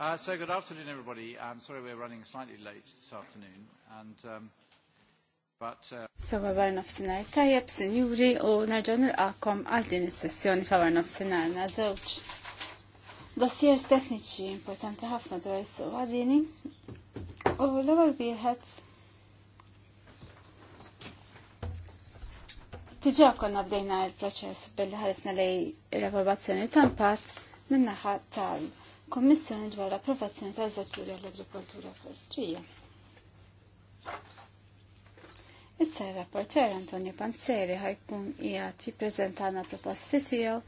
Uh, so good afternoon, everybody. I'm sorry we're running slightly late this afternoon. And, um, but... Uh... Sawa bar nafsinar tajab, sinjuri, u nerġan il-qakom għal din is-sessjoni ta' bar nafsinar na zewċ. Dossiers tekniċi importanti ħafna dwar is-suq għadini. U l-ewwel wieħed Tiġa konna bdejna il-proċess billi ħaresna lej l-evalvazzjoni ta' impatt minnaħa tal- Kommissjoni dwar l-approvazzjoni tal-vetturi għall-agrikoltura fostrija. Issa il-rapporter Antonio Panzeri ħajkun jgħat jiprezentana proposti tiegħu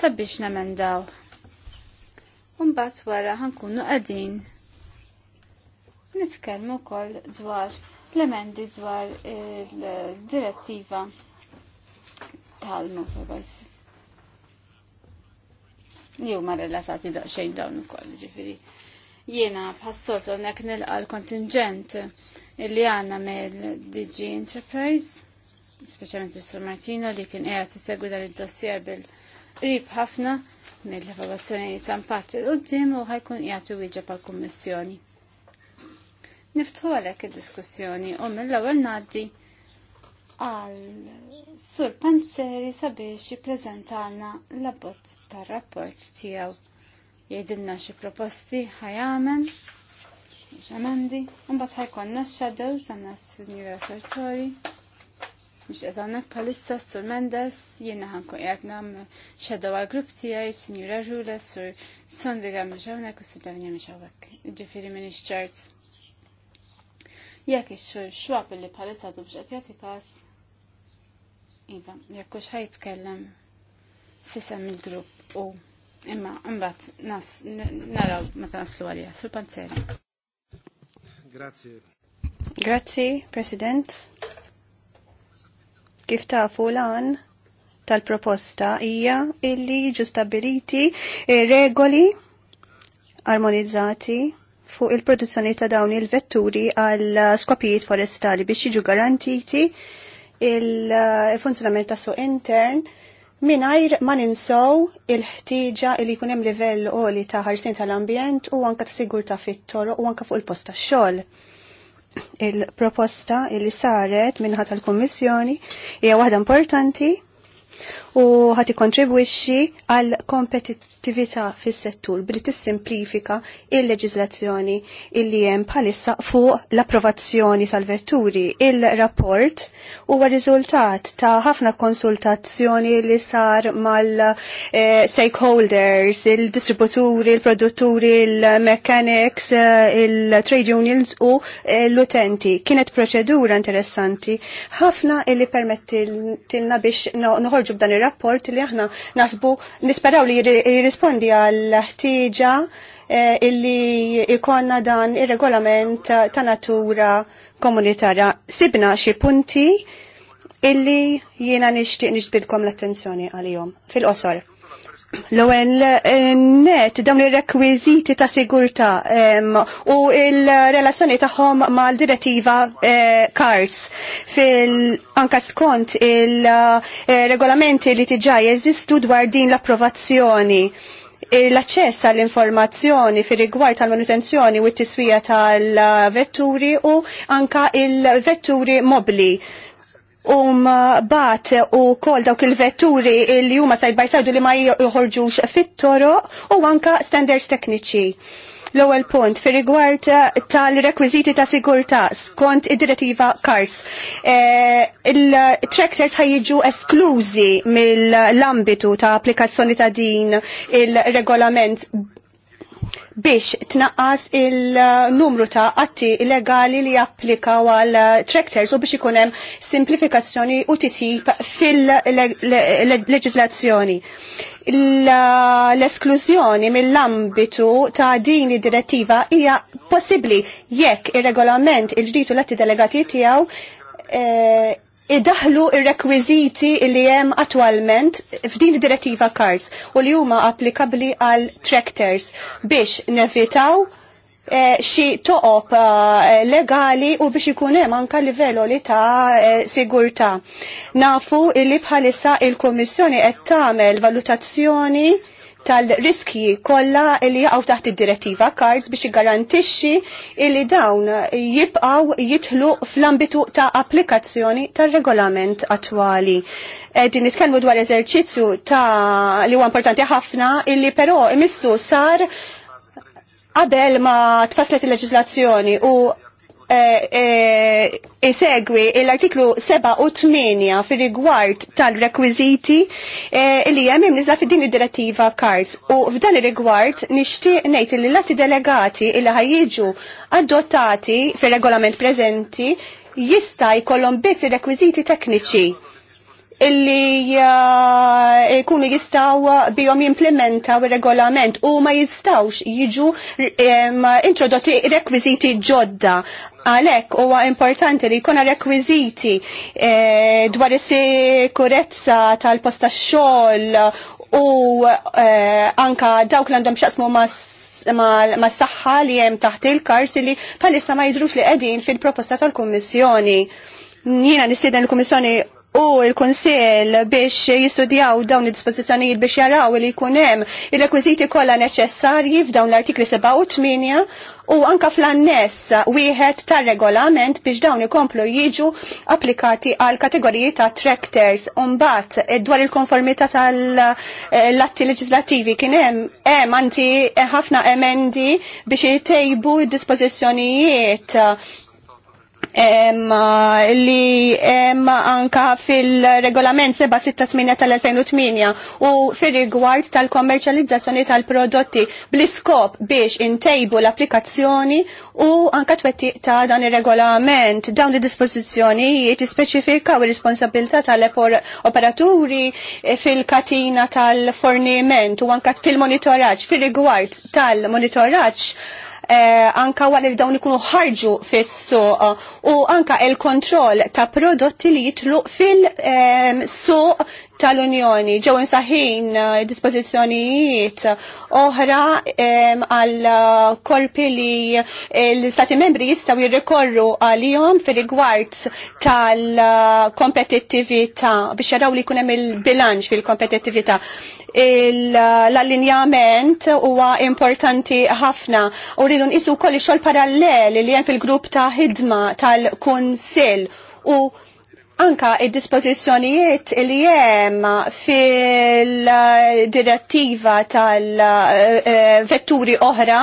sabiex namendaw. Umbat wara ħankunu qegħdin nitkellmu wkoll dwar l-emendi dwar il-direttiva tal-motorbikes li huma relatati xejn dawn ukoll ġifieri. Jiena bħassort hawnhekk nilqa' l-kontingent li għandna mill-DG Enterprise, speċjalment is-Sur Martino li kien qiegħed isegwi dan id-dossier bil-qrib ħafna mill-evaluazzjoni ta' impatt il qudiem u ħajkun qiegħed iwieġeb għall-Kummissjoni. Niftħu għalhekk id-diskussjoni u mill-ewwel ngħaddi għal Sur Panzeri sabiex jippreżentana l-abbozz tar-rapport tiegħu. Jgħidilna xi proposti ħajamen, xamendi, mbagħad ħajkonna x shadows sanna s-Sinjura Sartori. Mhux qed palissa Sur Mendes, jiena ħankun qiegħed nagħmel shadow għall grupp tiegħi, Sinjura Rula, Sur Sondiga mhux hawnhekk u Sur Dawni mhux hawnhekk. Ġifieri m'iniex ċert. Jekk ix-xwab li bħalissa dubġa jatikas, Iva, jekkux ħajtkellem fisem il-grupp u imma mbagħad nas naraw meta naslu għalija. Sul Panzeri. Grazie. Grazzi, President. Kif tafu lan tal-proposta hija illi ġustabiliti eh, regoli armonizzati fuq il-produzzjoni ta' dawn il-vetturi għal skopijiet forestali biex jiġu garantiti il-funzjonament ta' suq intern minajr ma ninsow il-ħtieġa li jkun hemm livell għoli ta' ħarsin tal-ambjent u anka ta' sigurta fit-toroq u anka fuq il posta tax-xogħol. Il-proposta li saret minħa tal-Kummissjoni hija waħda importanti u ħati kontribwixxi għal kompetizzjoni attività fis-settur billi tissimplifika il-leġiżlazzjoni illi hemm bħalissa fuq l-approvazzjoni tal-vetturi. Il-rapport huwa riżultat ta' ħafna konsultazzjoni li sar mal-stakeholders, eh, il-distributuri, il-produtturi, il-mechanics, eh, il-trade unions u eh, l-utenti. Kienet proċedura interessanti. Ħafna illi permettilna biex noħorġu b'dan ir rapport li aħna nasbu nisperaw li jirrispondi għal ħtieġa eh, illi ikonna dan ir-regolament ta' natura komunitarja. Sibna xi punti illi jiena nixtieq nixbilkom l-attenzjoni għalihom fil-qosor. L-ewwel eh, net dawn ir-rekwiżiti ta' sigurtà u il-relazzjoni tagħhom l direttiva eh, CARS fil anka skont il-regolamenti eh, li tiġà jeżistu dwar din l-approvazzjoni l-aċċess għall-informazzjoni fir rigward tal-manutenzjoni u t-tiswija tal-vetturi u anka il-vetturi mobli um bat u kol dawk il-vetturi li huma side by side li ma joħorġux fit-toro u anka standards tekniċi. L-ewwel punt fir rigward eh, tal-rekwiżiti ta' sigurtà skont id-direttiva CARS. Eh, il-tractors ħajjiġu esklużi mill-ambitu ta' applikazzjoni ta' din il-regolament biex tnaqqas il-numru ta' atti illegali li japplikaw għal tractors u biex ikun hemm simplifikazzjoni u titjib fil leġizlazzjoni L-esklużjoni mill-ambitu ta' din id-direttiva hija possibbli jekk ir-regolament il-ġdid u l-atti delegati tiegħu eh, idaħlu ir-rekwiziti li hemm attualment f'din id-direttiva CARS u li huma applikabli għal tractors biex nevitaw eh, xi toqob eh, legali u biex ikun hemm anke livell li ta' eh, sigurtà. Nafu li bħalissa il-Kummissjoni qed tagħmel valutazzjoni tal-riski kollha li jaqgħu taħt id-direttiva cards biex jgarantixxi li dawn jibqgħu jitħlu fl-ambitu ta' applikazzjoni tar-regolament attwali. Din nitkellmu dwar eżerċizzju ta' li huwa importanti ħafna illi però imissu sar qabel ma tfaslet il-leġislazzjoni u isegwi eh, eh, l-artiklu 7 u 8 fir rigward tal-rekwiziti eh, li hemm imniżla fid-din id-direttiva CARS. U f'dan ir-rigward nixtieq ngħid li l-atti delegati li ħajjiġu adottati fir-regolament preżenti jista' jkollhom biss ir-rekwiżiti tekniċi illi jkunu jistaw bihom jimplementaw il-regolament u ma jistawx jiġu introdotti rekwiziti ġodda. Għalek huwa importanti li jkuna rekwiziti e, dwar is-sikurezza tal-posta xogħol u e, anka dawk li għandhom xaqsmu ma' s-saxħa li jem taħt il-kars li palissa ma jidrux li qegħdin fil-proposta tal-Kummissjoni. Jiena nistieden il-Kummissjoni u l-Kunsill biex jistudjaw dawn id-dispożizzjonijiet biex jaraw li jkun hemm ir-rekwiżiti kollha neċessarji f'dawn l-artikli 7 u 8 u anka fl-anness wieħed tar-regolament biex dawn ikomplu jiġu applikati għal kategoriji ta' tractors u mbagħad eh, dwar il-konformità tal-atti leġislattivi kien hemm anti ħafna emendi biex jtejbu d-dispożizzjonijiet li anka fil-regolament 768 tal-2008 u fil-rigward tal-kommerċializzazzjoni tal-prodotti bl-iskop biex intejbu l-applikazzjoni u anka twettiq ta' dan il-regolament dawn li dispożizzjonijiet ispeċifikaw ir-responsabilità tal-operaturi fil-katina tal-forniment u anka fil-monitoraġġ fil-rigward tal-monitoraġġ Eh, anka għal li dawn ikunu ħarġu fis-suq eh, u anka il-kontroll ta' prodotti li jitlu fil-suq eh, tal-Unjoni ġew insaħħin eh, dispożizzjonijiet oħra għal korpi li eh, l-Stati membri jistgħu jirrikorru għalihom fir-rigward tal-kompetittività biex jaraw li jkun hemm il-bilanċ fil-kompetittività. L-allinjament huwa importanti ħafna u rridu nqisu wkoll ix-xogħol paralleli li hemm fil-grupp ta' ħidma tal-Kunsill u anka il dispożizzjonijiet li hemm fil-direttiva tal-vetturi eh, eh, oħra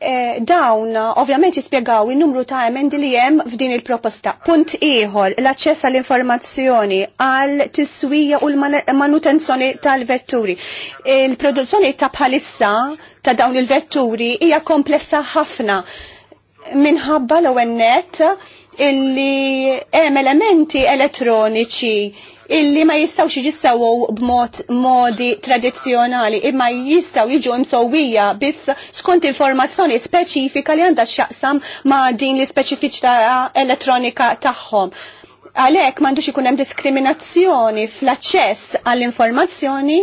eh, dawn ovvjament jispjegaw il-numru ta' emendi li jem f'din il-proposta. Punt ieħor l-aċċess għall-informazzjoni għal tiswija u l-manutenzjoni tal-vetturi. Il-produzzjoni ta' bħalissa ta' dawn il-vetturi hija komplessa ħafna minħabba l net illi hemm elementi elettroniċi illi ma jistawx jiġissawu b'mod modi tradizzjonali imma jistaw jiġu msowija biss skont informazzjoni speċifika li għandha x'jaqsam ma' din l-ispeċifiċità elettronika tagħhom għalek mandux ikun hemm diskriminazzjoni fl-aċċess għall-informazzjoni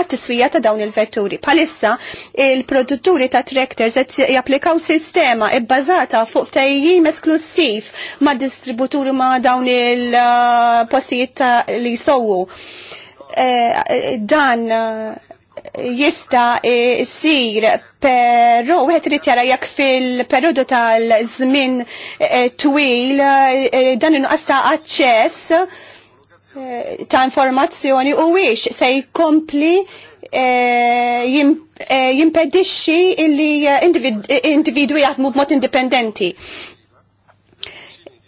għat-tiswija ta' dawn il-vetturi. Palissa, il-produtturi ta' tractors qed japplikaw sistema ibbażata fuq tajjim esklusiv ma' distributuri ma' dawn il-postijiet li jisowu. Eh, dan eh, jista' jsir eh, Pero wieħed irid jara jekk fil-perjodu tal-żmien eh, twil eh, dan inqas għasta aċċess eh, ta' informazzjoni u wiex se jkompli jimpedixxi illi individwi jaħdmu b'mod indipendenti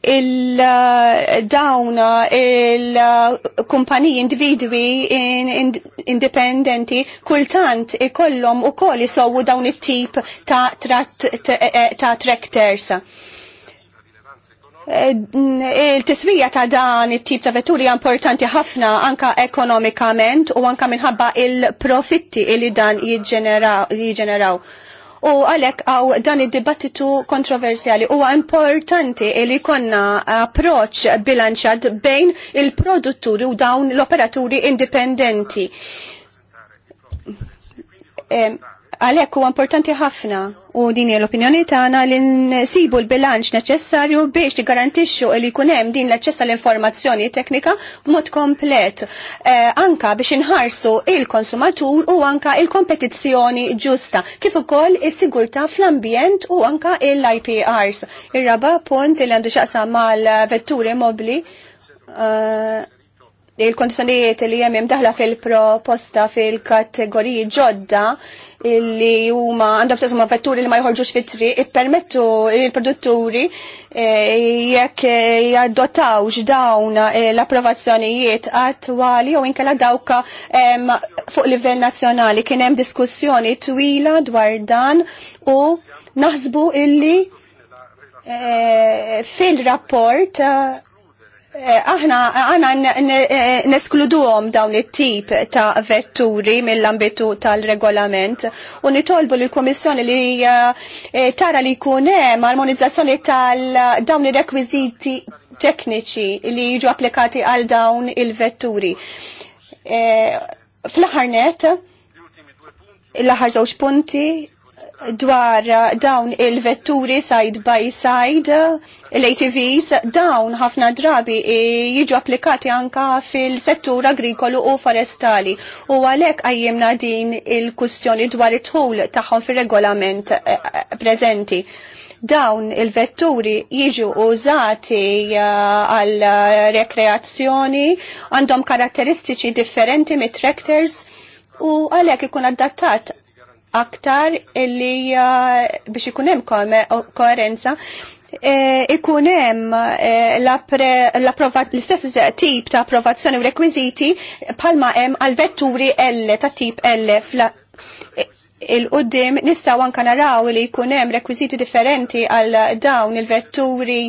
il-dawn eh, eh, il-kumpaniji eh, individwi indipendenti kultant ikollhom ukoll isowu dawn it-tip ta' ta' tractors. Il-tiswija ta' dan it-tip ta' vetturi importanti ħafna anka ekonomikament u anka minħabba il-profitti li dan jiġġeneraw u għalek għaw dan id-dibattitu kontroversjali huwa importanti li konna approċ bilanċad bejn il-produtturi u dawn l-operaturi indipendenti għalhekk huwa importanti ħafna u din l-opinjoni tagħna li nsibu l-bilanċ neċessarju biex tigarantixxu li jkun hemm din l-aċċess għall-informazzjoni teknika b'mod komplet eh, anka biex inħarsu il-konsumatur u anka il-kompetizzjoni ġusta kif ukoll is-sigurtà fl-ambjent u anka l-IPRs. Ir-raba punt li għandu xaqsam mal-vetturi mobli uh, il-kondizjonijiet li jemim daħla fil-proposta fil-kategoriji ġodda li huma għandhom stess ma' vetturi li ma jħorġux fit triq ippermettu il-produtturi eh, jekk eh, jaddotawx dawn eh, l-approvazzjonijiet attwali jew inkella dawka fuq livell nazzjonali kien hemm diskussjoni twila dwar dan u naħsbu illi fil-rapport aħna għana neskluduhom dawn it-tip ta' vetturi mill-ambitu tal-regolament u nitolbu l-Komissjoni li eh, tara li jkun hemm armonizzazzjoni tal-dawn ir-rekwiżiti tekniċi li jiġu applikati għal dawn il-vetturi. Eh, fl-aħħar l-aħħar żewġ punti dwar uh, dawn il-vetturi side by side, uh, l-ATVs, dawn ħafna drabi jiġu applikati anka fil-settur agrikolu u forestali. U għalek għajjimna din il-kustjoni dwar it-ħul taħħon fil-regolament eh, eh, prezenti dawn il-vetturi jiġu użati eh, għal rekreazzjoni, għandhom karatteristiċi differenti mit tractors u għalek ikun adattat aktar li uh, biex ikun hemm koerenza eh, ikun hemm eh, l-istess tip ta' approvazzjoni u rekwiżiti bħalma hemm għal vetturi L ta' tip L il-qoddim nistaw anka naraw li jkun hemm rekwiżiti differenti għal dawn il-vetturi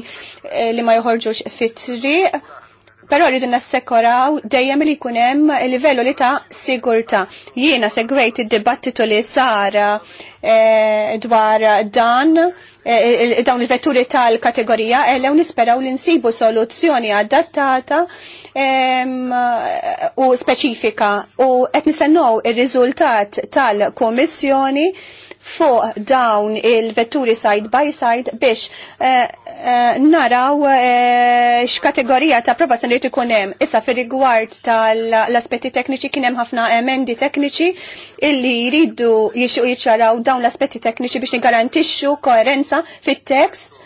eh, li ma joħorġux fit-triq Però rridu nassekoraw dejjem li jkun hemm livellu li ta' sigurtà. Jiena segwejt id-dibattitu li sar eh, dwar dan eh, dawn il-vetturi tal-kategorija elew eh, nisperaw li nsibu soluzzjoni adattata u speċifika u qed nistennew ir-riżultat tal-Kummissjoni fuq dawn il-vetturi side by side biex eh, eh, naraw x eh, x'kategorija ta' approvazzjoni li tikunem. hemm. Issa fir-rigward tal-aspetti tekniċi kien hemm ħafna emendi tekniċi illi jridu jixu jiċċaraw dawn l-aspetti tekniċi biex nigarantixxu koerenza fit-tekst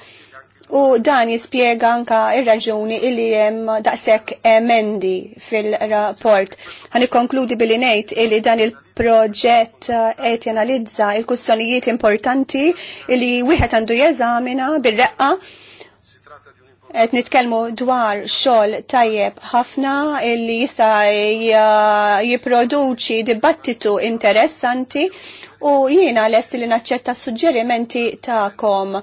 u dan jispjega anka ir-raġuni illi hemm daqshekk emendi fil-rapport. Ħani konkludi billi ngħid illi dan il- proġett eh, qed janalizza il-kustjonijiet importanti li wieħed għandu jeżamina bir-reqqa għet nitkelmu dwar xol tajjeb ħafna li jista' jipproduċi dibattitu interessanti u jiena l-est li naċċetta suġġerimenti tagħkom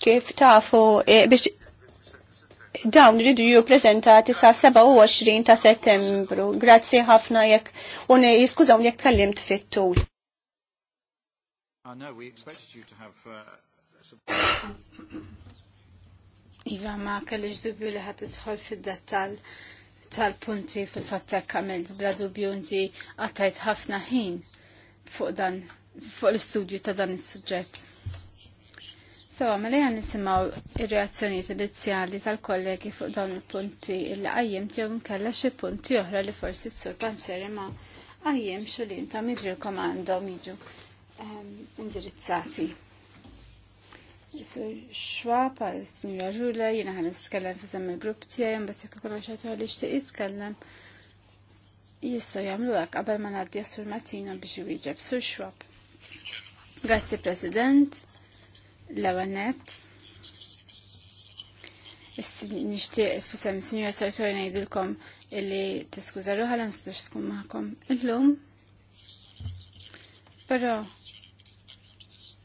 kif tafu eh, biex dawn rridu ju prezentati sa' 27 ta' settembru. Grazzi ħafna jekk, un jiskużaw jekk kallimt fit-tul. Ah, uh, iva, ma kellix dubju li ħat isħol fid-dettal tal-punti fil-fatta kamilt bla dubju nti għatajt ħafna ħin fuq dan fuq l-istudju ta' dan is-suġġett nistgħu għamel għan nisimaw ir-reazzjonijiet inizjali tal-kollegi fuq dawn il-punti illi għajjem jew kalla xi punti oħra li forsi s-sur panzeri ma għajjem xu li intom jidrilkom għandhom jiġu ehm, indirizzati. Sur xwab għal sinjura Ġula jiena ħan nitkellem fi il-grupp tiegħi mbagħad jekk ikun xi li xtieq jitkellem jistgħu jagħmlu hekk qabel ma ngħaddi sur Martina biex iwieġeb sur xwab. Grazzi President l-għanet. Nishtiq fissam, Signora Sartori, najdilkom illi t-skuza ruħa l tkun maħkom illum. Pero,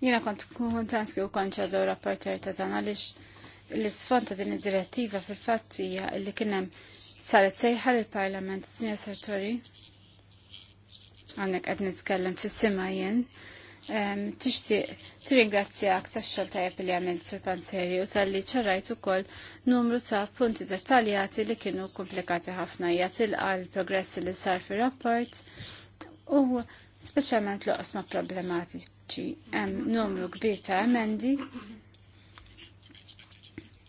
jina kont kontant kju konċadu rapporter ta' tana li l-sfond ta' din id-direttiva fil-fatt hija illi kienem saret sejħa l-Parlament, Signora Sartori. Għannek għed nitkellem fis-sima jien tixtieq tirringrazzjak tax-xogħol tajjeb li għamil sur u tal-li ċarrajt ukoll numru ta' punti dettaljati li kienu komplikati ħafna hija tilqa' progressi li sar fir-rapport u speċjalment l osma problematiċi hemm numru kbir ta' emendi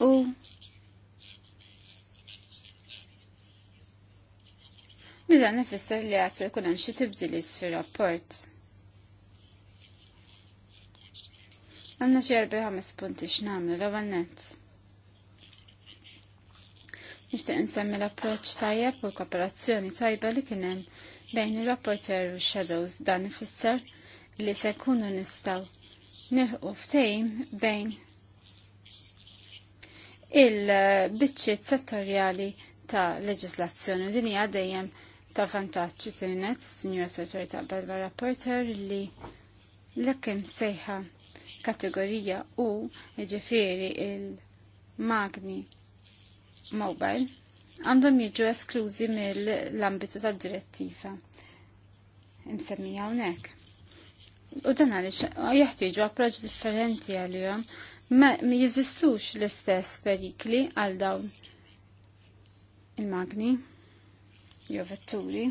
u Nida nifisser li għat kun xie tibdilis fi rapport Għanna ġerbi ħames punti x'namlu l-ewwel Nixtieq insemmi l-approċċ tajjeb u l-kooperazzjoni tajba li kien hemm bejn ir-rapporter u shadows dan ifisser li se jkunu nistgħu nilħqu bejn il-biċċiet settorjali ta' leġislazzjoni u din hija dejjem ta' vantaġġ tinnet, Sinjura Sertor ta' Belva Rapporter li l kem sejħa kategorija U ġifiri il-magni mobile għandhom jiġu esklużi mill-ambitu tad direttiva imsemmija hawnhekk. U dan għaliex jeħtieġu approċ differenti għalihom ma jeżistux l-istess perikli għal dawn il-magni jew vetturi.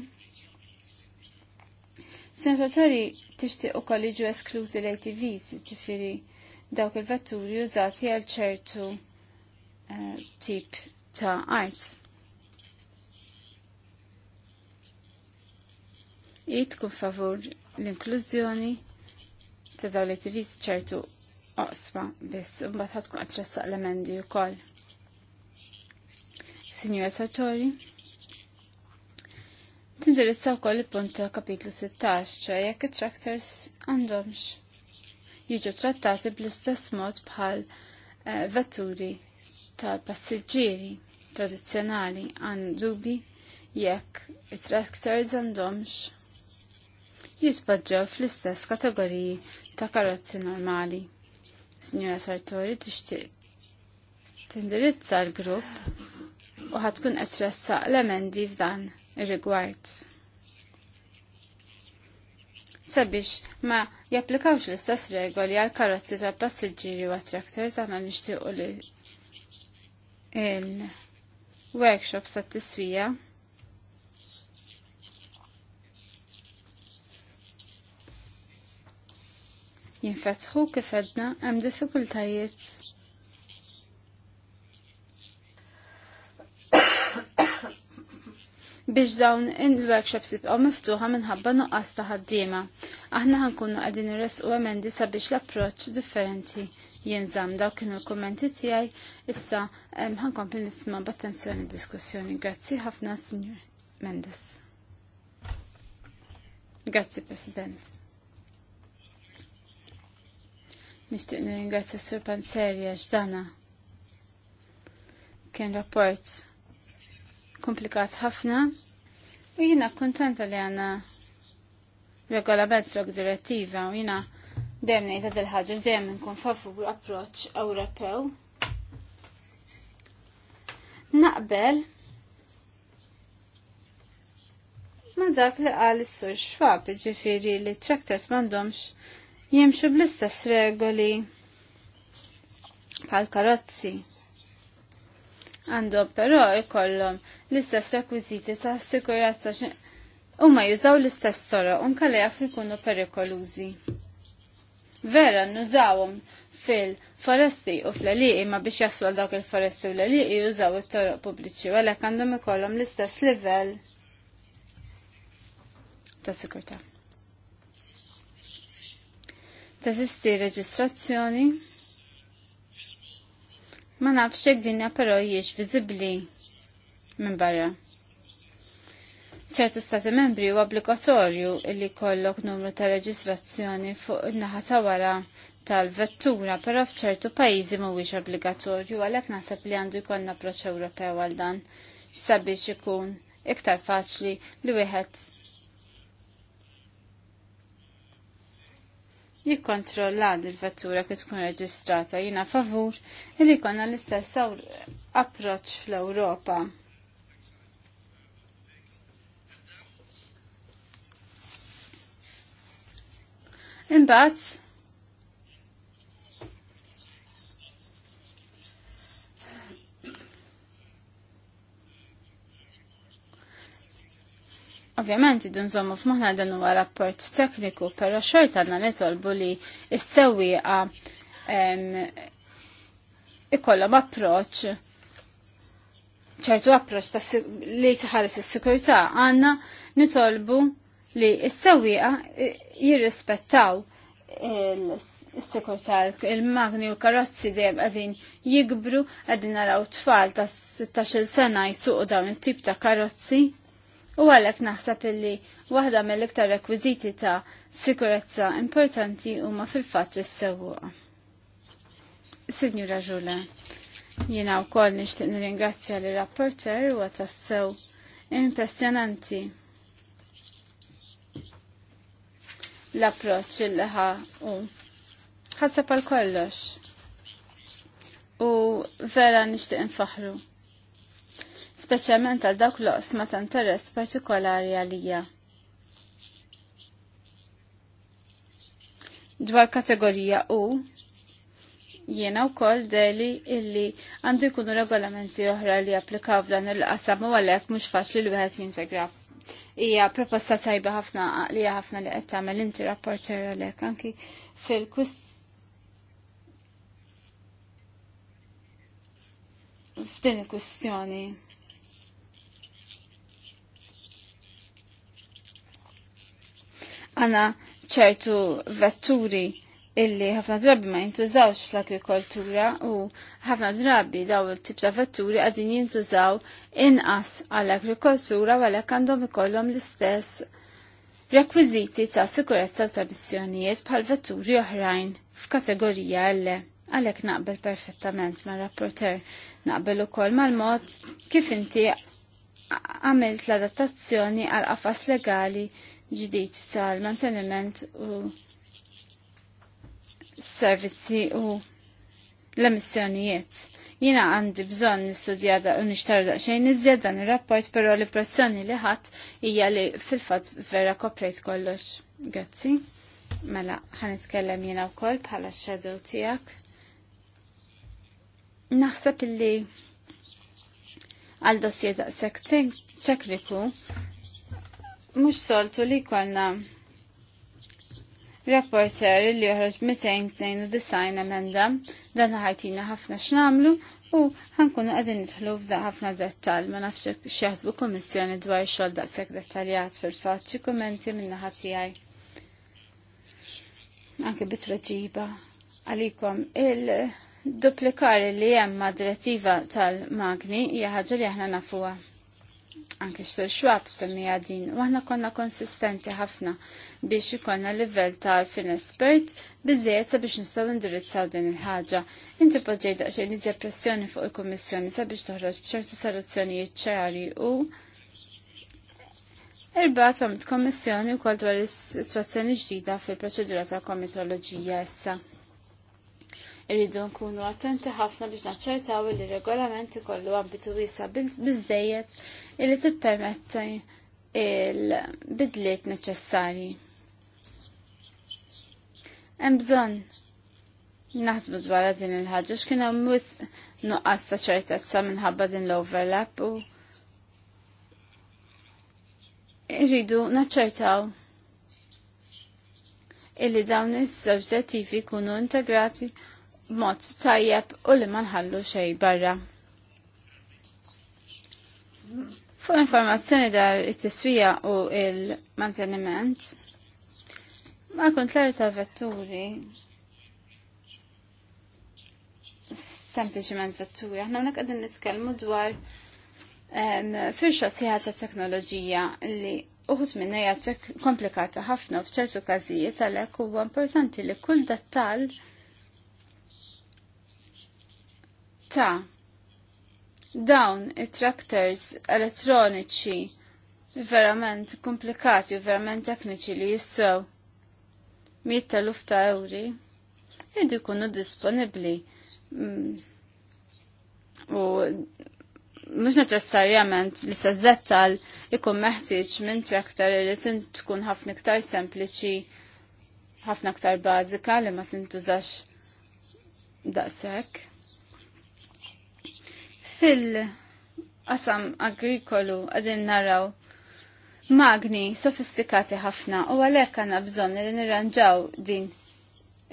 Senatori tixtieq ukoll jiġu esklużi l-ATVs, ġifieri dawk il-vetturi użati għal ċertu eh, tip ta' art. Jit kun favur l-inklużjoni ta' dawn l-ATVs ċertu oqsma biss, mbagħad ħadkun qed l-emendi wkoll. Signora Sartori, Tindirizza wkoll il-punt kapitlu 16 ċe jekk it-tractors għandhomx jiġu trattati bl-istess mod bħal eh, vetturi tal-passiġġieri tradizzjonali għan dubi jekk it-tractors għandhomx jitbadġew fl-istess kategoriji ta' karozzi normali. Signora Sartori tixtieq tindirizza l-grupp u ħatkun qed l-emendi f'dan ir-rigward. Sabiex ma japplikawx l-istess regoli għal karozzi ta' passiġġieri u attraktors aħna nixtiequ li il-workshops ta' tiswija jinfetħu kif għedna hemm diffikultajiet biex dawn il-workshops jibqgħu miftuħa minħabba nuqqas ta' ħaddiema. Aħna ħankunu qegħdin irresqu emendi sabiex l-approċċ differenti jinżamm daw kienu l-kummenti tiegħi issa ħankompli nisma' b'attenzjoni diskussjoni. Grazzi ħafna, Signor Mendes. Grazzi, President. Nishtiq nirringrazzja Sur Panzerja x'dana. Kien rapport komplikat ħafna u jina kontenta li għanna regolament flok direttiva u jina dem nejta dil-ħagġa dem nkun favur approċ Ewropew. Naqbel ma dak li għal s-sur xfab ġifiri li tractors mandomx jimxu bl-istess regoli pal karozzi għandu però jkollhom l-istess rekwiżiti ta' sikurazza u ma jużaw l-istess sora u nkalla jaf ikunu perikolużi. Vera nużawhom fil-foresti u fl eliqi ma biex jaslu dawk il-foresti u l eliqi jużaw it-toroq pubbliċi u għalhekk għandhom ikollhom l-istess livell ta' sikurtà. Teżisti reġistrazzjoni Ma nafx hekk dinja però jiex viżibbli minn barra. ċertu stati membri u obbligatorju li kollok numru ta' reġistrazzjoni fuq in-naħa ta' wara tal-vettura, però f'ċertu pajjiżi mhuwiex obbligatorju għalhekk naħseb li għandu jkollna proċ Ewropew għal dan sabiex ikun iktar faċli li wieħed jikkontrolla il-vettura kif tkun reġistrata jina favur li konna l-istess approċ fl-Ewropa. Imbagħad Ovvjament iddu nżommu f'moħħna dan huwa rapport tekniku, però xorta għandna nitolbu li s-sewwieqa ikollhom approċċ ċertu approċ ta' li ħaris is-sikurtà għandna nitolbu li s-sewwieqa e, jirrispettaw il-sikurtà il-magni u karozzi dejjem qegħdin jikbru qegħdin naraw tfal ta' 16-il sena jsuqu dawn it-tip ta' karozzi. U għalek naħseb illi waħda mill-iktar rekwiziti ta' sikurezza importanti huma fil-fatt is-sewwaq. Signora u jiena wkoll nixtieq nirringrazzja lir rapporter u tassew impressjonanti l-approċċ li ħa u ħaseb għal kollox. U vera nixtieq infaħru speċjalment għal dawk l ma ta' interess partikolari għalija. Dwar kategorija U, jiena wkoll deli illi għandu jkunu regolamenti oħra li applikaw f'dan il-qasam u għalhekk mhux faċli li wieħed jintegra hija proposta tajba ħafna li ħafna li qed tagħmel inti rapporter għalhekk anki fil-kwist f'din il-kwistjoni. għana ċertu vetturi illi ħafna drabi ma jintużawx fl-agrikoltura u ħafna drabi daw il-tip ta' vetturi għadin jintużaw inqas għall-agrikoltura u għalhekk għandhom ikollhom l-istess rekwiżiti ta' sikurezza u ta' missjonijiet bħal vetturi oħrajn f'kategorija L. Għalhekk naqbel perfettament ma' rapporter naqbel ukoll mal-mod kif inti għamilt l-adattazzjoni għal qafas legali ġdid tal-manteniment u servizzi u l-emissjonijiet. Jina għandi bżon nistudja da u nishtar xejn iżjed dan il-rapport, pero l-impressjoni li ħadd hija li fil-fatt vera koprejt kollox. Grazzi. Mela, ħanitkellem jina wkoll bħala x-shadow tiegħek. Naħseb illi għal dossier daqshekk ċekliku mux soltu li kolna rapporter li joħroġ 292 emenda dan ħajtina ħafna x'namlu u ħankunu għadin nidħlu f'da ħafna dettal ma nafx xieħzbu kommissjoni dwar xogħol daqshekk dettaljat fil-fatt xi kummenti minna ħati tiegħi. Anke bitweġiba għalikom il-duplikar li hemm direttiva tal-magni hija li aħna nafuha anke xter xwab semmija din, u aħna konna konsistenti ħafna biex ikonna livell tal fin espert biżejjed sabiex nistgħu indirizzaw din il-ħaġa. Inti poġġej xejn iżjed pressjoni fuq il-Kummissjoni sabiex toħroġ b'ċertu soluzzjonijiet ċari u Irbat għamt kommissjoni u kol dwar is-situazzjoni ġdida fil-proċedura ta' komitoloġija issa. Irridu nkunu attenti ħafna biex naċċertaw li regolamenti kollu għambitu wiesa biżejjed illi tippermetti il-bidliet neċessarji. Hemm bżonn naħsbu dwar din il-ħaġa x'kien hemm nuqqas ta' ċertezza minħabba din l-overlap u irridu naċċertaw illi dawn is-soġġettivi jkunu integrati mod tajjeb u li ma nħallu xej barra. Fuq informazzjoni dar it-tiswija u il-manteniment, ma kont l ta' vetturi sempliciment vetturi, aħna unak għadin nitkellmu dwar firxa siħat ta' teknoloġija li uħut minna hija komplikata ħafna f'ċertu każijiet għalhekk huwa importanti li kull dettall ta' dawn it-tractors elettroniċi verament komplikati, u verament tekniċi li jissew miet ta' lufta euri jiddu jkunu disponibli mm. u mux neċessarjament li se dettal ikun meħtieġ minn traktor li tint tkun ħafna iktar sempliċi, ħafna iktar bażika li ma tintużax daqshekk. Fil-qasam agrikolu għadin naraw magni sofistikati ħafna u għalhekk għandna bżonn li nirranġaw din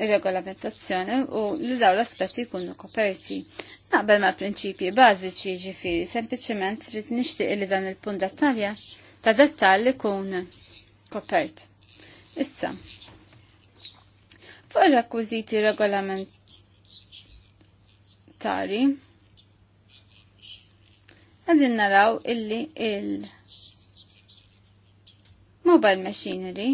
ir-regolamentazzjoni u li daw l-aspetti jkunu koperti. Naqbel ma' prinċipji bażiċi ġifiri, sempliċement rrit nixtieq li dan il-punt dettalja ta' dettalj ikun kopert. Issa, fuq il rakwiziti regolamentari, Għadin naraw illi il-mobile machinery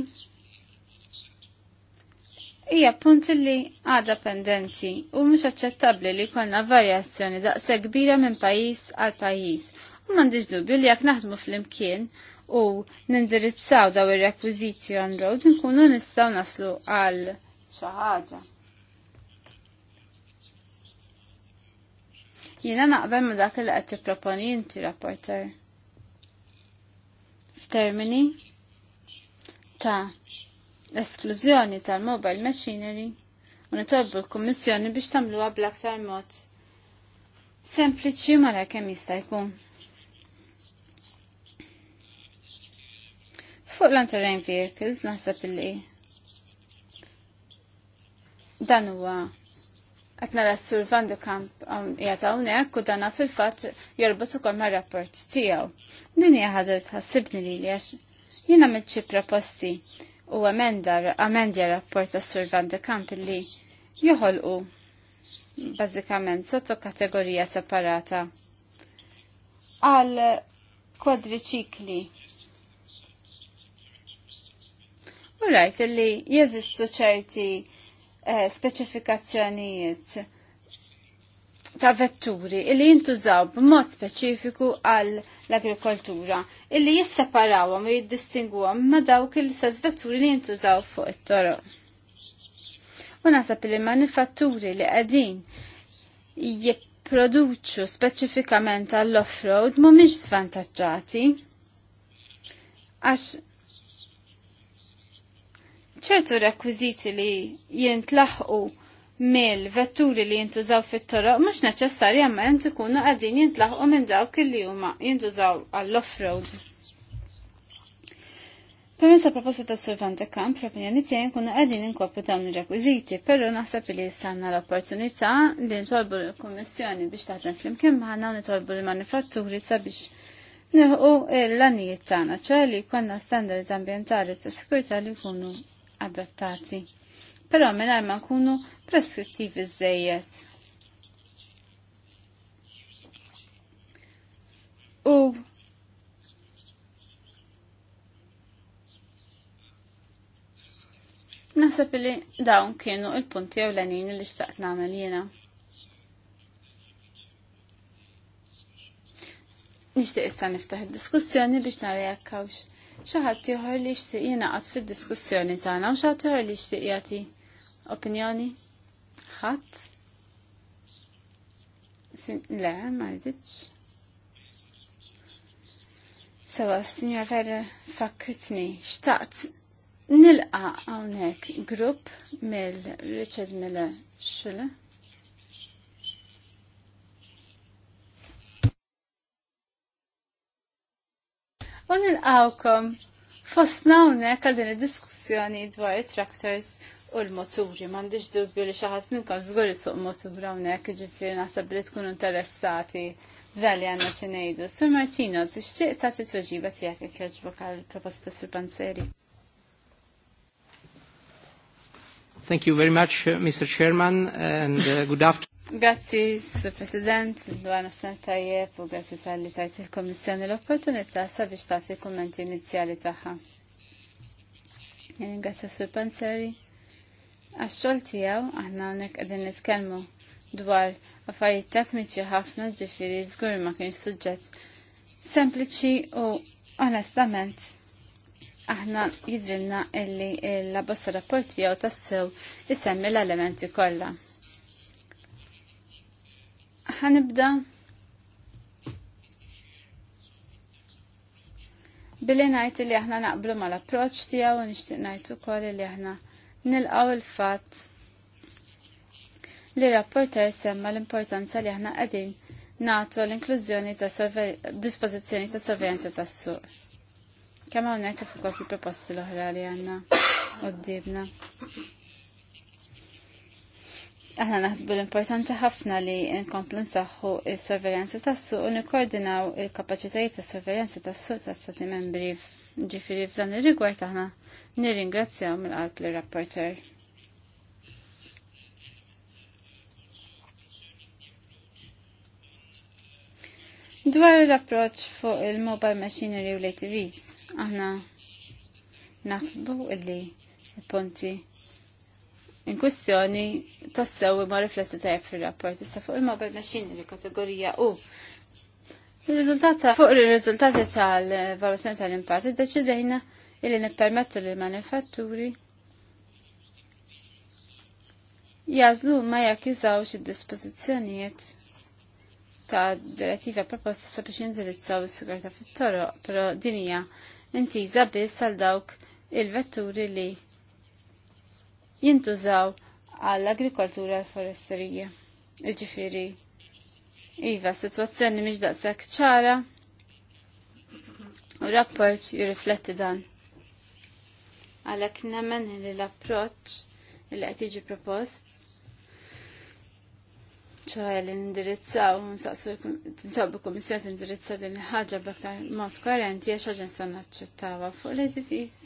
hija punt li għadha pendenti u mhux aċċettabbli li jkollna varjazzjoni daqsa kbira minn pajjiż għal pajjiż. U m'għandix dubju li jekk naħdmu flimkien u nindirizzaw daw ir-rekwiżiti on road nkunu nistgħu naslu għal xi ħaġa. Jiena naqbel ma dak li qed tipproponi inti rapporter. F'termini ta' esklużjoni tal-mobile machinery u nitolbu l-Kummissjoni biex tagħmluha bl-aktar mod sempliċi mara kemm jista' jkun. Fuq l-Anterrain Vehicles naħseb illi dan huwa Għatna s-Sur Van de Kamp jgħatawnek um, u dana fil-fat jorbot u ma' rapport tijaw. Din jgħadu tħassibni li li għax jina mitċi proposti u amenda, amendja rapport tas-Sur Van de Kamp li joħolqu bazzikament sotto kategorija separata għal kwadriċikli. U rajt li jeżistu ċerti Eh, speċifikazzjonijiet ta' vetturi illi jintużaw b'mod speċifiku għal l-agrikoltura illi jisseparawhom u jiddistinguhom ma' dawk il-istess vetturi li jintużaw fuq it-toroq. U nasab li manifatturi li qegħdin jipproduċu speċifikament għall-off-road mhumiex svantaġġati għax ċertu rekwiziti li jintlaħqu mill-vetturi li jintużaw fit-toroq mhux neċessarjament ikunu qegħdin jintlaħqu minn dawk li huma jintużaw għall-off-road. Permessa proposta ta' Survante Kamp, fl-opinjoni tiegħi nkunu qegħdin inkopru dawn ir-rekwiżiti, però naħseb li jissanna l-opportunità li ntolbu l-Kummissjoni biex taħdem flimkien magħna u nitolbu l-manifatturi sabiex nieħu l-għanijiet tagħna, ċe li jkollna standards ambjentali ta' sikurtà li jkunu Adattati, Però minn ma nkunu preskrittivi żejjed. U Nasab li dawn kienu il-punti u l li xtaqt namel jena. Nishtiq issa niftaħ id-diskussjoni biex nara jakkawx xaħat tiħor li jixtieq għat fid-diskussjoni tagħna u xaħat ħadd li jixtieq opinjoni? Ħadd? Le, ma rridx. signor Ferre, fakritni, xtaqt nilqa għawnek grupp mill Richard Miller Schuller u nilqawkom fostna hawnhekk għal din id-diskussjoni dwar it-tractors u l-moturi. M'għandix dubju li xi ħadd minnkom żgur suq motur hawnhekk, ġifir naħseb li tkun interessati dali għandna xi ngħidu. Sur Martino, tixtieq tagħti tweġiba tiegħek ikkeġbok għal proposta sur Panzeri. Thank you very much, uh, Mr. Chairman, and uh, good afternoon. Grazzi, Sir President, dwar nafsan tajjeb u grazzi tal-li tajt il-Komissjoni l-opportunità sabiex tagħti kummenti inizjali tagħha. Ringrazzja Sir Panzeri. Għax-xogħol tiegħu aħna nek qegħdin nitkellmu dwar affarijiet tekniċi ħafna ġifieri żgur ma kienx suġġett sempliċi u onestament aħna jidrilna illi l-abbozza rapport tiegħu tassew isemmi l-elementi kollha ħanibda billi ngħid li aħna naqblu mal-approċċ tiegħu u nixtieq ngħid ukoll li aħna nilqgħu il-fatt li rapporter semma l-importanza li aħna qegħdin nagħtu l-inklużjoni ta' dispożizzjoni ta' sorveljanza tas-suq. Kemm hawnhekk kif ukoll fil-proposti l-oħra li għandna qudiebna. Aħna naħsbu l-importanti ħafna li nkomplu nsaħħu il-sorveljanza tas-suq u nikkoordinaw il-kapaċitajiet tas-sorveljanza tas-suq tas-stati membri. Ġifiri f'dan ir-rigward aħna nirringrazzjaw mill-qalb lir rapporter Dwar l-approċ fuq il-mobile machinery u l-ATVs, aħna naħsbu illi il-ponti in kwistjoni tassew ma riflessi tajab fil-rapport issa fuq il-mobile machinery kategorija U. fuq il-riżultati tal-valutazzjoni tal-impatt id-deċidejna illi nippermettu li manifatturi jażlu ma jekk id-dispożizzjonijiet ta' direttiva proposta sabiex indirizzaw is sigurta fit-toroq, però din hija intiża biss għal dawk il-vetturi li jintużaw għall-agrikoltura u foresterija. Iġifiri, Iva, situazzjoni miex daqshekk ċara u rapport jirrifletti dan. Għalhekk nemmen li l-approċċ li qed jiġi propost ċoħe li nindirizzaw, nsaqsu t-ntobu komissjoni t-indirizzaw din ħagġa b'aktar mod koerenti, għax ħagġa nsan naċċettawa fuq l-edifiz.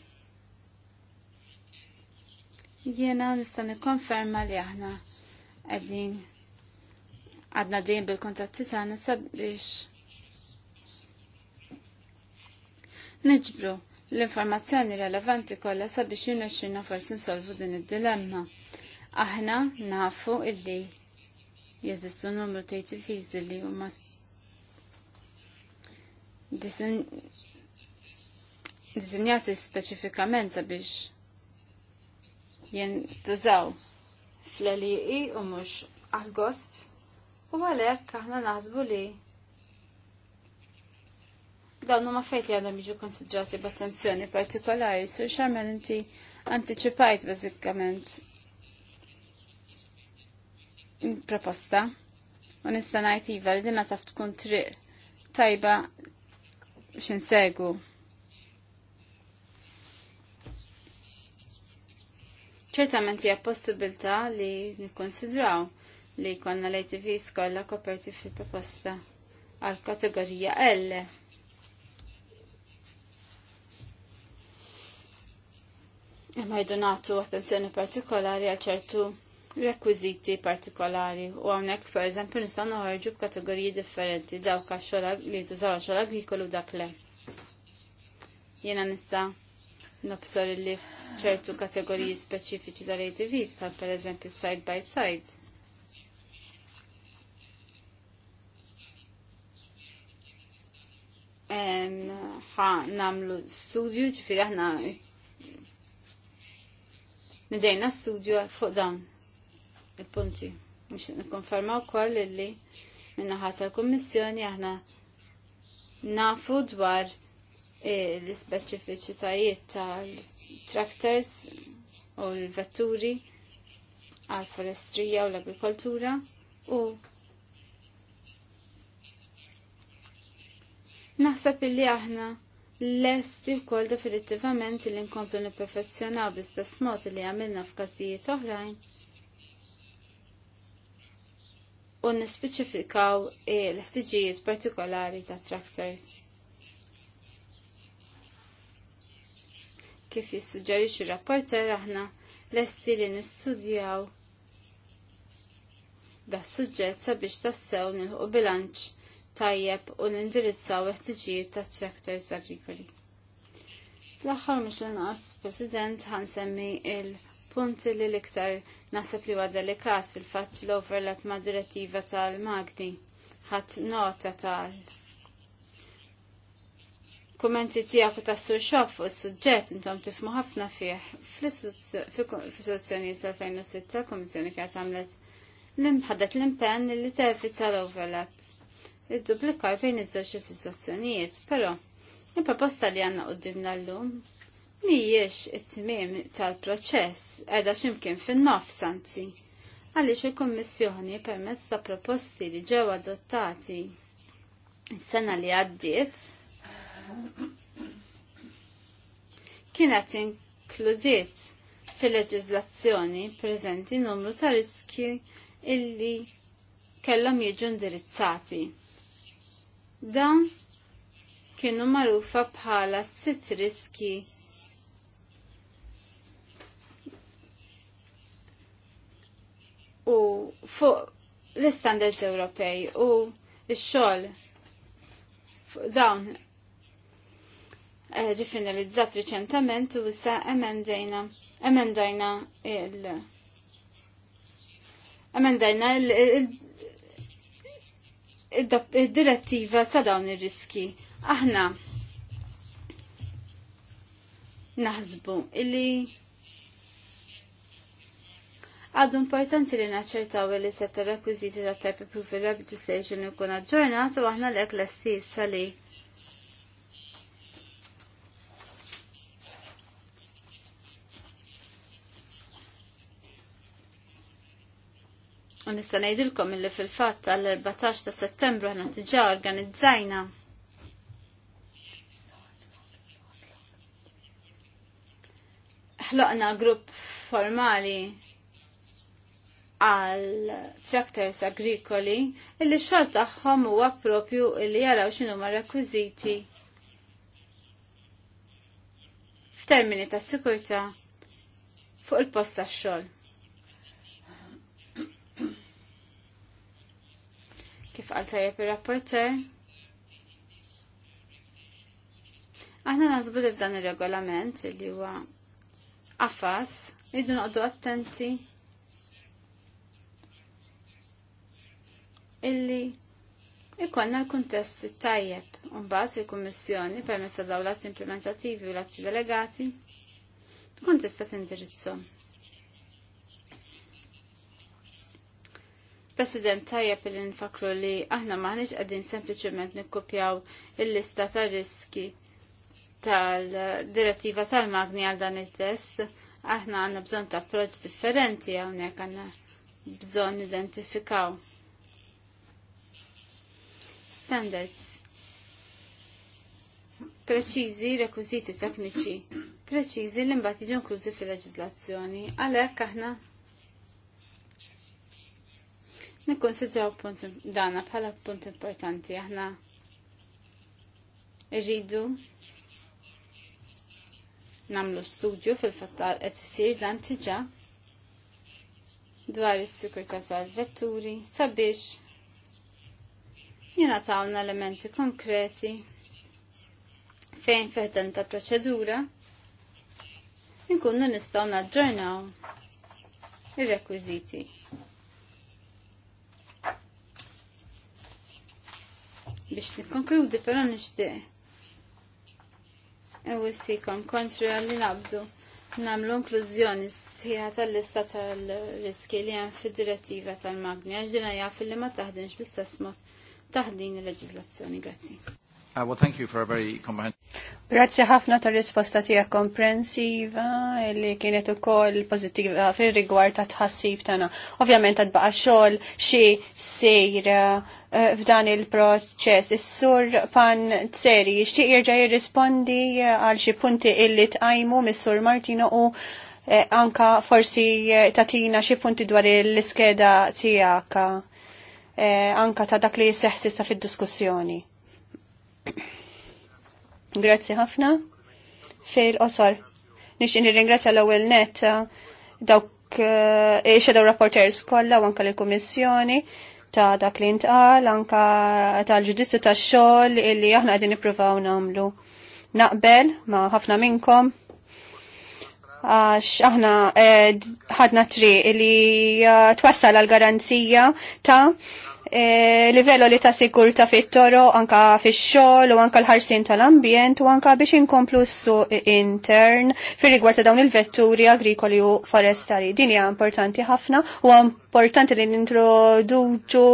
Jiena nista' nikkonferma li aħna qegħdin għadna dejjem bil-kontatti tagħna sabiex niġbru l-informazzjoni relevanti kollha sabiex jinaxxina forsi nsolvu din id-dilemma. Aħna nafu illi jeżistu numru ta' fiżi li huma disinjati speċifikament sabiex jintużaw fl eliqi e u mux għal-gost u għalek aħna naħsbu li dawn huma fejt li għandhom jiġu konsidrati b'attenzjoni partikolari, su xamel inti anticipajt bażikament proposta u nista' ngħid iva li dinna taf tkun triq tajba biex insegu. ċertament hija possibilità li nikkonsidraw li konna l atv skolla koperti fil-proposta għal kategorija L. Imma jdonatu attenzjoni partikolari għal ċertu rekwiziti partikolari u għamnek per eżempju nistan noħarġu b'kategoriji differenti dawk għax li tużaw xogħol agrikolu dak le. Jiena nista' nobsor li ċertu kategoriji speċifiċi tal-ATVs, bħal per eżempju side by side. ħa namlu studju, ġifiri aħna nidejna studio fuq dan il-punti. Mux nikonfermaw kol li minna ħata l-kommissjoni aħna nafu dwar E, l-ispeċifiċitajiet tal-tractors u l-vetturi għal-forestrija u l-agrikoltura u naħseb illi aħna lesti wkoll definittivament li nkomplu n-perfezzjonaw bistess mod li għamilna f'każijiet oħrajn u nispeċifikaw e, l-ħtiġijiet partikolari ta' tractors. kif jissuġġerixxi rapporter aħna lesti li nistudjaw da suġġett sabiex tassew nilħu bilanċ tajjeb u nindirizzaw ħtiġijiet ta' tractors agrikoli. Fl-aħħar mhux inqas, President ħansemmi il- punti li l-iktar naħseb li huwa delikat fil-fatt l-overlap ma' direttiva tal-magni ħadd nota tal kummenti tijak u tas-sur u fuq is-suġġett intom tifmu ħafna fih. Fis-soluzzjonijiet fl-2006 komissjoni kummissjoni għamlet għamlet ħadet l-impenn li tevita l-overlap. id dublikar bejn iż-żewġ leġislazzjonijiet, però il-proposta li għandna qudiemna llum mhijiex it-tmiem tal-proċess qiegħda x'imkien fin-nofs anzi għaliex il-Kummissjoni permezz ta' proposti li ġew adottati is sena li għaddiet kienet inkludiet fil-leġizlazzjoni preżenti numru ta' riski illi kellhom jiġu indirizzati. Dan kienu magħrufa bħala sitt riski u fuq l-istandards Ewropej u x-xogħol dawn Eh, rifinalizzat riċentament u issa emendajna emendajna il emendajna il-direttiva sa dawn ir-riski. Aħna naħsbu illi Għaddu importanti li naċċertaw li setta rekwiziti ta' type approval legislation ikun aġġornat u aħna l-ek l-estis sali U nista' ngħidilkom illi fil-fatt għall-14 ta' Settembru aħna diġà organizzajna ħloqna grupp formali għal tractors agrikoli illi xogħol tagħhom huwa proprju illi jaraw x'inhu ma' rekwiżiti f'termini ta' sikurtà fuq il-post tax-xogħol. kif għal tajjeb ir-rapporter. Aħna nazbu li f'dan ir-regolament li huwa qafas irridu noqdu attenti illi ikonna l-kuntest tajjeb unbaż il-Kummissjoni permessa daw l-atti implementativi u l-atti delegati tkun tista' tindirizzhom. President tajjeb li nfakru li aħna maħniex qegħdin sempliċement nikkupjaw il-lista ta' riski tal-direttiva tal-magni għal dan il-test, aħna għanna bżon ta' approċ differenti għawnek għanna bżon identifikaw. Standards. Preċizi rekwiziti tekniċi. Preċizi li mbagħad jiġu inklużi fil leġizlazzjoni Għalhekk aħna nikkonsidraw punt dana bħala punt importanti aħna irridu namlu studju fil fattar qed isir dan tiġa dwar is-sikurtà tal-vetturi sabiex jiena tawna elementi konkreti fejn feħdan ta' proċedura nkunu nistgħu naġġornaw ir-rekwiżiti. biex nikkonkludi però nishtiq. Ew issikom kontra li nabdu nagħmlu inklużjoni sħiħa tal-lista tal-riski li hemm fid-direttiva tal-magni għax dina hija li ma taħdinx bl-istess mod taħdin il-leġiżlazzjoni. Grazzi. Uh, well, thank you for a very Grazie ħafna ta' risposta tiegħek komprensiva li kienet ukoll pozittiva fir-rigward ta' tħassib tagħna. Ovvjament qed baqa' xogħol xi sejr uh, f'dan il-proċess. Is-sur Pan Tseri jixtieq jerġa' jirrispondi għal xi punti illi tqajmu mis-sur Martino u eh, anka forsi eh, tatina xi punti dwar l-iskeda tiegħek eh, anka ta' dak li jisseħsissa fid-diskussjoni. Grazzi ħafna. Fejl osar. Nix nirringrazzja l-ewwel net eh, dawk ix eh, eh, daw rapporters kollha u anke l komissjoni ta' dak li ntqal anka tal-ġudizzju tax-xogħol illi aħna qegħdin nippruvaw nagħmlu. Naqbel ma' ħafna minnkom għax aħna ħadna tri illi twassal għal garanzija ta' E, livello li ta' sigurta fit-toro, anka fix-xogħol u anka l-ħarsin tal-ambjent u anka biex inkomplu ssu intern fir rigward ta' dawn il-vetturi agrikoli u forestali. Din hija importanti ħafna u importanti li nintroduċu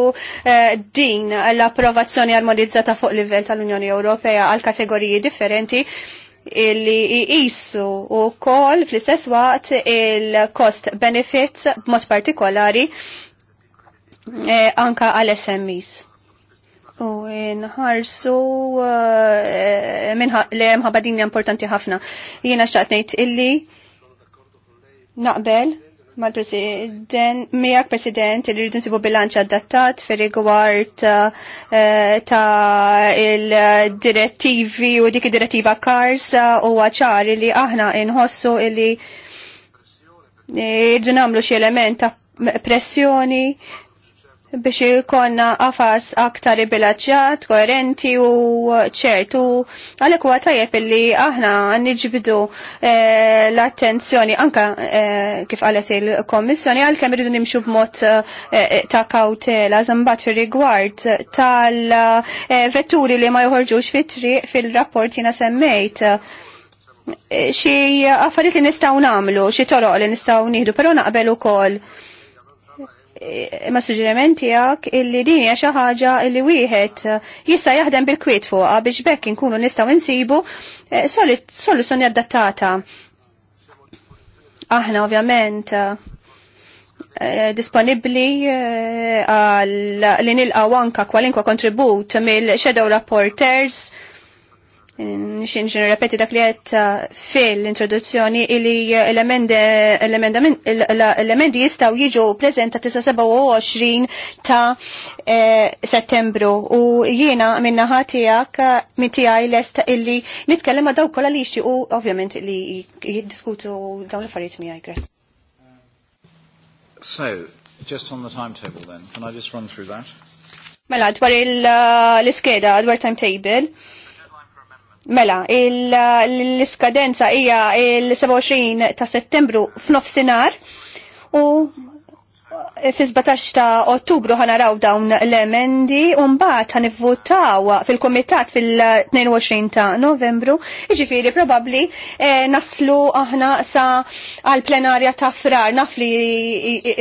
e, din l-approvazzjoni armonizzata fuq livell tal-Unjoni Ewropea għal kategoriji differenti illi jisu u kol fl-istess waqt il-cost benefits b'mod partikolari Eh, anka għal SMEs. U eh, nħarsu eh, minnħa li mħabba din importanti ħafna. Jiena xtaqtnejt illi naqbel mal-president, miegħek president li rridu nsibu bilanċ adattat fir rigward ta' il-direttivi u dik id-direttiva CARS u għacħar li aħna inħossu illi rridu nagħmlu xi element ta' pressjoni biex ikonna għafas aktar bilaċjat, koerenti u ċertu għalek huwa tajjeb illi aħna niġbdu eh, l-attenzjoni anka eh, kif qalet il-Kommissjoni għalkemm irridu nimxu b'mod eh, ta' kawtela żambat fir-rigward tal-vetturi li ma joħorġux fit-triq fil-rapport jiena semmejt xi affarijiet li nistgħu nagħmlu, xi toroq li nistgħu nieħdu, però naqbel ukoll Eh, ma suġġerimenti għak illi din hija xi ħaġa illi wieħed eh, jista' jaħdem bil-kwiet fuqha biex bekk inkunu nistgħu insibu eh, soluzzjoni adattata. Aħna ovvjament disponibli li nilqaw anka kwalinkwa kontribut mill-shadow rapporters nixin repeti dak li għet fil-introduzzjoni illi l emendi jistaw jiġu prezenta 27 ta' eh, settembru u jiena minna ħatijak għaj l-est illi nitkellem ma' daw kolla li jixti u ovvjament li jiddiskutu dawn l-affarijiet għaj grazzi. So, just on the timetable then, can I just run through that? Mela, dwar eh, l-iskeda, dwar timetable. Mela, l-iskadenza hija l-27 ta' settembru f'nofsinhar u fi 17 ta' ottubru ħanaraw dawn l-emendi u mbagħad ħanivvutaw fil kumitat fil-22 ta' novembru. Iġifieri probabbli eh, naslu aħna sa għal plenarja ta' frar nafli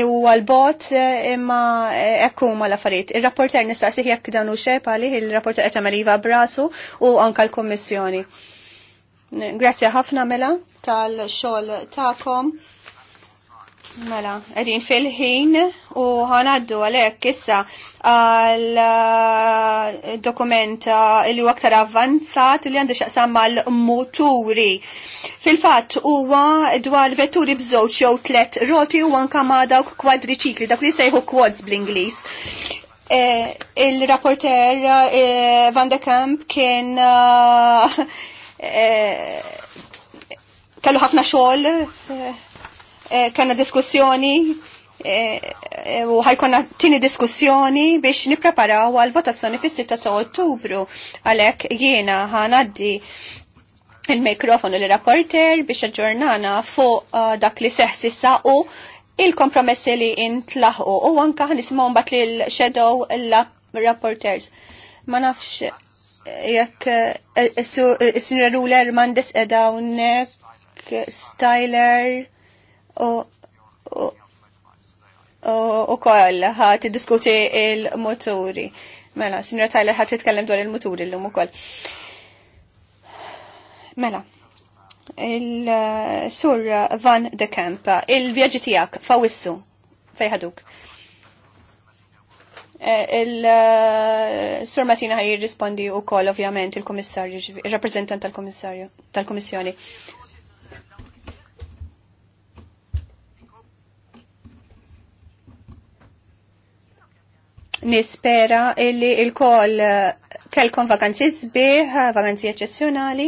u huwa l-bot eh, imma hekk eh, huma l-affarijiet. Ir-rapporter nistaqsih jekk dan hu il-rapporter qed Iva brasu u anka l-Kummissjoni. Grazzi ħafna mela tal-xogħol tagħkom. Mela, għedin fil-ħin u ħanaddu għalek issa għal eh, dokumenta eh, li u aktar avanzat u li għandu xaqsam mal muturi Fil-fatt huwa dwar vetturi bżewġ jew tlet roti u anka ma dawk kwadriċikli, dak li sejħu quads bl-Ingliż. Eh, il-rapporter Van de Kamp kien kellu ħafna xogħol Eh, kanna diskussjoni eh, eh, u ħajkonna tini diskussjoni biex nipreparaw għal votazzjoni fis-6 ta' Ottubru għalhekk jiena ħanaddi il-mikrofonu l-rapporter biex aġġornana fuq dak li seħ sissa u il-kompromessi li intlaħu u anka nismaw bat li l-shadow rapporters. Ma nafx jekk is-sinra ruler mandes edawnek Styler u koll ħat diskuti il-moturi. Mela, Sinra Tyler ħat titkellem dwar il-moturi l-lum u koll. Mela, il-sur Van de Kemp, il-vjaġi tijak, fawissu, fejħaduk. E, Il-Sur e, Matina ħaj jirrispondi u kol ovvjament il-komissarju, il-rappresentant tal-komissarju, tal-komissjoni. nispera illi il-kol eh, kelkom vakanzi zbieħ, vakanzi eccezjonali.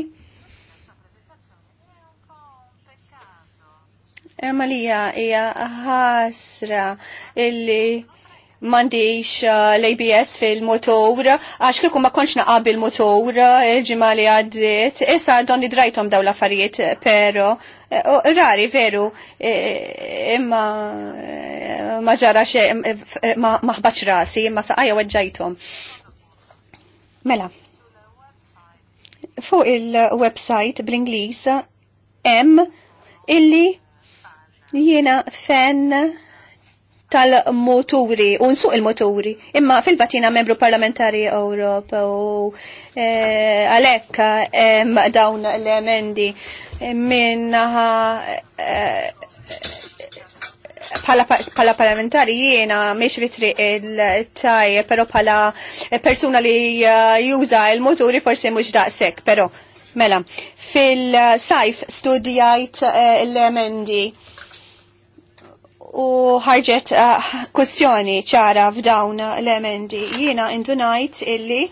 Malija hija ħasra illi mandiċ uh, l-ABS fil-motor, għax kikum ma konċna naqab il-motor, il-ġimali għaddit, issa donni drajtom daw l-affarijiet, pero, eh, oh, rari, veru, eh, imma maġara eh, xe, ma rasi, imma saqajja weġġajtom. Mela, fuq il-website bl-Inglis, M, illi jiena fenn tal-moturi, u nsuq il-moturi. Imma fil-batina membru parlamentari Ewropa u e, għalekka e, dawn l-emendi minnaħa e, pala, parlamentari jiena miex ritri il-taj, pero pala persuna li juża il-moturi forse mux daqsek, pero mela. Fil-sajf studijajt l-emendi u ħarġet eh, kussjoni ċara f'dawn l-emendi. Jiena indunajt illi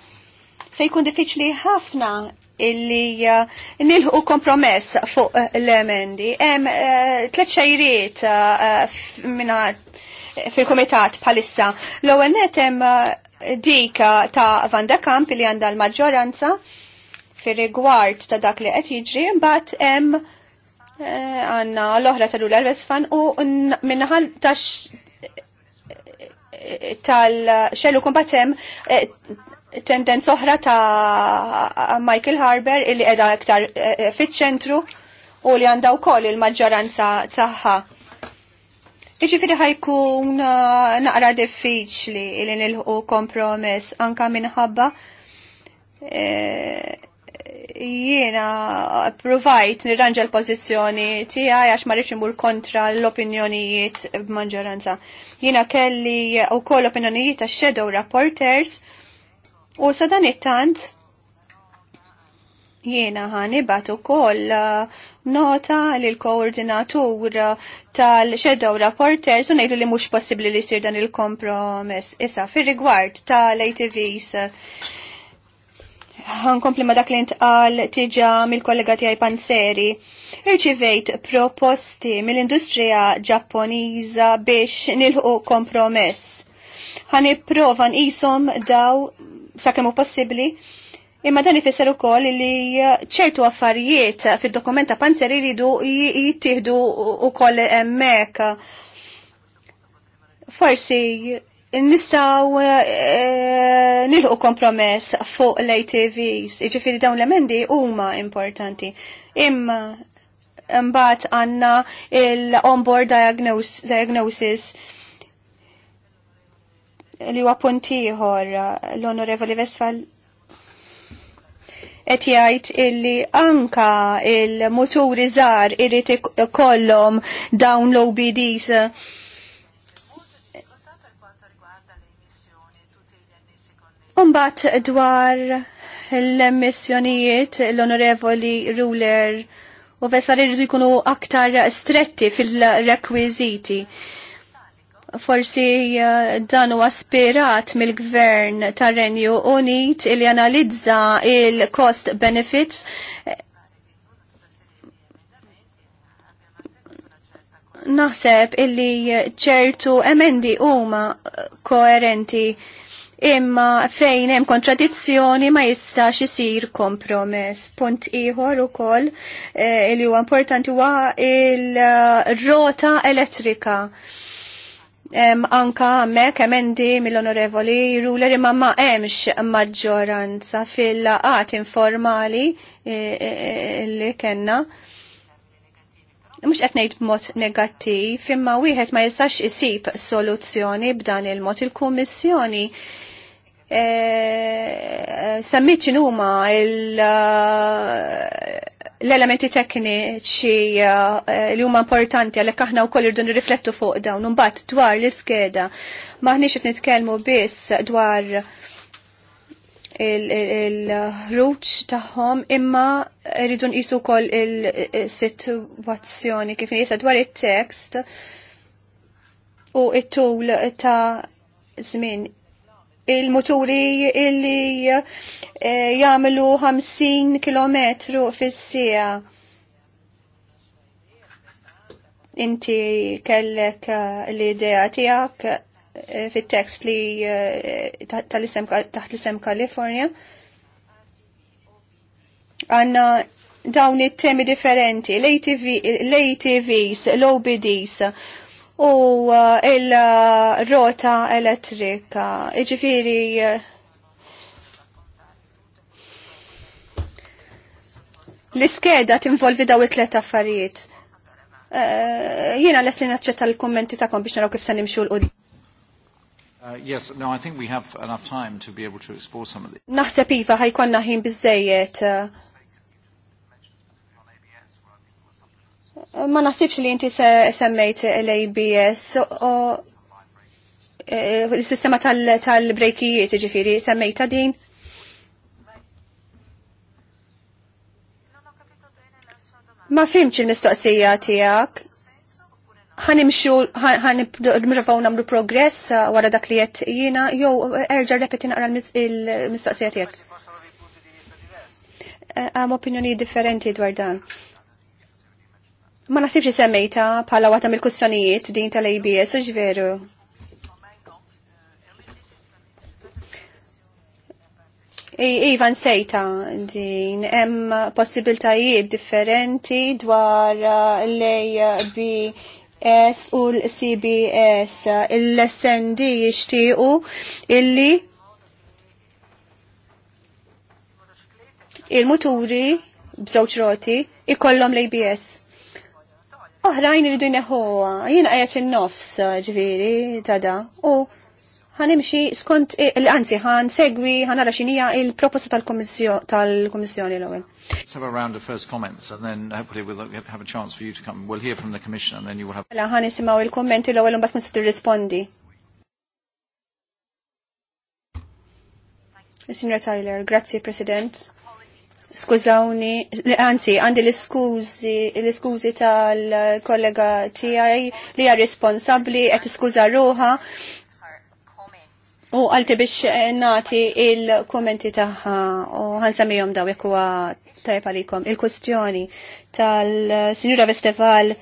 se jkun diffiċli ħafna illi eh, nilħu kompromess fuq eh, l-emendi. Hemm tliet xejriet fil-komitat bħalissa. L-ewwel net hemm dik ta' Van de Kamp li għandha l-maġġoranza fir-rigward ta' dak li qed jiġri, mbagħad hemm Eh, għanna l-oħra tal-ula l-Vesfan u minnaħal tax tal-xellu kumbatem eh, tendenz oħra ta' Michael Harber illi edha iktar eh, fit-ċentru u li għandaw wkoll il-maġġoranza tagħha. Iġifiri ħajkun naqra diffiċli li nilħu kompromess anka minħabba jiena provajt nirranġa l-pozizjoni tiegħi għax ma imbul imur kontra l-opinjonijiet b'maġġoranza. Jiena kelli wkoll opinjonijiet ta' shadow rapporters u sa dan it-tant jiena ħanibat ukoll uh, nota l koordinatur tal-shadow rapporters u ngħidu li mhux possibbli li jsir dan il-kompromess. Issa fir-rigward tal-ATVs ħankompli ma dak li ntqal tiġa mill-kollega tiegħi Panzeri. Irċivejt proposti mill-industrija Ġapponiża biex nilħu kompromess. Ħan ipprova nqishom daw sakemm hu possibbli Imma dan ifisser ukoll li ċertu affarijiet fid-dokumenta Panzeri jridu jittieħdu ukoll hemmhekk. Forsi nistaw eh, eh, nilħu kompromess fuq l-ATVs, iġifiri dawn l-emendi huma importanti. Imma mbagħad għandna l-onboard diagnosis, li huwa puntiħor l-Onorevoli Westfall qed jgħid illi anka il-muturi żgħar irid ikollhom dawn l-OBDs Umbat dwar l-emissjonijiet l-onorevoli ruler u vesar irridu jkunu aktar stretti fil-rekwiziti. Forsi eh, dan u aspirat mill-gvern tar-Renju Unit il analizza il-cost benefits naħseb illi ċertu emendi huma koerenti imma fejn hemm kontradizzjoni ma jistax isir kompromess. Punt ieħor ukoll eh, li huwa importanti huwa il-rota elettrika. Anka hemmhekk hemm emendi mill-onorevoli ruler imma ma hemmx maġġoranza fil-laqat informali eh, eh, li kenna mux ngħid b'mod negattiv, imma wieħed ma jistax isib soluzzjoni b'dan il-mod il-Kummissjoni E, semmiċ huma eh, l-elementi tekniċi eh, li huma importanti għalhekk aħna wkoll irdu nirriflettu fuq dawn imbagħad dwar l-iskeda maħniex qed nitkellmu biss dwar il-ħruġ tagħhom imma rridu nqisu wkoll il-sitwazzjoni kif nisa dwar it text u it-tul ta' żmien il-moturi illi eh, jagħmlu 50 km fis Inti kellek eh, l-idea tiegħek eh, fit-tekst li taħt l-isem California. Għanna dawn it-temi differenti, l-ATVs, l-OBDs, u uh, il-rota elettrika. Iġifiri, uh, l-iskeda tinvolvi daw it-tlet affarijiet. Uh, jiena les li naċċetta l-kommenti ta'kom biex naraw kif se nimxu l-qud. yes, no, I think we have enough time to be able to explore some of the... Naħseb iva ħajkonna ħin bizzejiet Ma nasibx li inti semmejt l-ABS e, l sistema tal-brejkijiet ġifiri semmejta din. Ma fimx il-mistoqsija tijak. Ħanimxu, ħanimrafaw namlu progress wara dak li jett jina, jow, erġa repetin għara il-mistoqsija tijak. Eh, għam opinjoni differenti dwar dan. Ma nasibx semmejta bħala għatam mill-kussjonijiet din tal-ABS, u ġveru. Ivan sejta din hemm possibiltajiet differenti dwar uh, l-ABS u l-CBS. Il-SND jixtiequ illi il-muturi bżewġ roti ikollhom l-ABS oħrajn iridu jneħħuha, jiena qiegħed fin-nofs ġifieri tada, u ħanimxi skont l-anzi ħan segwi ħan ara xinija il-proposta tal-Komissjoni l-ewwel. Let's have a round of first comments and then hopefully we'll have a chance for you to come. We'll hear from the Commission and then you will have... La mela, ħan isimaw il-kommenti l-ewwel u mbagħad tkun tirrispondi. Signor Tyler, grazie President skużawni, anzi, għandi l-iskużi, l-iskużi tal-kollega tijaj li hija responsabli, għet skuża ruħa u għalti biex eh, nati il-kommenti taħħa u għansamijom daw jeku huwa tajpa Il-kustjoni tal-Sinjura Vesteval,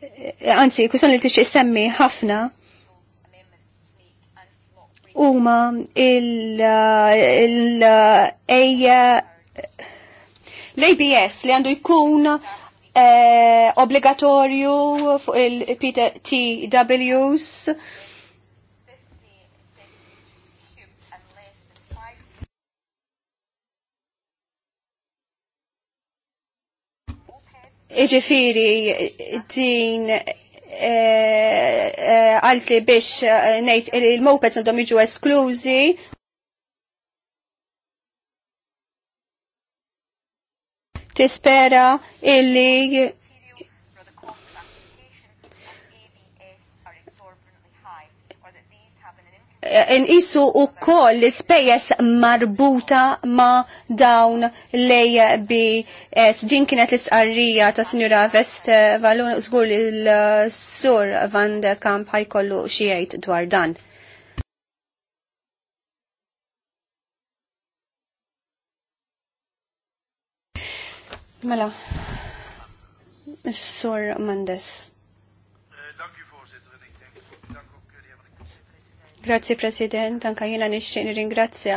eh, anzi, kustjoni li t-iċi semmi ħafna, huma l-ABS li għandu jkun eh, obbligatorju fuq il-PTWs Iġifiri, din Eh, eh, għalt biex eh, nejt il-mopeds għandhom jiġu esklużi. Tispera illi Inqisu wkoll l-ispejjeż marbuta ma' dawn bi ġin kienet l-istqarrija ta' Sinjura Vest Valun żgur il-Sur Van de Kamp ħajkollu xi dwar dan. Mela, Sur Mendes. Grazzi President, anka jena nixxin nirringrazzja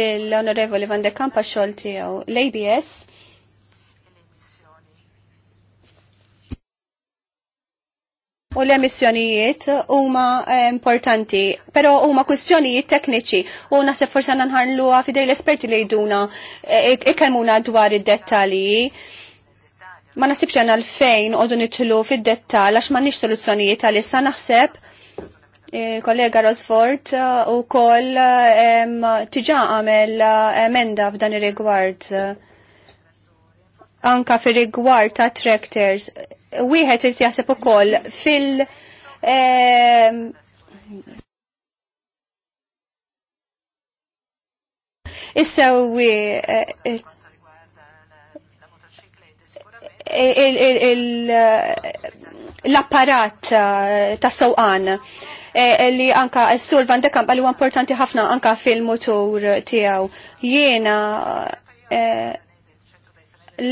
l-Onorevoli Van de Kampa xolti tijaw l-ABS. u l-emissjonijiet huma importanti, però huma kwistjonijiet tekniċi u naħseb forsi nħarluha fidej l-esperti li jduna e, e, ikkelmuna dwar id-dettalji. Ma nasibx l għalfejn għodu nitlu fid-dettal għax ma nix soluzzjonijiet għal issa naħseb kollega Rosford eh, u koll eh, tiġa għamel eh, emenda f'dan ir-rigward. Anka fir-rigward ta' tractors. Wieħed irid jaħseb ukoll fil- Issawi l-apparat ta' sewqan Eh, eh, li anka s-sur van de kamp għalli importanti ħafna anka fil-motor tijaw. Jena eh,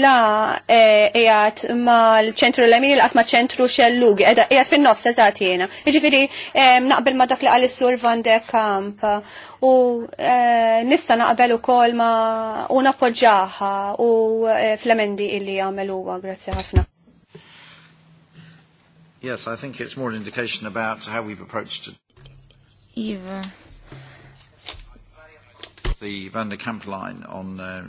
la ejat mal-ċentru l emil l-asma ċentru xellugi, ejat fin-nofs eżat jena. Iġifiri naqbel ma dak li għalli s-sur van de kamp u nista naqbel u kol ma u napoġġaħa u fl-emendi illi għamelu għu, grazzi ħafna. Yes, I think it's more an indication about how we've approached it. Eva. The van der Kamp line on, uh,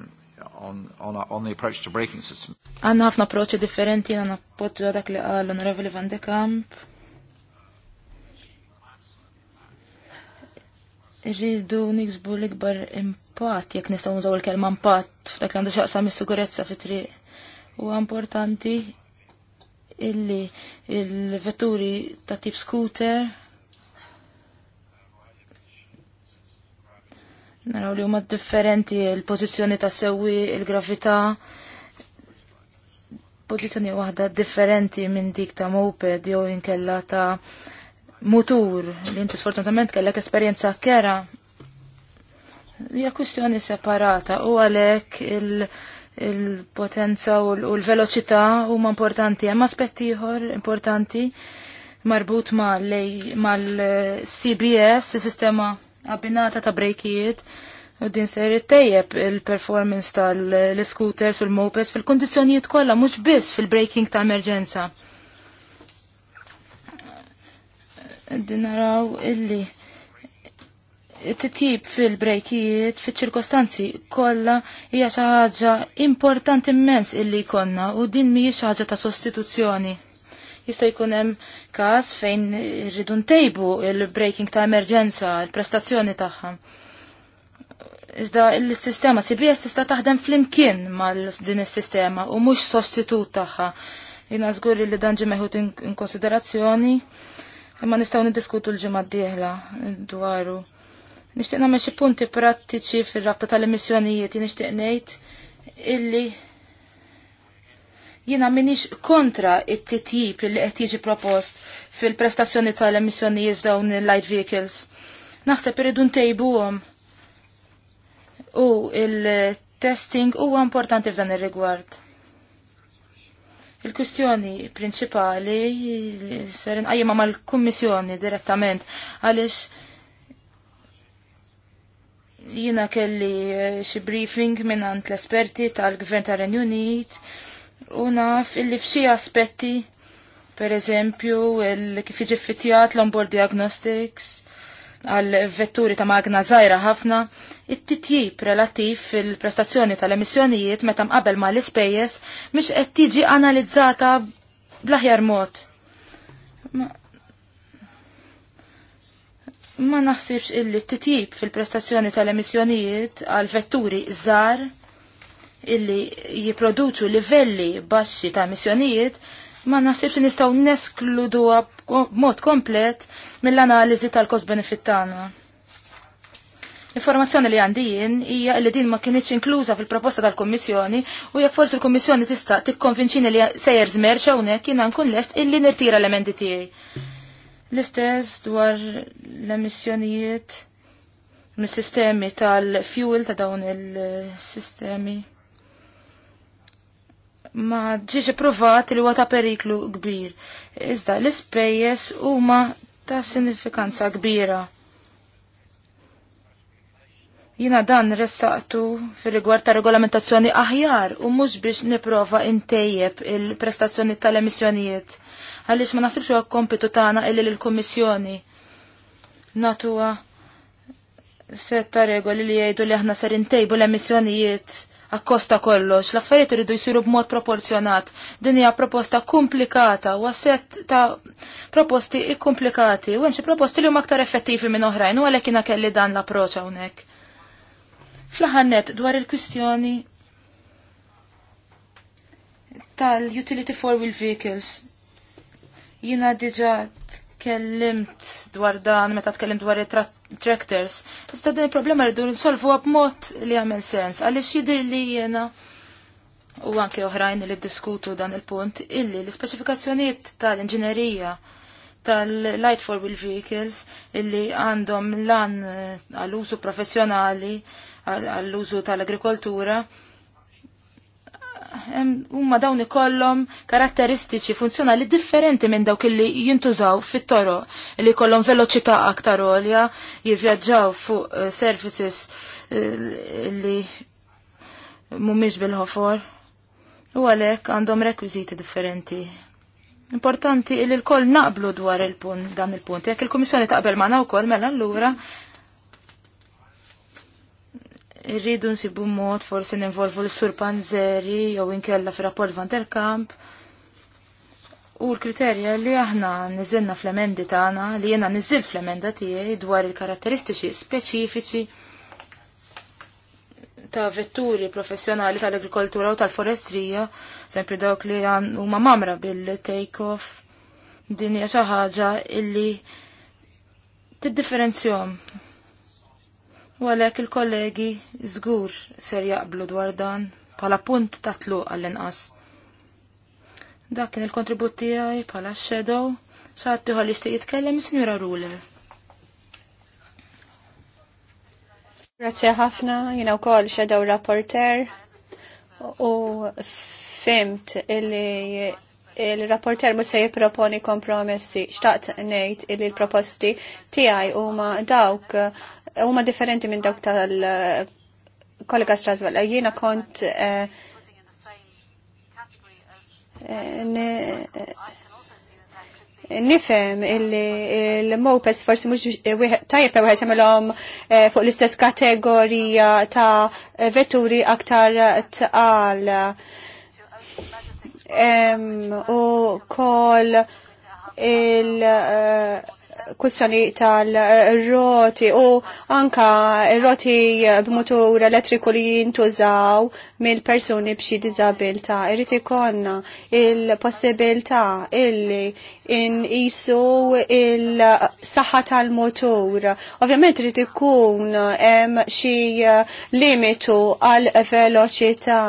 on, on, uh, on the approach to braking system. Għanna ħafna approċċi differenti, għanna appoġġa dak li qal l-Onorevoli van der Kamp. Rridu niksbu l-ikbar impatt, jekk nistgħu nżaw il-kelma impatt f'dak li għandu xaqsam is-sigurezza fit-triq. Huwa importanti illi il-vetturi ta' tip scooter naraw li huma differenti il-pożizzjoni ta' sewwi, il-gravità, pożizzjoni waħda differenti minn dik ta' moped jew inkella ta' mutur li inti sfortunatament kellek esperjenza kera. Hija kwistjoni separata u għalhekk il- il-potenza u l-veloċità huma importanti. Hemm aspetti ieħor importanti marbut mal-CBS, eh, is-sistema abbinata ta' brejkijiet, u din ser tejjeb il-performance tal-scooters u l mopes fil-kondizjonijiet kollha mhux biss fil-breaking ta' emerġenza. Din naraw illi titjib fil-brejkijiet, fil-ċirkostanzi kollha hija xi ħaġa importanti immens illi jkollna u din mhijiex ħaġa ta' sostituzzjoni. Jista' jkun hemm każ fejn irridu ntejbu il-breaking ta' emerġenza, il-prestazzjoni tagħha. Iżda l-sistema CBS tista' taħdem flimkien mal din is-sistema u mhux sostitut tagħha. Jina żgur li dan ġi meħud in konsiderazzjoni imma nistgħu niddiskutu l-ġimgħa d-dieħla dwaru Nishtiq nagħmel xi punti prattiċi fir-rabta tal-emissjonijiet, nixtieq ngħid illi jiena minix kontra it-titjib illi qed jiġi propost fil-prestazzjoni tal-emissjonijiet f'dawn il-light vehicles. Naħseb irridu ntejbuhom. U il-testing huwa importanti f'dan ir-rigward. Il-kwistjoni prinċipali ser inqajjimha mal-Kummissjoni direttament għaliex jina kelli eh, xi briefing minnant l-esperti tal-Gvern tal renju Unit u naf illi f'xi aspetti per eżempju kif jiġi fitjat l-onboard diagnostics għal vetturi ta' magna żgħira ħafna, it-titjib relattiv fil-prestazzjoni tal-emissjonijiet meta mqabel ma' l-ispejjeż mhix qed tiġi analizzata bl-aħjar mod ma naħsibx illi t-titjib fil-prestazzjoni tal-emissjonijiet għal vetturi zar illi jiproduċu livelli baxxi ta' emissjonijiet ma naħsibx nistgħu neskluduha b'mod komplet mill-analiżi tal-kost benefit tagħna. Informazzjoni li għandi jien hija li din ma kienitx inkluża fil-proposta tal-Kommissjoni u jekk forsi l-Kommissjoni tista' tikkonvinċini li sejjer żmerx hawnhekk jiena nkun lest illi nirtira l-emendi tiegħi. L-istess dwar l-emissjonijiet mis-sistemi tal-fuel ta' dawn il-sistemi. Ma ġiex provat li huwa ta' periklu kbir. Iżda l-ispejjeż huma ta' sinifikanza kbira jina dan ressaqtu fil-rigward ta' regolamentazzjoni aħjar u mhux biex niprofa intejjeb il-prestazzjoni tal-emissjonijiet għaliex ma naħsibx huwa kompitu tagħna illi l-Kummissjoni natuha setta regoli li jgħidu li aħna sarin tejbu l-emissjonijiet għakosta kollox, l-affarijiet iridu jsiru b'mod proporzjonat. Din hija proposta komplikata, u set ta' proposti ikkomplikati, u hemm xi proposti li huma aktar effettivi minn oħrajn, u għalhekk kelli dan l-approċċ hawnhekk. Fl-aħħar dwar il-kwistjoni tal-utility four-wheel vehicles. Jina diġa tkellimt dwar dan meta tkellimt dwar tractors. Iżda din il-problema rridu għab b'mod li għamel sens għaliex jidir li jiena u anke oħrajn li diskutu dan il-punt illi l-ispeċifikazzjonijiet tal-inġinerija tal-Light for Wheel Vehicles illi għandhom lan għall-użu professjonali, għall-użu tal-agrikoltura, huma dawn ikollhom karatteristiċi funzjonali differenti minn dawk li jintużaw fit-toro li jkollhom veloċità aktar olja jivvjaġġaw fuq eh, services eh, li mhumiex bil-ħofor. U għalhekk għandhom rekwiżiti differenti. Importanti li l-koll naqblu dwar il-punt dan il-punt. Jekk il-Kummissjoni taqbel ma' wkoll mela allura Irridu nsibu mod forsi ninvolvu l-sur Panzeri jew inkella fir-rapport Van der Kamp. U l-kriterja li aħna niżilna fl-emendi tagħna li jiena niżilt fl-emenda tiegħi dwar il-karatteristiċi speċifiċi ta' vetturi professjonali tal-agrikoltura u tal-forestrija, sempri dawk li huma mamra bil-take-off, din hija xi ħaġa differenzjom U għalhekk il-kollegi żgur ser jaqblu dwar dan bħala punt ta' tluq għall-inqas. Dak kien il-kontribut tiegħi bħala shadow xaħat tiħol jishtiq jitkellem is-Sinjura Ruler. Grazie ħafna, jina u shadow rapporter u fimt illi il-rapporter musa jiproponi kompromessi xtaqt nejt illi l-proposti tijaj u ma dawk huma differenti minn dawk tal-kollega Straswell. Jiena kont eh, nifem il-mopeds forsi mux tajjeb għu għetamilom eh, fuq l-istess kategorija ta' vetturi aktar tqal. U kol il- eh, kussjoni tal-roti u anka roti b-motur elettriku li jintużaw mill-persuni b'xi diżabilità. Irrid ikonna il-possibilità illi inqisu il-saħħa tal-motur. Ovvjament irid ikun hemm xi limitu għal veloċità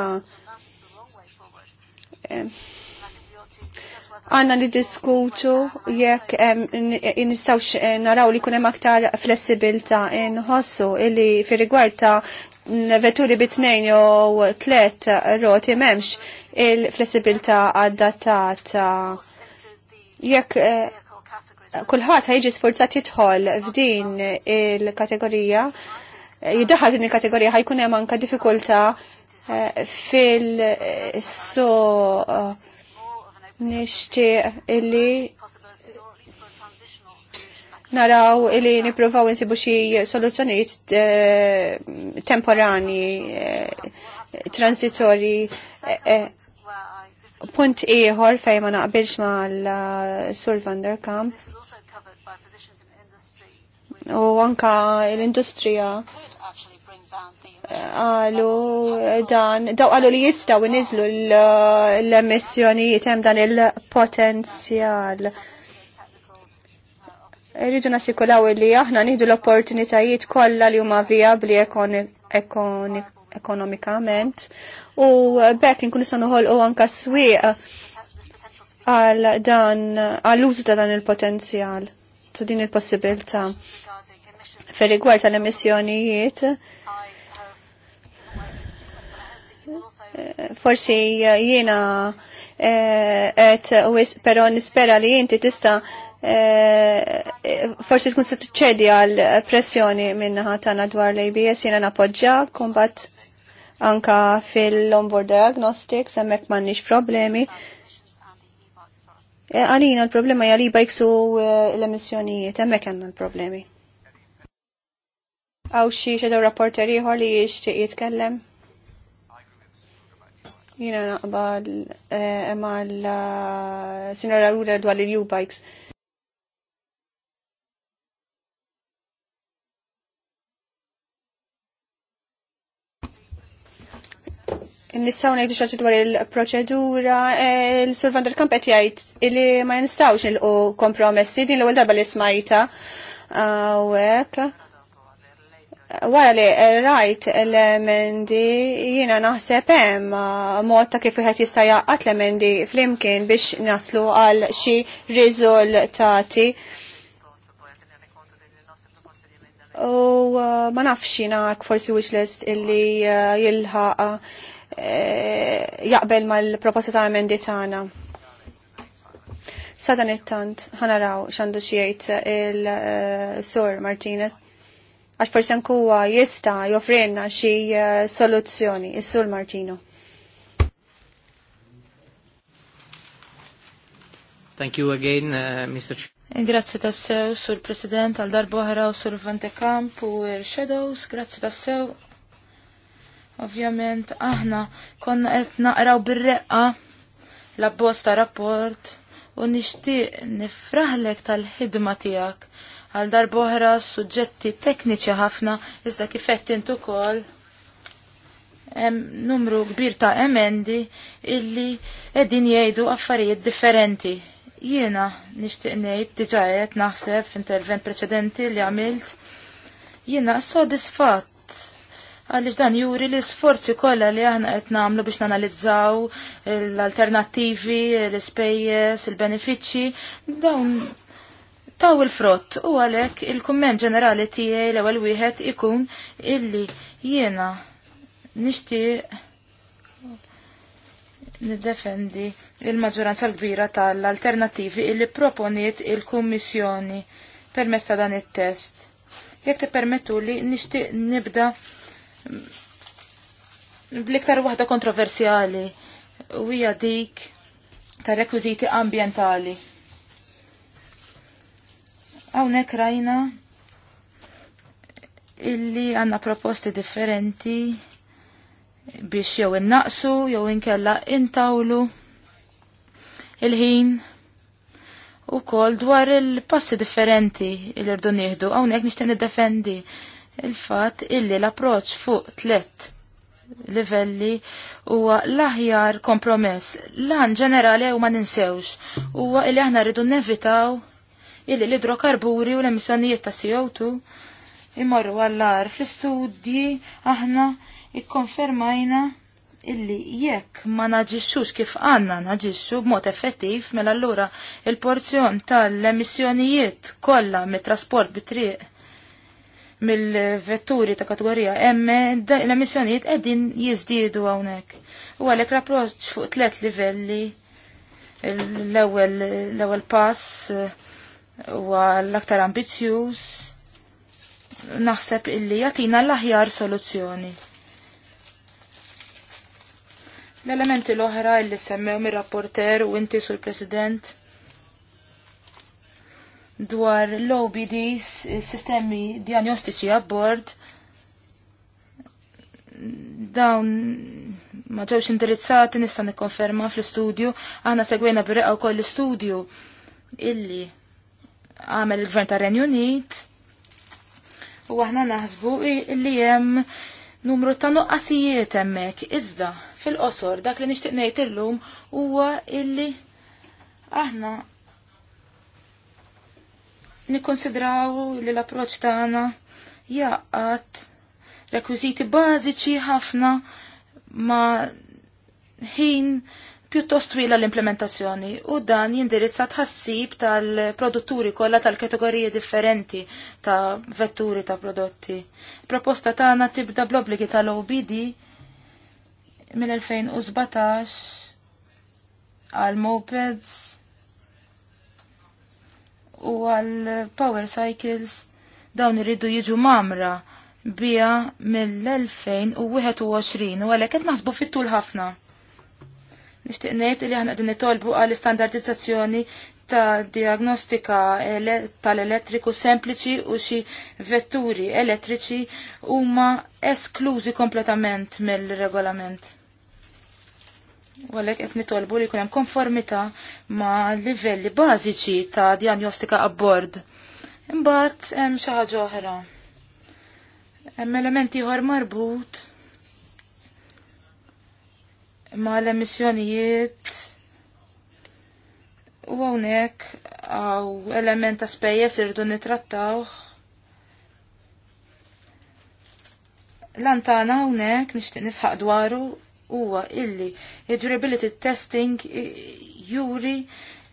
għanna nidiskutu jekk nistawx naraw li kunem aktar flessibilta nħossu illi fi rigwarta ta' vetturi bitnejn jew tlet roti memx il-flessibilta adattata jekk eh, kullħat ħajġi sforzat jidħol f'din il-kategorija jiddaħal din il-kategorija ħajkun hemm anka diffikulta eh, fil-so eh, uh, nixtieq illi naraw illi niprofaw insibu xi soluzzjonijiet eh, temporani, eh, transitori. Eh, punt ieħor fejn ma naqbilx mal-Sur Van der Kamp u anka l-industrija għalu dan, daw għalu li jistaw nizlu l-emissjonijiet hemm dan il-potenzjal. Rridu nasikulaw li aħna nieħdu l-opportunitajiet kollha li huma viabli ekonomikament u bekk nkun nistgħu noħolqu anke swieq għal dan għal użu ta' dan il-potenzjal, ta' din il-possibilità. Fer rigward tal-emissjonijiet, forsi eh, jiena et eh, wis pero nispera li inti tista eh, forsi tkun se tċedi għal pressjoni minnaħa tagħna dwar l-ABS jiena napoġġa kumbat anka fil-onboard diagnostics hemmhekk m'għandniex problemi. Għalina l-problema jgħali bajksu l-emissjonijiet, hemmhekk għanna l-problemi. Għaw xie xedaw rapporter ieħor li jixtieq jitkellem? Jina naqbal eh, ma l-sinora l-ura dwar il-U-Bikes. nistaw nejdu xaċi dwar il-proċedura, il-Sur eh, Van der Kamp qed jgħid li ma il nilqu kompromessi din l-ewwel darba li smajta wara li rajt l-emendi jina naħseb hemm uh, mod ta' kif wieħed jista' jaqgħat l-emendi flimkien biex naslu għal xi riżultati. U uh, ma nafx jina forsi wishlist illi uh, jilħaq eh, jaqbel mal-proposta ta' emendi tagħna. Sadan it-tant ħanaraw x'għandu xiejt jgħid il-Sur Martinez għax forsi nkuwa jista joffrenna xi eh, soluzzjoni. Is-Sur Martino. Thank you again, uh, eh, Mr. Grazzi tassew, sur President, għal darbohra u sur Camp u Shadows, grazzi tassew. Ovvjament, aħna konna qed naqraw bir-reqqa la bosta rapport u nixtieq nifraħlek tal-ħidma tiegħek għal darboħra suġġetti tekniċi ħafna, iżda kifett intu kol numru kbir ta' emendi illi edin jgħidu affarijiet differenti. Jiena nishtiq ngħid diġà qed naħseb f'intervent preċedenti li għamilt jiena sodisfatt għaliex dan juri li sforzi kollha li aħna qed nagħmlu biex nanalizzaw l-alternattivi, l-ispejjeż, il-benefiċċji, dawn taw il-frott u għalek il-kumment ġenerali tijaj l ewwel wieħed ikun illi jiena nishtiq nidefendi il-maġġoranza l-kbira tal-alternativi illi proponiet il-Kummissjoni permess ta' dan it-test. Jekk permettu li nixtieq nibda bliktar waħda kontroversjali u hija dik ta' rekwiżiti ambientali Hawnhekk rajna illi għandna proposti differenti biex jew innaqsu jew inkella intawlu il-ħin u kol dwar il-passi differenti il-irdu nieħdu hawnhekk nixtieq niddefendi il-fatt illi l-approċċ fuq tlett livelli huwa l-aħjar kompromess. Lan ġenerali u ma ninsewx huwa illi aħna rridu nevitaw illi l-idrokarburi u l-emissjonijiet ta' CO2 imorru għallar fl-istudji aħna ikkonfermajna illi jekk ma naġixxux kif għanna naġixxu b'mod effettiv mela allura il-porzjon tal-emissjonijiet kollha mit-trasport bit-triq mill-vetturi ta' kategorija M l-emissjonijiet qegħdin jiżdiedu hawnhekk. U għalhekk rapproċ fuq tliet livelli l-ewwel l-ewwel pass huwa l-aktar ambizjus naħseb illi jagħtina l-aħjar soluzzjoni. L-elementi l-oħra illi semmew mir-rapporter u inti sur President dwar l-OBDs, sistemi diagnostiċi abbord, dawn ma ġewx indirizzati nista' nikkonferma fl-istudju, aħna segwejna u koll l-istudju illi għamel il-gvern ta' Unit u aħna naħsbu li hemm numru ta' nuqqasijiet hemmhekk. Iżda fil-qosor dak li nixtieq ngħid illum huwa illi aħna nikonsidraw li l-approċċ tagħna jaqat rekwiżiti bażiċi ħafna ma' ħin pjuttost twila l-implementazzjoni u dan jindirizza tħassib tal-produtturi kollha tal-kategoriji differenti ta' vetturi ta' prodotti. Proposta tagħna tibda bl-obbligi tal-OBD mill-2017 għal mopeds u għal power cycles dawn irridu jiġu mamra bija mill-2021 u għalhekk qed naħsbu fit-tul ħafna Nixtieq ngħid li aħna għadin nitolbu għall standardizzazzjoni ta' diagnostika tal-elettriku sempliċi u xi vetturi elettriċi huma esklużi kompletament mill-regolament. U għalhekk qed nitolbu li jkun hemm konformità ma' livelli bażiċi ta' diagnostika abbord. Imbagħad hemm xi ħaġa oħra. Hemm elementi ieħor marbut ma l-emissjonijiet u għonek għaw element ta' spejjes irridu nitrattaw. Lantana għonek nishtiq nisħaq dwaru huwa illi durability testing juri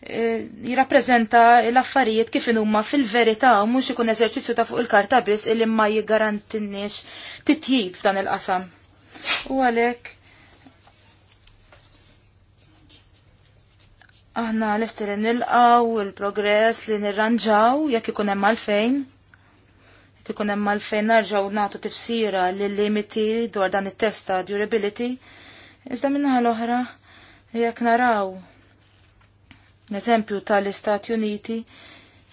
e, jirrappreżenta l-affarijiet kif huma fil-verità u mhux ikun eżerċizzju ta' fuq il-karta biss illi ma jiggarantinniex titjib f'dan il-qasam. U għalhekk Aħna lesti li nilqaw il-progress li nirranġaw jekk ikun hemm għalfejn. Jekk ikun hemm għalfejn narġgħu nagħtu tifsira lill limiti dwar dan it-test ta' durability. Iżda minnaħa l-oħra jekk naraw l-eżempju tal-Istati Uniti,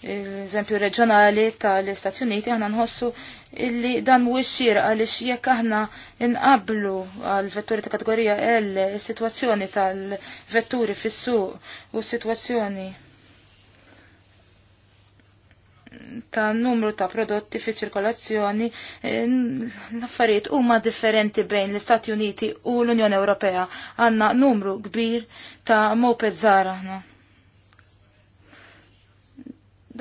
l-eżempju reġjonali tal-Istati Uniti, aħna nħossu illi dan mhuwiex xierqa għaliex jekk aħna inqablu għal vetturi ta' kategorija L is-sitwazzjoni tal-vetturi fis-suq u s-sitwazzjoni ta' numru ta' prodotti fi ċirkolazzjoni l-affarijiet huma differenti bejn l-Istati Uniti u l-Unjoni Ewropea għandna numru kbir ta' moped żgħar aħna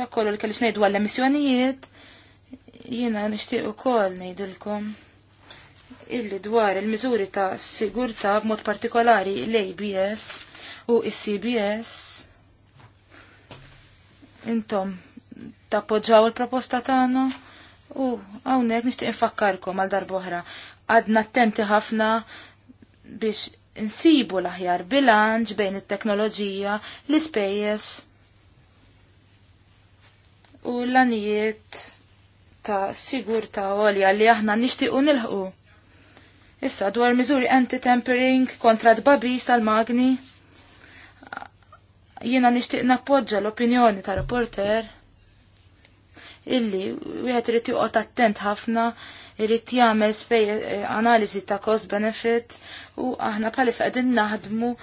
dak kollu li kellix ngħidu għall-emissjonijiet Jiena nixtieq ukoll ngħidilkom illi dwar il-miżuri ta' sigurtà b'mod partikolari l-ABS u s-CBS intom tappoġġaw il-proposta tagħna u hawnhekk nixtieq infakkarkom għal darb'oħra għadna attenti ħafna biex insibu l-aħjar bilanċ bejn it-teknoloġija, l-ispejjeż u l-anijiet ta' sigurta għolja li aħna nixtiequ nilħqu. Issa dwar miżuri anti-tempering kontra d-babis tal-magni. Jiena nixtieq nappoġġa l-opinjoni ta' reporter illi wieħed irid joqgħod attent ħafna irid jagħmel spej eh, analiżi ta' cost benefit u aħna bħalissa qegħdin naħdmu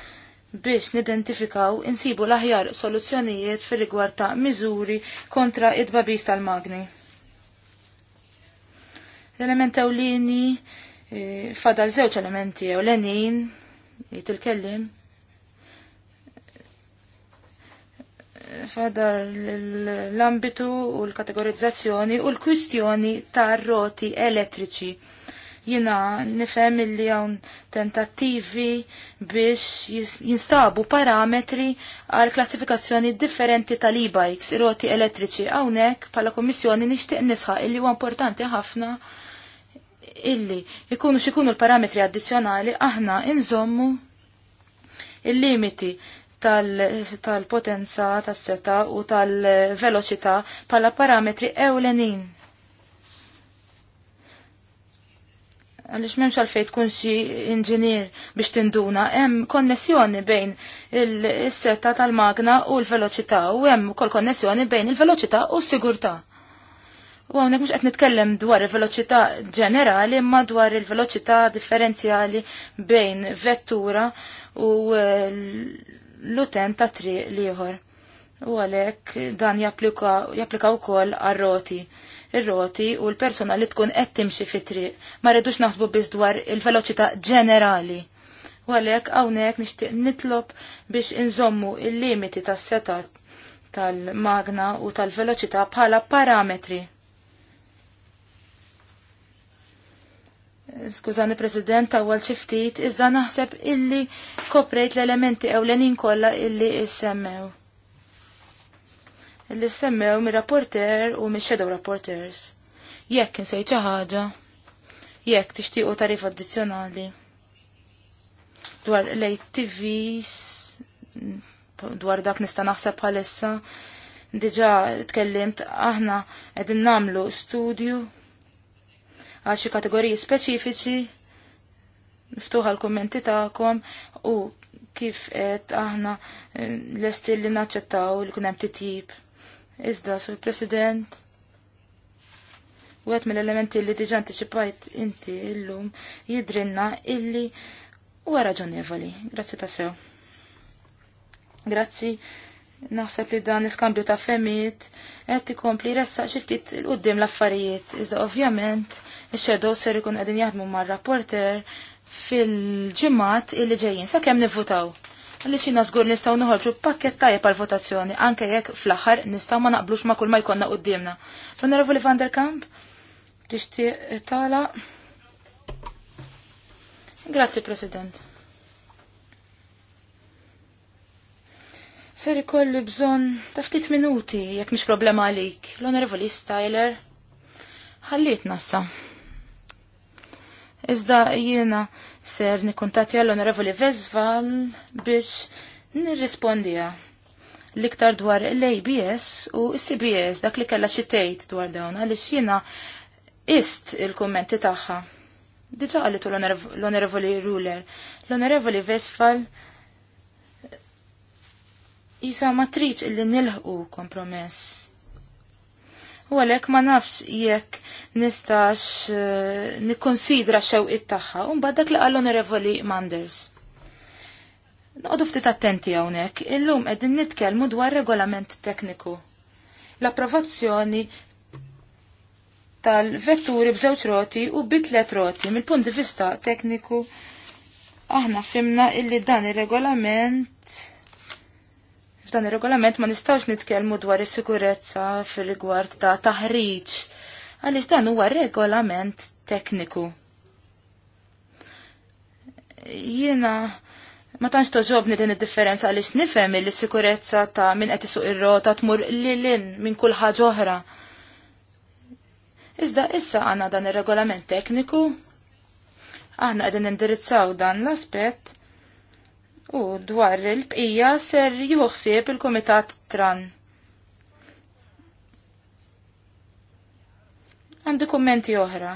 biex nidentifikaw insibu l-aħjar soluzzjonijiet fir rigward ta' miżuri kontra id-babis tal-magni. L-element ewlieni e, fadal żewġ elementi ewlenin jgħid il-kellim. Fadal l-ambitu u l-kategorizzazzjoni u l-kwistjoni ta' roti elettriċi. Jina nifhem li hawn tentattivi biex jinstabu parametri għal klassifikazzjoni differenti tal-e-bikes, roti elettriċi. Hawnhekk bħala Kummissjoni nixtieq nisħaq illi huwa importanti ħafna illi ikunu xikunu l-parametri addizjonali aħna inżommu il-limiti tal-potenza, tal tas-seta u tal-veloċità pala parametri ewlenin. Għalix memx għalfej tkun xi inġinier biex tinduna, hemm konnessjoni bejn il-setta tal-magna u l-veloċità u hemm kol konnessjoni bejn il-veloċità u s-sigurtà. U għawnek mux għet nitkellem dwar il-veloċità ġenerali, imma dwar il-veloċità differenzjali bejn vettura u eh, l-utent ta' triq liħor. U għalek dan japplika u kol għal-roti. Il-roti u l-persona li tkun qed timxi fitri triq. Ma rridux naħsbu biss dwar il-veloċità ġenerali. U għalek għawnek nishtiq nitlob biex inżommu il-limiti tas-setat tal-magna u tal-veloċità bħala parametri Skużani President, għal ċiftit, iżda naħseb illi koprejt l-elementi ewlenin kollha illi issemmew. Illi semmew mi rapporter u mi shadow rapporters. Jekk insej xi ħaġa, jekk tixtiequ tarif addizzjonali. Dwar l-ATVs, dwar dak nista' naħseb bħalissa, diġa' tkellimt aħna qegħdin namlu studju għal xi kategoriji speċifiċi miftuħa l-kommenti tagħkom u kif qed aħna eh, l-estil li naċċettaw li kunem hemm titjib. Iżda sur President u għet mill-elementi li diġa anticipajt inti illum jidrinna illi u raġonevoli. Grazzi ta' sew. Grazzi, naħseb li dan iskambju ta' femmit, għet ikompli ressa xiftit l-qoddim l-affarijiet, iżda ovvjament Ix-shadow ser ikun qegħdin jaħdmu mar-rapporter fil-ġimgħat illi ġejjin sakemm nivvutaw. Għalli xina żgur nistgħu noħorġu pakket tajjeb għall votazzjoni anke jekk fl-aħħar nistgħu ma naqblux ma' kull ma jkollna quddiemna. l li Van der Kamp, tixtieq tala. Grazzi President. Ser ikolli bżon ta' ftit minuti jekk mhix problema għalik. L-Onorevoli Styler ħallit nassa. Iżda jiena ser nikkuntatti għall-Onorevoli Vezval biex nirrispondija l-iktar dwar l-ABS u s-CBS dak li kella xitejt dwar dawn għaliex jiena ist il-kommenti tagħha. Diġa għallitu l-Onorevoli Ruler. L-Onorevoli Vesfal jisa matriċ illi nilħu kompromess u għalek ma nafx jekk nistax eh, nikonsidra xew it tagħha u mbagħad dak li qal Onorevoli Manders. Nqoddu ftit attenti hawnhekk, illum qegħdin nitkellmu dwar regolament tekniku. L-approvazzjoni tal-vetturi b'żewġ roti u bitlet roti mill-punt di vista tekniku aħna fimna illi dan ir-regolament dan ir-regolament ma nistgħux nitkellmu dwar is-sikurezza fir-rigward ta' taħriġ għaliex dan huwa regolament tekniku. Jiena ma tantx toġobni din id-differenza għaliex nifhem li s-sikurezza ta' min qed isuq ir-rota tmur lilin minn kull ħaġa oħra. Iżda issa għandna dan ir-regolament tekniku aħna qegħdin indirizzaw dan l-aspett u dwar il-bqija ser juħsib il-Kumitat Tran. Għandi kommenti oħra.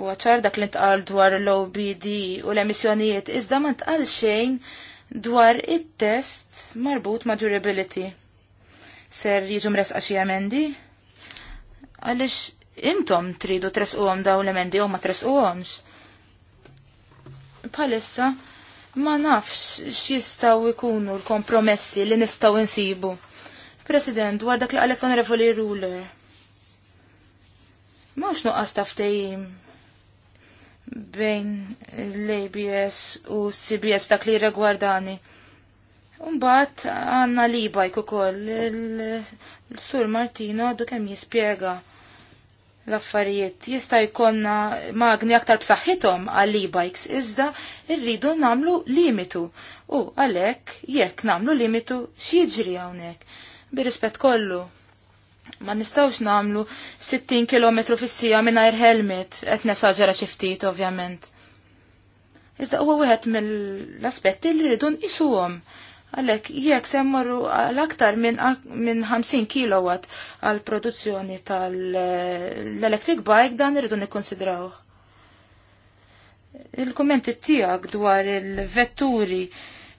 U ċar dak li ntqal dwar l-OBD u l-emissjonijiet, iżda ma ntqal xejn dwar it-test marbut ma' durability. Ser jiġu mresqa xi emendi? Għaliex intom tridu tresquhom dawn l-emendi u ma tresquhomx. Palissa, ma nafx x'jistgħu jkunu l-kompromessi li nistgħu insibu. President, dwar dak li qalet l-onorevoli ruler. Mawx nuqqas ta' bejn l-ABS u CBS dak li regwardani. Umbat għanna libajk u koll, l-sur Martino għaddu kem jispiega l-affarijiet jista' jkollna magni aktar b'saħħithom għall e-bikes iżda rridu nagħmlu limitu u għalhekk jekk nagħmlu limitu x'jiġri hawnhekk. Birispett kollu ma nistgħux nagħmlu 60 km fis-sija mingħajr helmet qed nesaġġera xi ftit ovvjament. Iżda huwa wieħed mill-aspetti li rridu nqisuhom Għalek, jek semmorru l-aktar minn 50 kW għal produzzjoni tal-electric bike dan irridu nikkonsidraw. Il-kommenti tijak dwar il-vetturi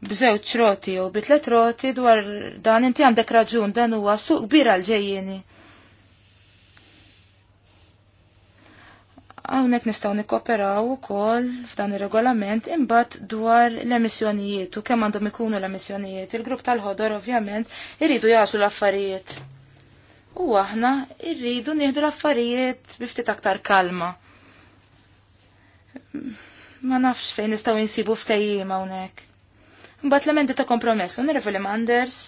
b'żewġ roti u bitlet roti dwar dan inti għandek raġun dan huwa suq kbir l ġejjeni. Hawnhekk nistgħu nikkoperaw ukoll f'dan ir-regolament imbagħad dwar l-emissjonijiet u kemm għandhom ikunu l-emissjonijiet. Il-grupp tal-ħodor ovvjament irridu jasu l-affarijiet. U aħna irridu nieħdu l-affarijiet biftit aktar kalma. Ma nafx fejn nistgħu insibu ftejjim hawnhekk. Imbagħad l-emendi ta' kompromess u nirrefu li Manders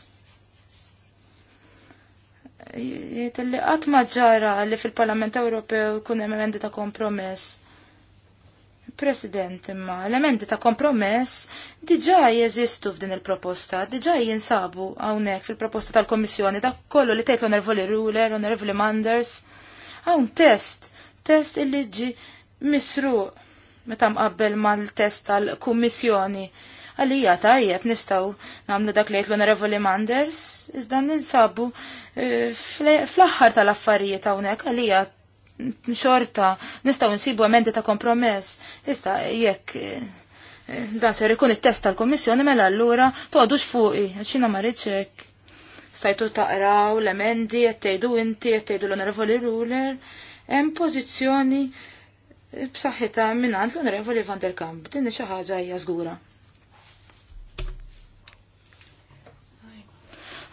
jgħid li qatt ma ġara li fil-Parlament Ewropew kun hemm emendi ta' kompromess. President, imma l-emendi ta' kompromess diġà jeżistu f'din il-proposta, diġà jinsabu hawnhekk fil-proposta tal-Kommissjoni dak kollu li tgħid l-Onervoli Ruler, Onervoli Manders. Hawn test, test il-liġi misruq meta mqabbel mal-test tal-Kummissjoni għalija tajjeb nistaw namlu dak li l-Onorevoli Manders, iżda ninsabu eh, fl-axħar tal-affarijiet hawnhekk għalija xorta nistaw nsibu emendi ta' kompromess, iżda jekk eh, dan ser ikun it-test tal-Kommissjoni mela allura toqgħodux fuqi, xina ma riċek. Stajtu taqraw l-emendi, jettejdu inti, jettejdu l-onorevoli ruler, hemm pożizzjoni b'saħħitha minn għand l-Onorevoli Van der Kamp, din xi ħaġa hija żgura.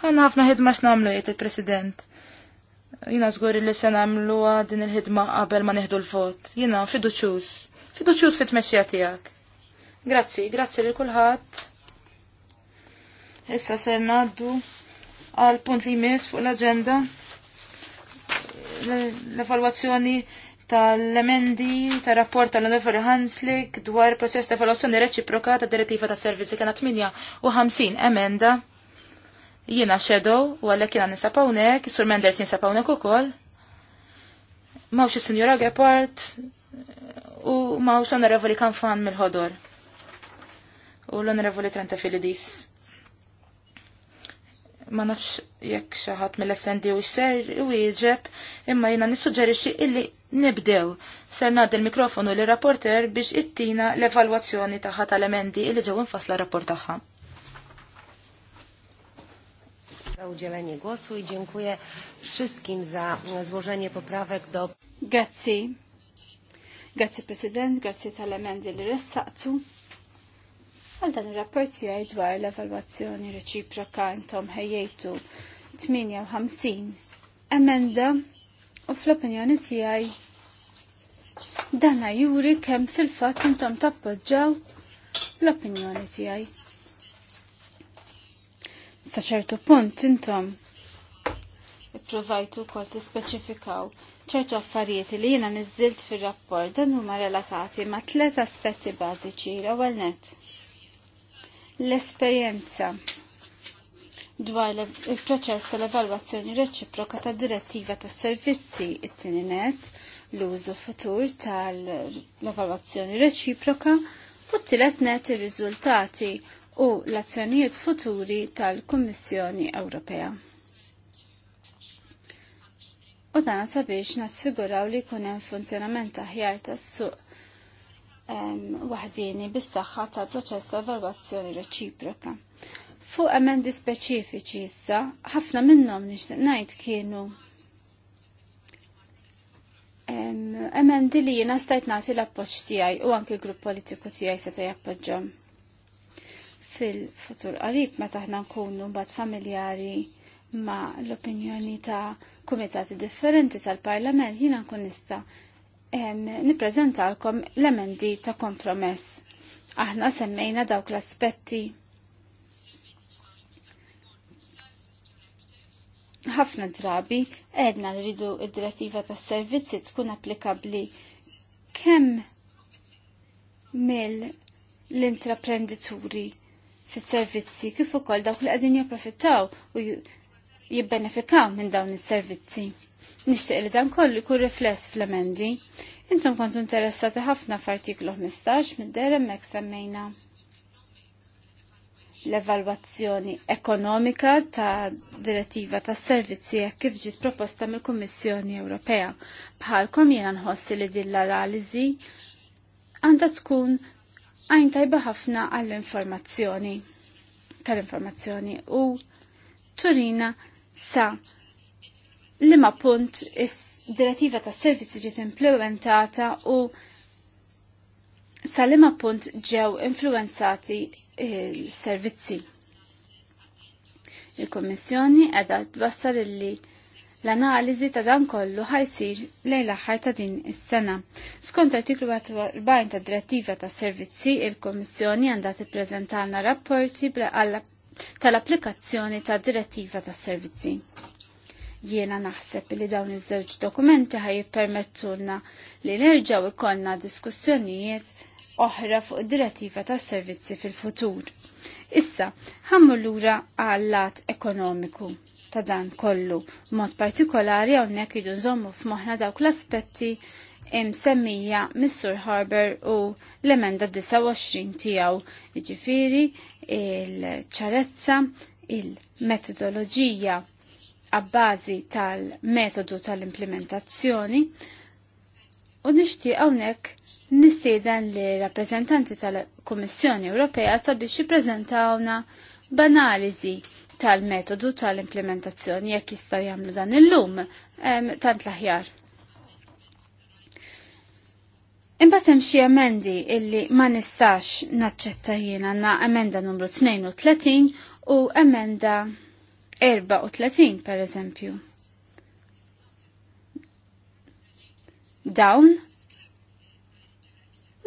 Għanna ħafna ħidma x'namlu jgħid il-President. Jina żgur li se nagħmluha din il-ħidma qabel ma neħdu l-vot. Jina fiduċjuż. Fiduċjuż fit-tmexxija tiegħek. Grazzi, grazzi lil kulħadd. Issa ser ngħaddu għal punt li jmiss fuq l-aġenda l-evalwazzjoni tal-emendi ta' rapport tal-Onofer Hanslik dwar proċess ta' evaluazzjoni reċiproka ta' direttiva ta' servizzi kena 58 emenda Jiena xedow, u għalhekk jiena nisapawnek, Sur Menders jinsapawnek ukoll. Mawx is-Sinjura Gepard u mawx l-Onorevoli Kanfan mill-ħodor. U l-Onorevoli Trenta Filidis. Ma nafx jekk xi ħadd mill-SND u xser u jieġeb, imma jiena nissuġġerixxi illi Nibdew, ser nad il-mikrofonu li rapporter biex ittina l-evalwazzjoni taħħa tal-emendi li ġew infasla rapport tagħha. za udzielenie głosu i dziękuję wszystkim za złożenie poprawek do... Grazie. Grazie President, grazie tal-emendi li ressaqtu. Għal dan il-rapport jgħaj dwar l-evalwazzjoni reċiproka intom ħejjejtu 58 emenda u fl-opinjoni tiegħi dana juri kem fil-fat intom tappoġġaw l-opinjoni tiegħi sa ċertu punt intom ipprovajtu kol tispeċifikaw ċertu affarijiet li jiena nizzilt fir-rapport dan huma relatati ma' tliet aspetti bażiċi l-ewwel net. L-esperjenza dwar il-proċess tal-evalwazzjoni reċiproka tad direttiva tas servizzi it-tieni net l-użu futur tal-evalwazzjoni reċiproka u t-tielet net ir-riżultati u l-azzjonijiet futuri tal-Kummissjoni Ewropea. U dan sabiex nassiguraw li jkun hemm funzjonament aħjar tas-suq waħdini bis-saħħa tal-proċess ta' evalwazzjoni reċiproka. Fuq emendi speċifiċi issa, ħafna minnhom nixtieq ngħid kienu emendi li jiena stajt nagħti l-appoġġ tiegħi u anke l-grupp politiku tiegħi se jappoġġhom fil-futur qarib meta aħna nkunu mbagħad familjari ma' l-opinjoni ta' kumitati differenti tal-Parlament jiena nkun nista' nippreżentalkom l-emendi ta' kompromess. Aħna semmejna dawk l-aspetti ħafna drabi edna li rridu id-direttiva tas servizzi tkun applikabli kemm mill l-intraprendituri fis-servizzi kif ukoll dawk li qegħdin jipprofittaw u jibbenefikaw minn dawn is-servizzi. Nixtieq li dan kollu jkun rifless fl-emendi. Intom kontu interessati ħafna f'artiklu 15 minn Derem Mek semmejna l-evalwazzjoni ekonomika ta' direttiva ta' servizzi jekk kif ġiet proposta mill-Kummissjoni Ewropea. Bħalkom jiena nħossi li din l-analiżi għandha tkun għajn tajba ħafna għall-informazzjoni tal-informazzjoni u turina sa li ma punt is-direttiva ta' servizzi ġiet implementata u sa li ma punt ġew influenzati il-servizzi. Il-Kommissjoni għedha tbassar illi L-analiżi ta' dan kollu ħajsir lejn l-aħħar ta' din is-sena. Skont artiklu 44 ta' Direttiva ta' Servizzi, il-Kommissjoni għandha tippreżentalna rapporti tal-applikazzjoni ta' Direttiva ta' Servizzi. Jiena naħseb li dawn iż-żewġ dokumenti ħaj jippermettulna li nerġgħu ikollna diskussjonijiet oħra fuq direttiva ta' servizzi fil-futur. Issa, ħammu lura għal lat ekonomiku ta' dan kollu. Mod partikolari hawnhekk jidu nżommu f'moħħna dawk l-aspetti msemmija Mr. Harber u l-emenda 29 tiegħu, jiġifieri il-ċarezza, il-metodoloġija għabbazi tal-metodu tal-implementazzjoni u nixtieq hawnhekk nistieden li rappreżentanti tal-Kummissjoni Ewropea sabiex jippreżentawna b'analiżi tal-metodu tal-implementazzjoni jekk jistgħu jagħmlu dan illum tant l-aħjar. Imbagħad hemm xi emendi illi ma nistax naċċetta jien għandna emenda numru 32 u emenda 34 pereżempju. Dawn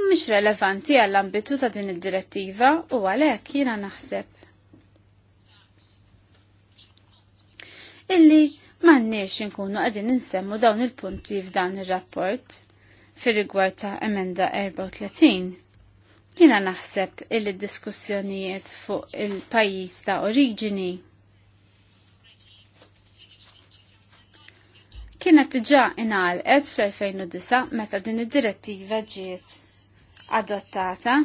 mhix relevanti għall-ambitu ta' din id-direttiva u għalhekk jiena naħseb illi m'għandniex inkunu qegħdin insemmu dawn il-punti f'dan ir-rapport fir-rigward ta' emenda 34. Jiena naħseb illi diskussjonijiet fuq il-pajjiż ta' oriġini kienet ġa inqalqet fl-2009 meta din id-direttiva ġiet adottata.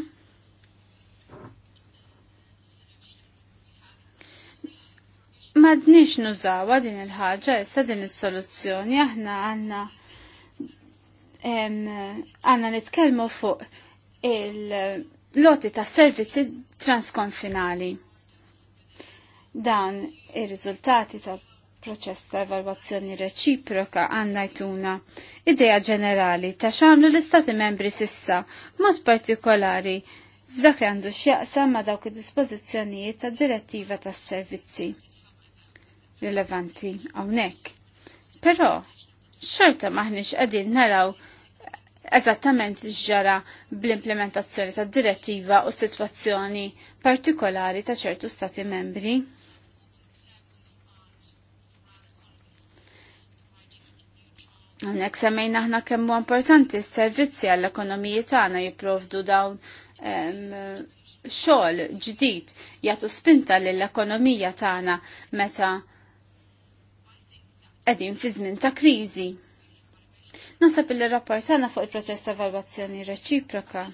madnix nużawa din il-ħaġa, issa din is-soluzzjoni aħna għandna għanna nitkellmu fuq il-loti ta' servizzi transkonfinali. Dan ir-riżultati ta' proċess ta' evalwazzjoni reċiproka għandna jtuna idea ġenerali ta' xamlu l-istati membri sissa, mod partikolari f'dak li għandu x'jaqsam ma' dawk id-dispożizzjonijiet ta' direttiva tas servizzi rilevanti hawnhekk. Però xorta maħniex qegħdin naraw eżattament li ġara bl-implementazzjoni ta' direttiva u situazzjoni partikolari ta' ċertu stati membri. Għonek semmejna aħna kemmu importanti s-servizzi għall-ekonomiji tagħna jipprovdu dawn xogħol ġdid jagħtu spinta lill-ekonomija tagħna meta qegħdin fi żmien ta' kriżi. Nasab il-rapport tagħna fuq il-proċess ta' evalwazzjoni reċiproka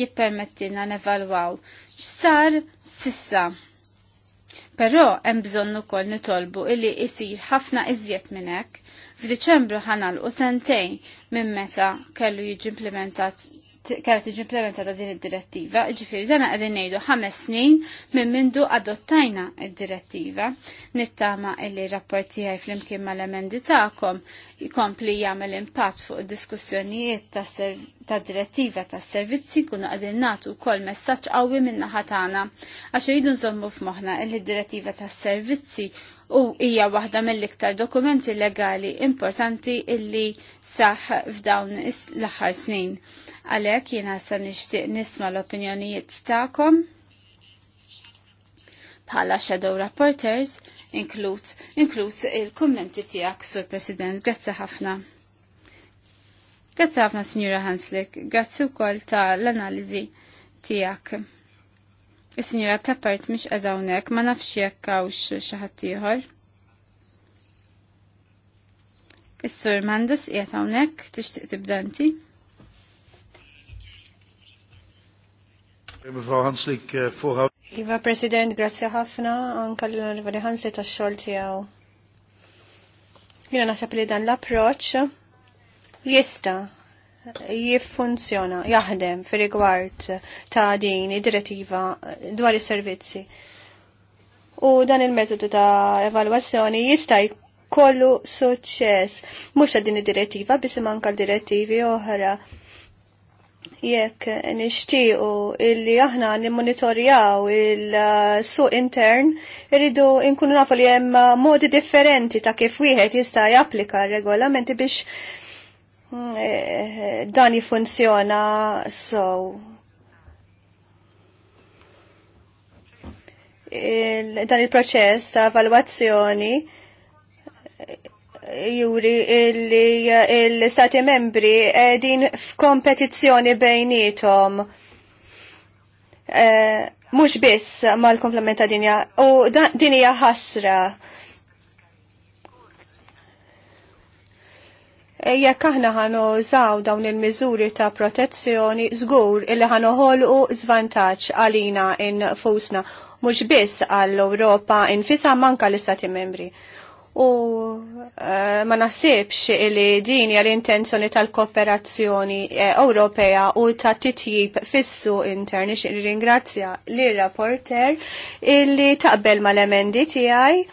jippermettilna nevalwaw x'sar sissa. Però hemm bżonn ukoll nitolbu illi jsir ħafna iżjed minn hekk. F'Diċembru ħanalqu sentejn minn meta kellu jiġi implementat kellha tiġi implementata din id-direttiva, ġifieri dan qegħdin ngħidu ħames snin minn mindu adottajna id-direttiva. Nittama illi rapporti għaj flimkien mal-emendi tagħkom jkompli jagħmel impatt fuq id-diskussjonijiet ta' direttiva ta' servizzi kunu qegħdin nagħtu wkoll messaġġ qawwi minna naħa tagħna għax nżommu f'moħħna illi d-direttiva ta' servizzi u hija waħda mill-iktar dokumenti legali importanti illi saħ f'dawn l-aħħar snin. Għalhekk jiena se nixtieq nisma l-opinjonijiet tagħkom bħala shadow rapporters inkluż inkluż il-kummenti tiegħek sur President. Grazzi ħafna. Grazzi ħafna Sinjura Hanslik, grazzi wkoll tal-analiżi tiegħek. Is-sinjura Peppert mhix eżawnek, ma nafx jekk hawnx xi ħadd ieħor. Is-sur Mandas qiegħed hawnhekk tixtieq tibda Hanslik, eh, Iva President, grazzi ħafna Anke l-Onorevoli Hansli tax-xogħol tiegħu. Jiena naħseb li dan l-approċċ jista' jiffunzjona, jaħdem fir rigward ta' din id-direttiva dwar is-servizzi. U dan il-metodu ta' evalwazzjoni jista' jkollu suċċess mhux ta' din id-direttiva biss manka l-direttivi oħra jekk nixtiequ illi aħna nimmonitorjaw il-suq intern irridu nkunu nafu li hemm modi differenti ta' kif wieħed jista' japplika r regolamenti biex Mm, eh, dan jifunzjona so il, dan il-proċess ta' valwazzjoni eh, juri eh, il-stati il membri din f'kompetizzjoni bejnietom. E, mux biss mal-komplementa dinja u dinja ħasra E jekk aħna ħanużaw dawn il-miżuri ta' protezzjoni żgur illi ħanoħolqu żvantaġġ għalina infusna mhux biss għall-Ewropa infisa manka l-Istati membri. U e, ma naħsibx li din hija l-intenzjoni tal-kooperazzjoni e, Ewropea u ta' titjib fissu interni ringrazzja lir rapporter illi taqbel mal-emendi tiegħi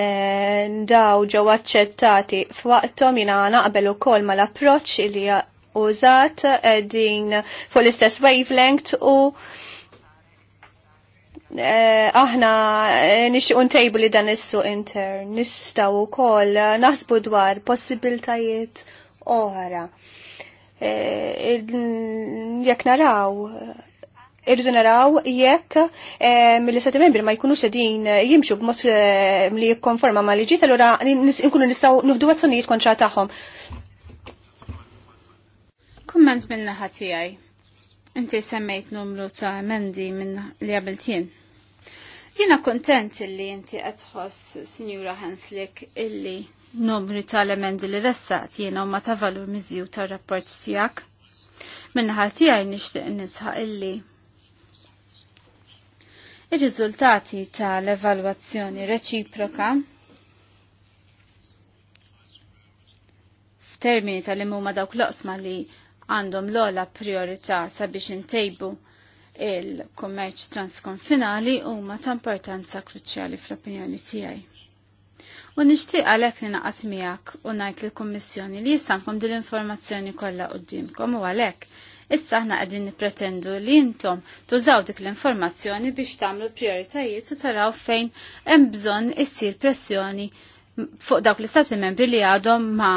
Eh, daw ġew aċċettati f'waqthom jiena naqbel ukoll mal-approċċ li użat eh, din fuq l-istess wavelength u eh, aħna nixqu ntejbu li dan is-suq intern nistgħu ukoll naħsbu dwar possibiltajiet oħra jekk naraw irridu naraw jekk eh, mill-istati membri ma jkunux sedin eh, jimxu b'mod eh, li jikkonforma ma liġi, allura nkunu nistaw nufdu azzjonijiet kontra tagħhom. Kumment minna għaj. Inti semmejt numru ta' emendi minna li għabiltin. Jina kontent illi inti għadħos, Signora Hanslik, illi numri l emendi li ressaqt u ma ta' valur mizju ta' rapport tijak. Minna għaj nishtiq nisħa illi Ir-riżultati tal-evalwazzjoni reċiproka f'termini tal-imuma dawk loqsma li għandhom l-ola priorità sabiex intejbu il-kummerċ transkonfinali huma ta' importanza kruċjali fl-opinjoni tiegħi. U nixtieq għalhekk li naqgħod miegħek u ngħid lill-Kummissjoni li jista' jistandkom din l-informazzjoni kollha quddiemkom u għalhekk Issa ħna għadin nipretendu li jintom tużaw dik l-informazzjoni biex tamlu prioritajiet u taraw fejn hemm bżonn issir pressjoni fuq dawk l-istati membri li għadhom ma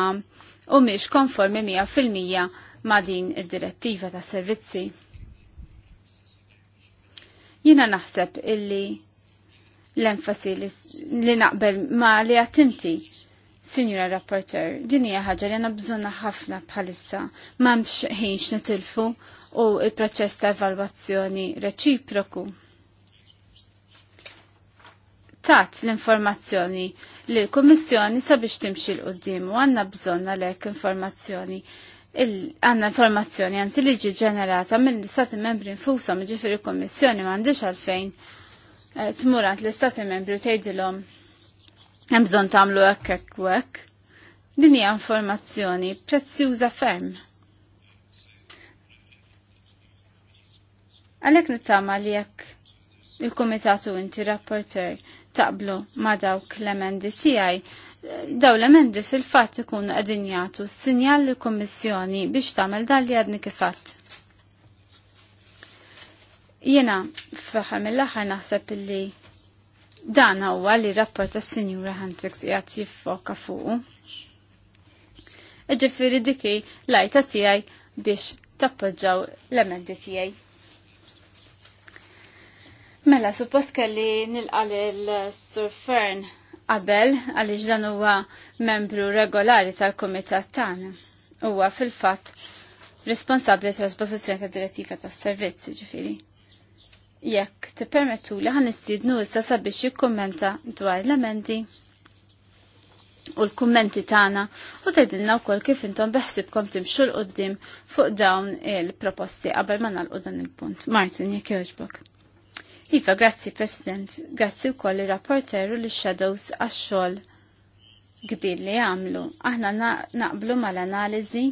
u miex konformi 100% ma din id-direttiva ta' servizzi. Jina naħseb illi l-enfasi li naqbel ma li għattinti Signora Rapporteur, din hija ħaġa li għandna bżonna ħafna bħalissa m'hemmx ħinx nitilfu u il-proċess ta' evalwazzjoni reċiproku. Tat l-informazzjoni li l-Kummissjoni sabiex timxi l qoddim u għandna bżonna lek informazzjoni għanna informazzjoni għanzi li ġi ġenerata mill-istati membri nfusom ġifiri kommissjoni għandix għalfejn eh, tmurant l-istati membri u tgħidilhom Hemm bżonn tagħmlu hekk hekk u hekk. Din hija informazzjoni prezzjuża ferm. Għalhekk nittama li jekk il-kumitatu inti rapporter taqblu ma dawk l-emendi tiegħi, daw l-emendi fil-fatt ikunu qegħdin jagħtu sinjal lill kummissjoni biex tagħmel dan li għadni kifatt. Jena, fl-aħħar mill-aħħar naħseb illi Dan huwa li rapport tas Sinjura Hendrix qiegħed jiffoka fuq. Ġifieri diki lajta tiegħi biex tappoġġaw l-emendi tiegħi. Mela, suppost kelli nilqa l-Sur Fern qabel għaliex dan huwa membru regolari tal-kumitat tagħna. Huwa fil-fatt responsabbli tal-esposizzjoni tad direttiva tas-servizzi ġifieri jekk tippermettu li ħan istidnu issa sabiex jikkommenta dwar l-emendi u l-kummenti tagħna u tgħidilna wkoll kif intom beħsibkom timxu l-qoddim fuq dawn il-proposti qabel ma nagħlqu dan il-punt. Martin, jek jogħġbok. Iva, grazzi President, grazzi wkoll ir-rapporteru li shadows għax-xogħol kbir li għamlu. Aħna naqblu mal-analiżi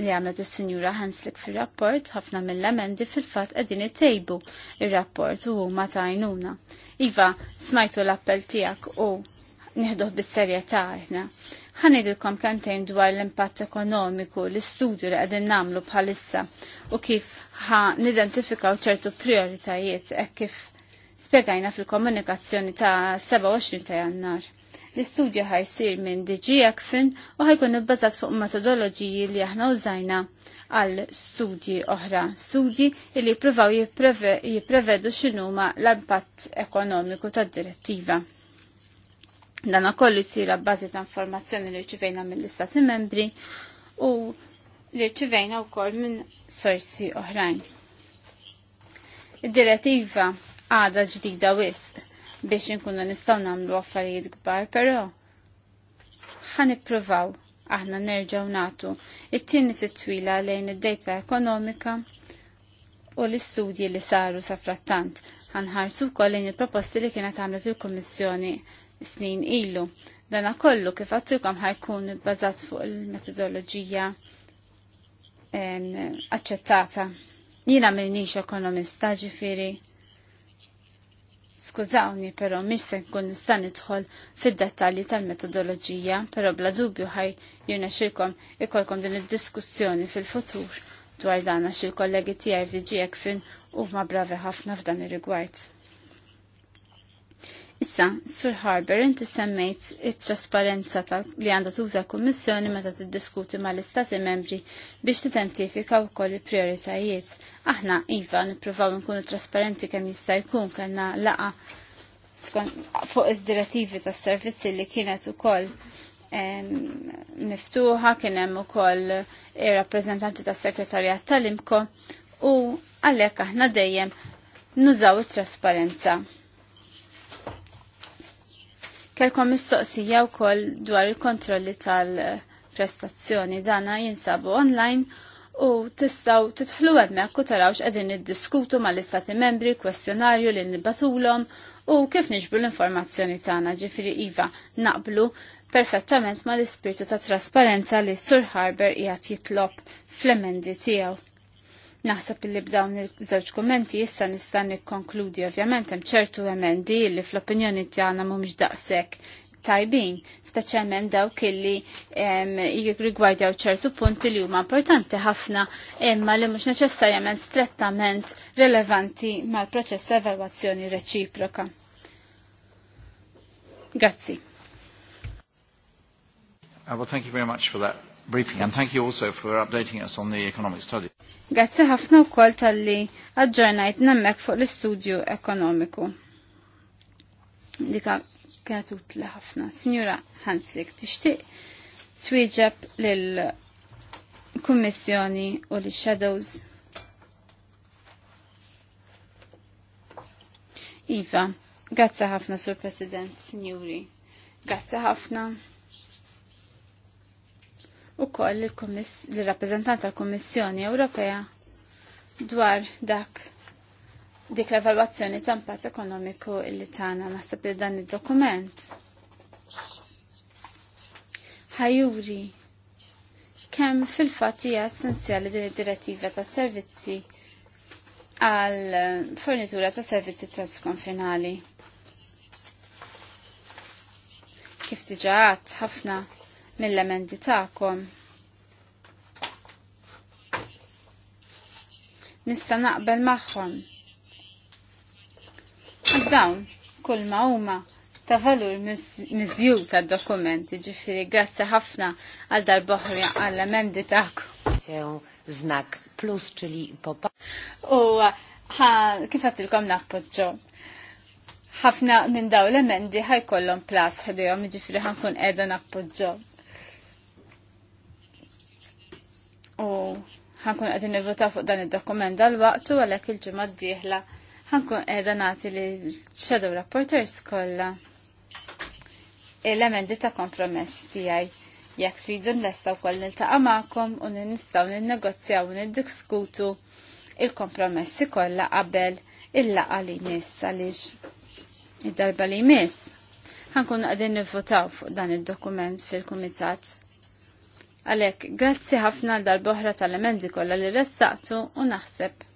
li għamlet il-Sinjura Hanslik fil-rapport ħafna mill-emendi fil-fat għedin it-tejbu il-rapport u ma tajnuna. Iva, smajtu l-appell tijak u nieħduh bis-serjetà aħna. Ħanidilkom kantejn dwar l-impatt ekonomiku, l-istudju li qegħdin nagħmlu bħalissa u kif ħa nidentifikaw ċertu prioritajiet hekk kif spjegajna fil-komunikazzjoni ta' 27 ta' jannar l ħaj ħajsir minn DG Akfin u ħajkun ibbażat fuq metodoloġiji li aħna użajna għal studji oħra, studji li jipruvaw jipprevedu x'inhuma l-impatt ekonomiku tad-direttiva. Dan kollu jsir bbażi ta' informazzjoni li rċivejna mill-Istati membri u li u wkoll minn sorsi oħrajn. Id-direttiva għada ġdida wisq biex inkunu nistgħu nagħmlu affarijiet kbar, però ħanippruvaw aħna nerġgħu nagħtu it-tieni sitwila lejn id dejtva ekonomika u l-istudji li saru sa frattant ħanħarsu wkoll lejn il-proposti li kienet għamlet il-Kummissjoni snin ilu. Dana kollu kif għattilkom ħajkun bazat fuq il-metodoloġija aċċettata. Jina minnix ekonomista ġifiri Skużawni, pero mhix se nkun nista' nidħol fid-dettalji tal-metodoloġija, però bla dubju ħaj xilkom ikolkom din id-diskussjoni fil-futur dwar dan għax il-kollegi tiegħi f'DG Ekfin huma bravi ħafna f'dan ir-rigward. Issa, Sur Harbor, inti semmejt it-trasparenza li għandha tuża l-Kummissjoni meta tiddiskuti mal-Istati membri biex tidentifika wkoll il-prioritajiet. Aħna, Iva, nippruvaw nkunu trasparenti kemm jista' jkun kellna laqa fuq id-direttivi tas-servizzi li kienet ukoll miftuħa, kien hemm ukoll il rappreżentanti tas-Sekretarjat tal-Imko u għalhekk aħna dejjem nużaw it-trasparenza. Kelkom mistoqsija wkoll dwar il-kontrolli tal-prestazzjoni dana jinsabu online u tistaw titħlu għadmek u tarawx għedin id-diskutu ma l-istati membri, kwestjonarju li nibatulom u kif nġbru l-informazzjoni tagħna ġifiri Iva naqblu perfettament ma l-ispirtu ta' trasparenza li Sur Harber jgħat jitlob fl-emendi tiegħu. Naħseb li b'dawn il-żewġ kummenti issa nista' nikkonkludi ovvjament hemm ċertu emendi li fl-opinjoni tagħna mhumiex daqshekk tajbin, speċjalment dawk illi jirrigwardjaw ċertu punti li huma importanti ħafna imma li mhux neċessarjament strettament rilevanti mal-proċess ta' evalwazzjoni reċiproka. Grazzi. Uh, well, thank you very much for that briefing and thank you also for updating us on the economic study. Grazzi ħafna wkoll tal-li aġġornajt nemmek fuq l-istudju ekonomiku. Dika kienet utli ħafna. Signora Hanslik, tixtieq twieġeb lill-Kummissjoni u l-Shadows. Iva, grazzi ħafna, Sir President, Signori. Grazzi ħafna u koll l-rappresentant tal-Kommissjoni Ewropea dwar dak dik l-evalwazzjoni ta' impatt ekonomiku illi tagħna naħseb li dan id-dokument ħajuri kemm fil-fatt hija essenzjali din id-direttiva tas servizzi għal eh, fornitura ta' servizzi transkonfinali. Kif diġa ħafna mill-emendi ta'kom. Nista naqbel magħhom. Dawn kull ma huma ta' valur mizzju ta' dokumenti ġifiri grazzi ħafna għal darboħri għall emendi ta'kom. Znak plus ċili popa. U kif kom nappoġġo? ħafna minn daw l-emendi ħajkollhom plas ħdejhom ġifiri ħankun qiegħda naħpoġġo. u ħankun għadin nivvota fuq dan il-dokument dal-waqt u għalek il-ġimma d-dieħla ħankun edha nati li shadow rapporters kolla l-emendi ta' kompromess tijaj jek tridu nistaw kol nil-taqa maqom u nistaw nil negozzjaw u nil-diskutu il-kompromessi kolla qabel il-laqa li jmiss għalix id-darba li jmiss ħankun għadin nivvotaw fuq dan il-dokument fil-komitat Għalek, grazzi ħafna għal dal-boħra tal-emendi kolla li ressaqtu u naħseb.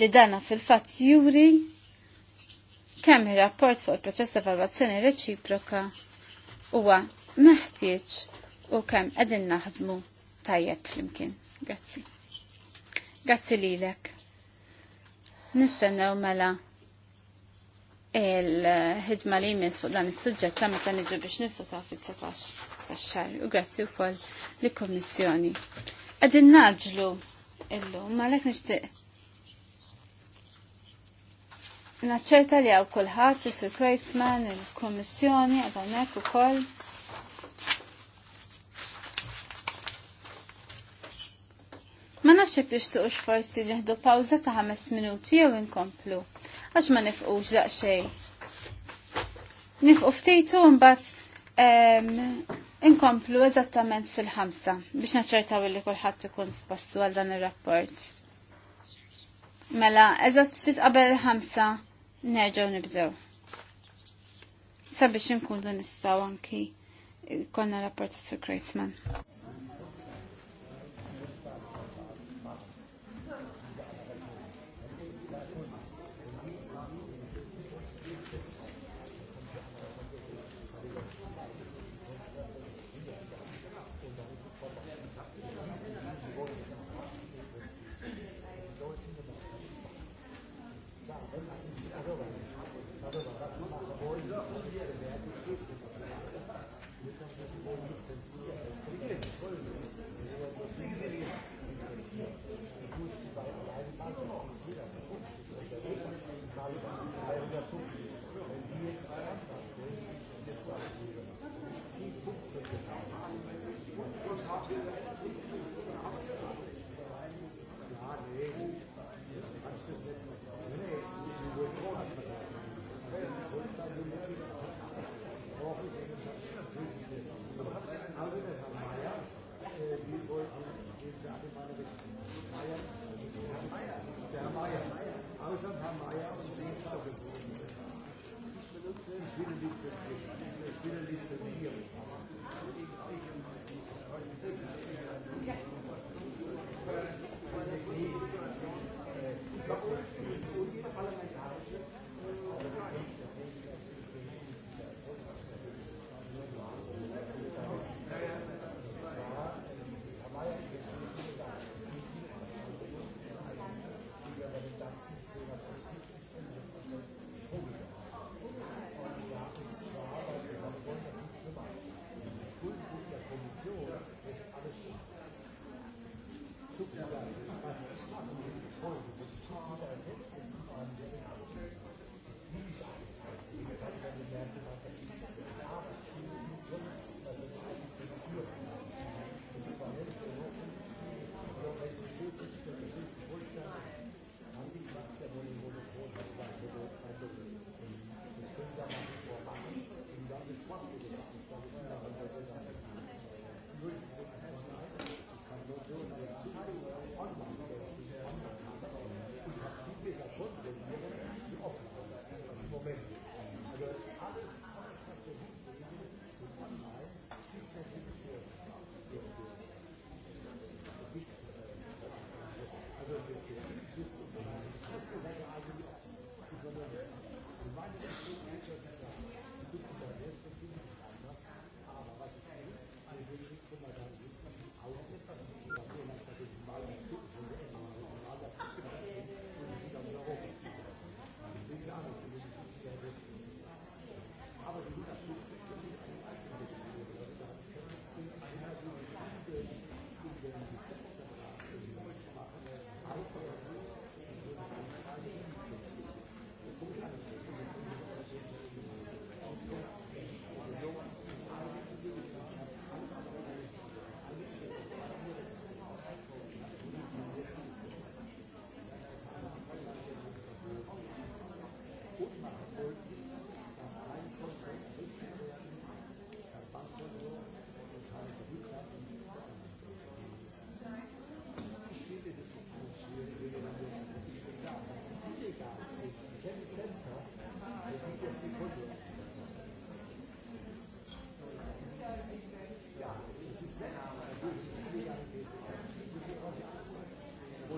Li dana fil-fat juri kemm il-rapport fuq il-proċess ta' valvazzjoni reċiproka huwa meħtieġ u kemm qegħdin naħdmu tajjeb flimkien. Grazzi. Grazzi lilek. Nistennew mela il-ħidma li jmiss fuq dan is-suġġett ta' meta niġu biex ta' fit-19 tax-xar u grazzi wkoll lill-Kummissjoni. Qegħdin naġlu illum għalhekk nixtieq Naċċerta li għaw kullħat, Sir Kreitzman, il kummissjoni qed hemmhekk ukoll. Ma nafx hekk tixtuqx forsi nieħdu pawża ta' ħames minuti jew inkomplu, għax ma nifqux daqsxejn. Nifqu ftejtu mbagħad Inkomplu eżattament fil-ħamsa biex naċċertaw li kulħadd ikun f'postu għal dan ir-rapport. Mela, eżatt ftit qabel il-ħamsa nerġgħu nibdew. Sabiex inkunu nistgħu anki konna rapport ta' Sir Kreitzman.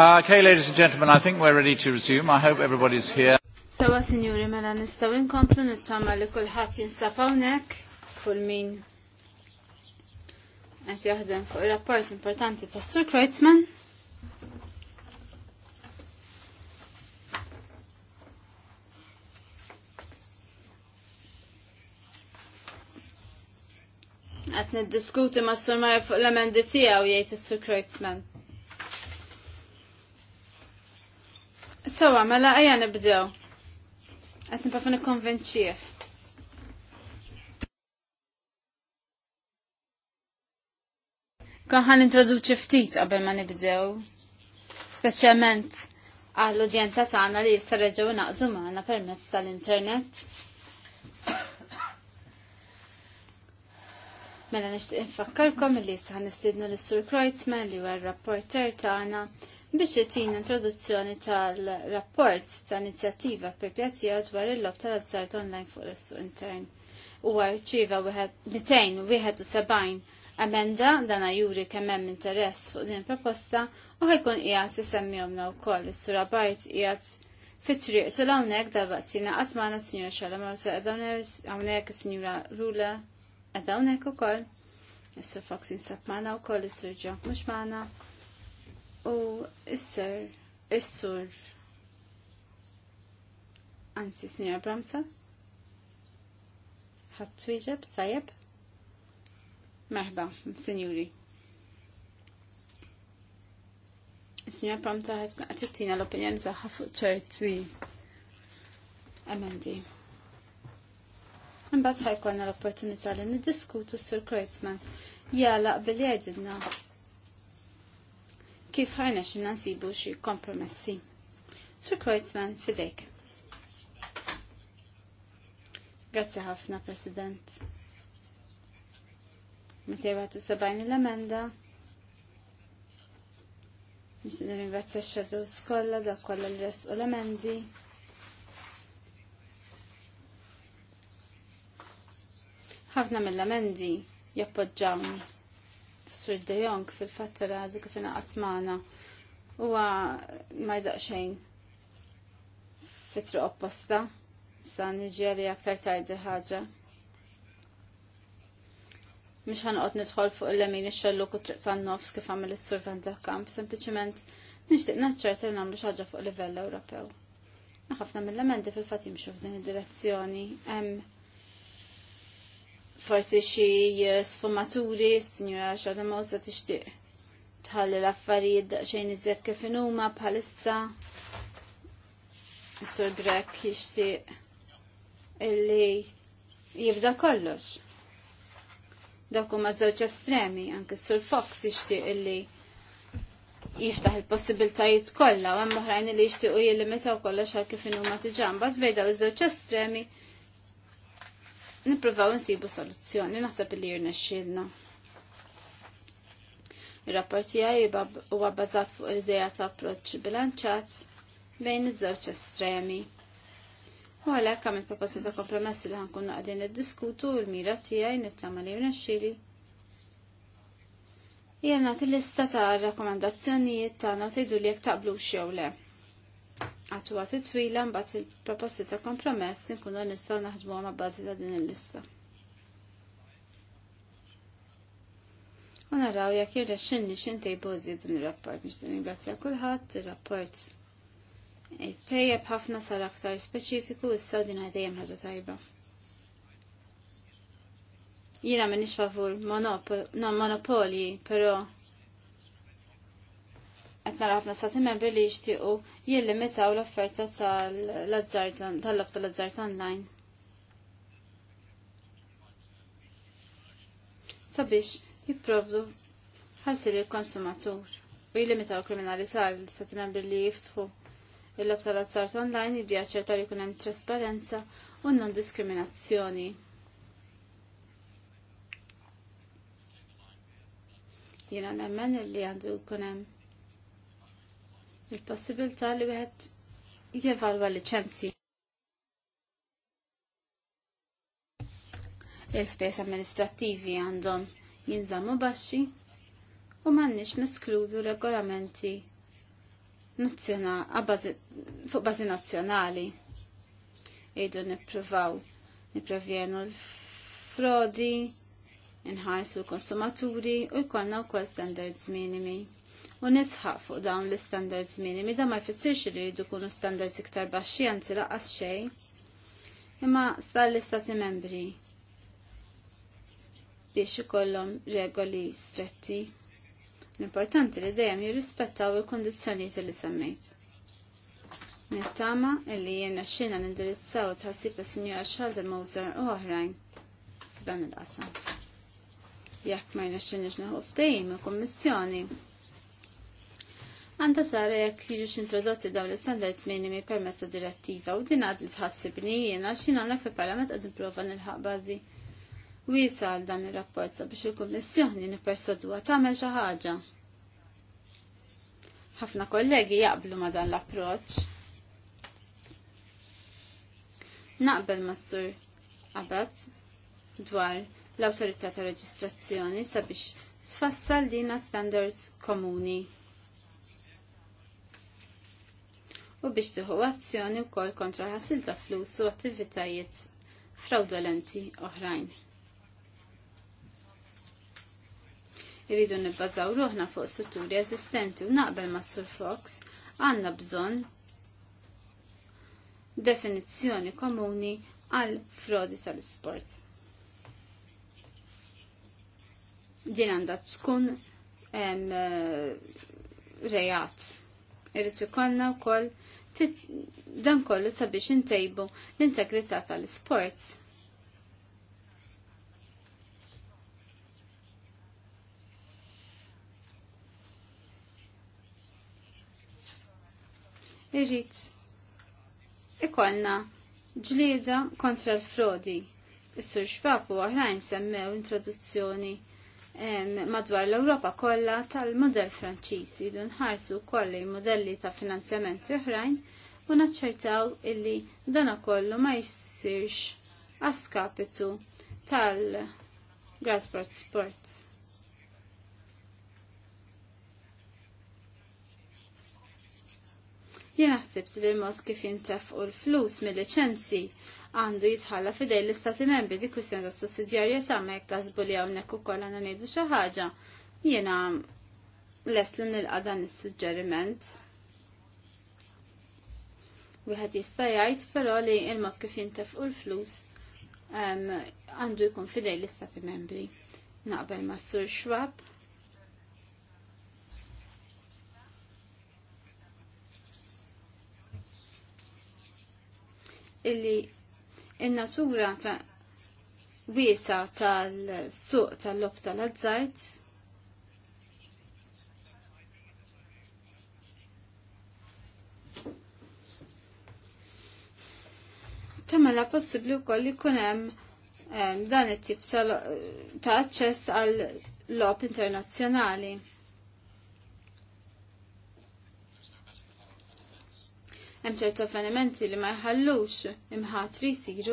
Uh, okay, ladies and gentlemen, I think we're ready to resume. I hope everybody's here. Sawa, signori, ma la nistaw inkomplu nittama li kullħat nek, kull min għet jahdem fuq il-rapport importanti ta' Sir Kreutzmann. Għet niddiskuti ma' Sur Maja fuq l-emendi tijaw jajt Sir Kreutzmann. Sewa, mela ejja nibdew. Qed nibgħu nikkonvinċih. Kon ħan introduċi ftit qabel ma nibdew. Speċjalment għall-udjenza tagħna li jista' reġgħu naqdu magħna permezz tal-internet. Mela nixtieq infakkarkom li issa ħanistidnu lis sur Kreutzmann li huwa r-rapporter tagħna biex jettin introduzzjoni tal-rapport ta' inizjattiva pjazzija dwar il-lob tal-azzart online fuq l-suq intern. U għarċiva 271 amenda dan juri kemmem interess fuq din proposta u ħajkun qiegħed u wkoll is-sura Bart fitri u triq tul hawnhekk darbaqtina qatt s Sinjura Xalama u se hawnhekk is-Sinjura Rula għadawnek u ukoll. Is-Sur s-sapmana u wkoll is-Sur Ġok mhux M'Ana u isser is-sur anzi Sinjor Bramza ħadd twieġeb tajjeb merħba Sinjuri. Sinjor Bramza ħadd l-opinjoni ta' fuq ċerti emendi. Imbagħad ħajkolna l-opportunità li niddiskutu sur Kreutzmann jala billi għedilna kif ħajna xinna nsibu xi kompromessi. Sir Kreuzmann fidejk. Grazzi ħafna, President. sabajni l-emenda. Nixtidu ringrazzja x-xadu skolla da kolla l-res u l-emendi. ħafna mill-emendi jappoġġawni. Sur De Jong fil-fattura għadu kif inaqatmana huwa ma xejn fitru opposta sa niġi aktar tardi ħaġa mish ħanqot nidħol fuq il-lemin ix-xelluk u triq tan-nofs kif għamil is-survent dak kamp, sempliċement nixtieq naċċar li nagħmlu xi ħaġa fuq livell Ewropew. Ma mill lemendi fil-fatt jimxu f'din id-direzzjoni hemm forsi xi eh, sfumaturi, s-Sjora signora t tixtieq tħalli l-affarijiet daqsxejn iżjed kif inhuma bħalissa. Sur Grek jixtieq illi jibda kollox. Dawku huma żewġ estremi, anke sur Fox jixtieq illi jiftaħ il-possibiltajiet kollha u hemm oħrajn li jixtiequ jillimitaw kollox għal kif inhuma tiġà mbagħad bejda iż-żewġ estremi nippruvaw nsibu soluzzjoni naħseb li xilna. Ir-rapport tiegħi huwa bbażat fuq il-idea ta' approċċ bilanċat bejn iż-żewġ estremi. U għalhekk għamil proposta ta' kompromessi li ħankun qegħdin niddiskutu u l-mira tiegħi nittama li jirnexxieli. Jena nagħti lista ta' rakkomandazzjonijiet tagħna tgħidu li jekk taqblux jew le attuati twila mbagħad il-proposti ta' kompromess inkunu nistgħu naħdmu ma' bażi ta' din il-lista. U naraw jekk irrexxinni x'intejbu żied din ir-rapport biex ningrazzja kulħadd ir-rapport tejjeb ħafna sar aktar speċifiku issa din dejjem ħaġa tajba. Jiena m'inhiex favur monopoli, però qed nara ħafna stati membri li jixtiequ jillimitaw l-offerta tal lab tal tal-azzart online. Sabiex jipprovdu ħarsil il-konsumatur u u kriminalità l-istati membri li jiftħu il lab tal-azzart online jiddi ċerta li kunem trasparenza u non-diskriminazzjoni. Jena nemmen li għandu kunem il-possibilità li wieħed jevalwa liċenzji. il ispejs amministrattivi għandhom jinżammu baxxi u m'għandniex neskludu regolamenti fuq bażi nazzjonali. Ejdu nippruvaw nipprevjenu l-frodi, inħarsu l-konsumaturi u jkollna wkoll standards minimi u nisħaq fuq dawn l-standards minimi da ma jfissirx li jridu kunu standards iktar baxxi anzi laqqas xejn imma sta l-istati membri biex ikollhom regoli stretti. L-importanti li dejjem jirrispettaw il-kondizzjonijiet li semmejt. Nittama illi jiena xina nindirizzaw tħassib ta' Sinjora Xalda Moser u oħrajn f'dan il-qasam. Jekk ma xina naħu f'dejjem il-Kommissjoni, għanda sara jekk jiġux introdotti dawn l-standards mi permessa direttiva u din għad li tħassibni jena xin għamlek fil parlament għad niprofa nil-ħabbażi. Wisa għal dan il-rapport biex il-Kommissjoni nipersodu għat għamel ħaġa. ħafna kollegi jaqblu ma dan l-approċ. Naqbel massur sur dwar l-autorità ta' reġistrazzjoni sabiex tfassal dina standards komuni u biex tieħu azzjoni wkoll kontra ħasil ta' flus u attivitajiet fraudolenti oħrajn. Irridu nibbażaw ruħna fuq strutturi eżistenti u naqbel ma' Sur Fox għandna bżonn definizzjoni komuni għal frodi tal isport Din għandha tkun eh, rejat. Irrid ikollna wkoll dan kollu sabiex intejbu l-integrità tal-sports. Irrit ikonna ġlieda kontra l-frodi. Is-sur xfapu oħrajn semmew introduzzjoni madwar l-Ewropa kollha tal-modell Franċiż idu nħarsu il modelli ta' finanzjament oħrajn u naċċertaw illi dan kollu ma jsirx askapitu tal-Grasport Sports. Jien ħsibt li l kif jintefqu l-flus mill-liċenzji għandu jitħalla fidej l-istati membri di kwistjoni ta' sussidjarjetà ma jekk taħsbu li hawnhekk ukoll għandna ngħidu xi ħaġa. Jiena les nilqa' dan is-suġġeriment. Wieħed jista' jgħid però li l-mod kif jintefqu l-flus għandu jkun fidej l-istati membri. Naqbel ma' Sur Schwab. illi in-natura wiesa tal-suq tal-lob tal-azzart la possibli u koll jkun hemm eh, dan it-tip ta' aċċess għal lob internazzjonali. Hemm ċertu avvenimenti li ma jħallux imħatri jsiru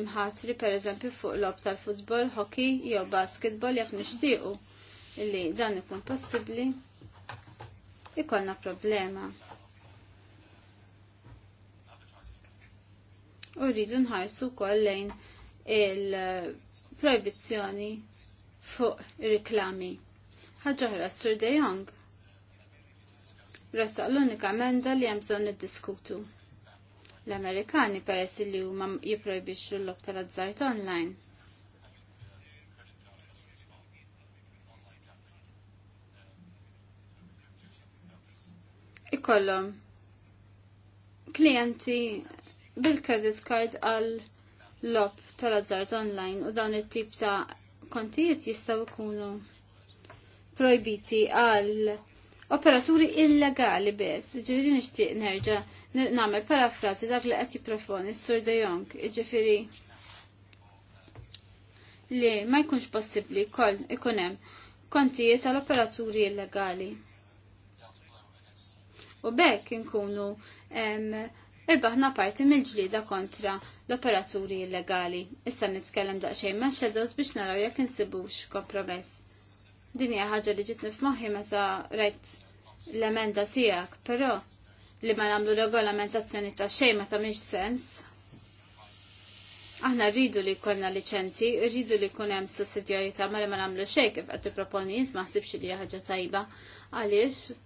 imħatri pereżempju fuq lob tal-futbol, hockey jew basketball jekk nixtiequ illi dan ikun possibbli ikollna problema. U rridu nħarsu wkoll lejn il-proibizzjoni fuq ir-riklami. Ħaġa oħra Sur De Jong ressaq l-unika emenda li hemm bżonn niddiskutu. L-Amerikani peress li huma jipprojbixxu l-lob tal-azzart online. Ikollhom klijenti bil-credit card għal lob tal-azzart online u dawn it-tip ta' kontijiet jistgħu jkunu projbiti għal operaturi illegali biss, ġifiri nixtieq nerġa' nagħmel parafrażi dak li qed profoni, s-Sur De Jong, ġifiri li ma jkunx possibbli kol ikun hemm kontijiet għal operaturi illegali. U bekk inkunu irbaħna parti mill-ġlida kontra l-operaturi illegali. Issa nitkellem daqsxejn ma' xedos biex naraw jekk insibux kompromess. Din hija ħaġa li ġitni f'moħħi meta rajt l-emenda tiegħek, però li ma nagħmlu regolamentazzjoni ta' xejn ma tagħmilx sens. Aħna rridu li jkollna liċenzi, rridu li jkun hemm sussidjarità ma li ma nagħmlu xejn kif qed tipproponi int ma ħsibx li hija ħaġa tajba. Għaliex?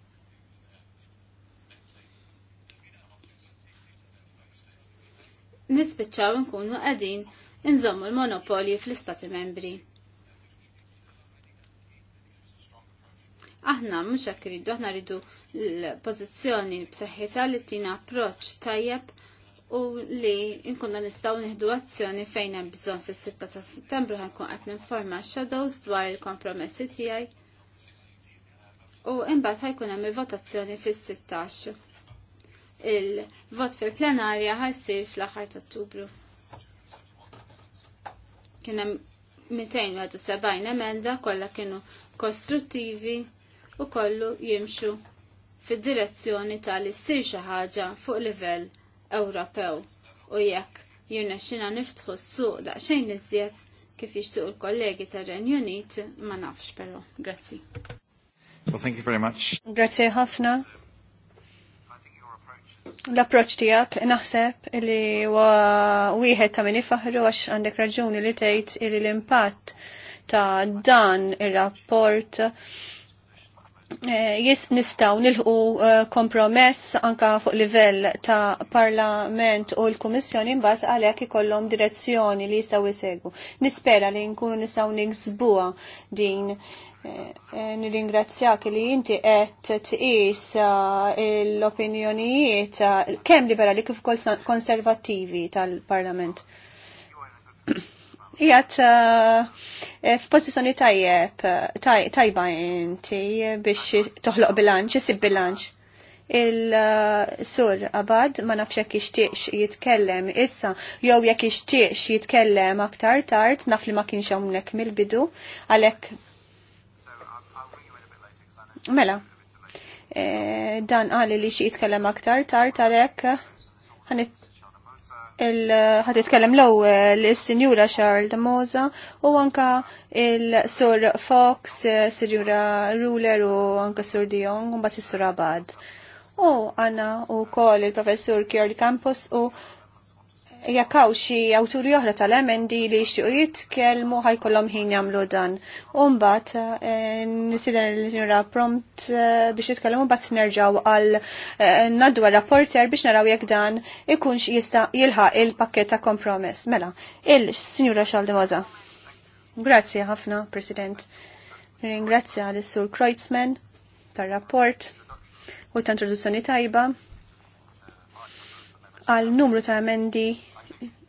nispiċċaw nkunu qegħdin inżommu l-monopolji fl-istati membri. Aħna mhux hekk iridu, aħna rridu l-pożizzjoni b'saħħitha li tina approċċ tajjeb u li nkunna nistgħu nieħdu azzjoni fejn hemm bżonn fis-6 ta' Settembru ħankun qed ninforma shadows dwar il-kompromessi tiegħi. U imbagħad ħajkun hemm il-votazzjoni fis-16. Il-vot fil-plenarja ħajsir fl-aħħar ta' Ottubru. Kien hemm 270 emenda kollha kienu kostruttivi u kollu jimxu fid-direzzjoni tal-issir xi ħaġa fuq livell Ewropew u jekk xina niftħu s-suq daqsxejn iżjed kif jixtuq il-kollegi tar-Renju Unit ma nafx però. Grazzi. Well, thank you very much. Grazzi ħafna. L-approċ tijak naħseb li huwa wieħed ta' minni faħru għax għandek raġuni li tgħid li l-impatt ta' dan ir-rapport Eh, jis nistaw nilħu eh, kompromess anka fuq livell ta' parlament u l-Kummissjoni mbagħad għalhekk ikollhom direzzjoni li jistgħu jisegu. Nispera li nkunu nistgħu niksbuha din eh, nirringrazzjak li inti qed tqis l-opinjonijiet kemm liberali kif ukoll konservattivi tal-Parlament. jgħat eh, f-pozizjoni tajjeb, tajba inti biex toħloq bilanċ, isib bilanċ. Il-sur eh, abad ma nafx jekk ixtieqx jitkellem issa, jew jekk ixtieqx jitkellem aktar tard, naf li ma kienx hawnhekk mill-bidu, għalhekk. Mela, eh, dan qali li xi jitkellem aktar tard għalhekk ħad jitkellem l-ewwel eh, is-Sinjura Charles de Moza u anka il-Sur Fox, eh, Sinjura Ruler u anka Sur Dion u mbagħad is-Sur Abad. U għanna u il-Professur Kjord Campos u jekk hawn xi awturi oħra tal-emendi li jixtiequ jitkellmu ħajkollhom ħin jagħmlu dan. U mbagħad eh, nisidher l-sinjura prompt eh, biex jitkellmu mbagħad nerġgħu għal eh, nadwa rapporter biex naraw jekk dan ikunx jista' jilħaq il-pakket ta' kompromess. Mela, il-sinjura Xaldemoza. Grazzi ħafna, President. Ringrazzja l-Sur Kreutzmann tar-rapport u ta' introduzzjoni tajba għal numru ta' emendi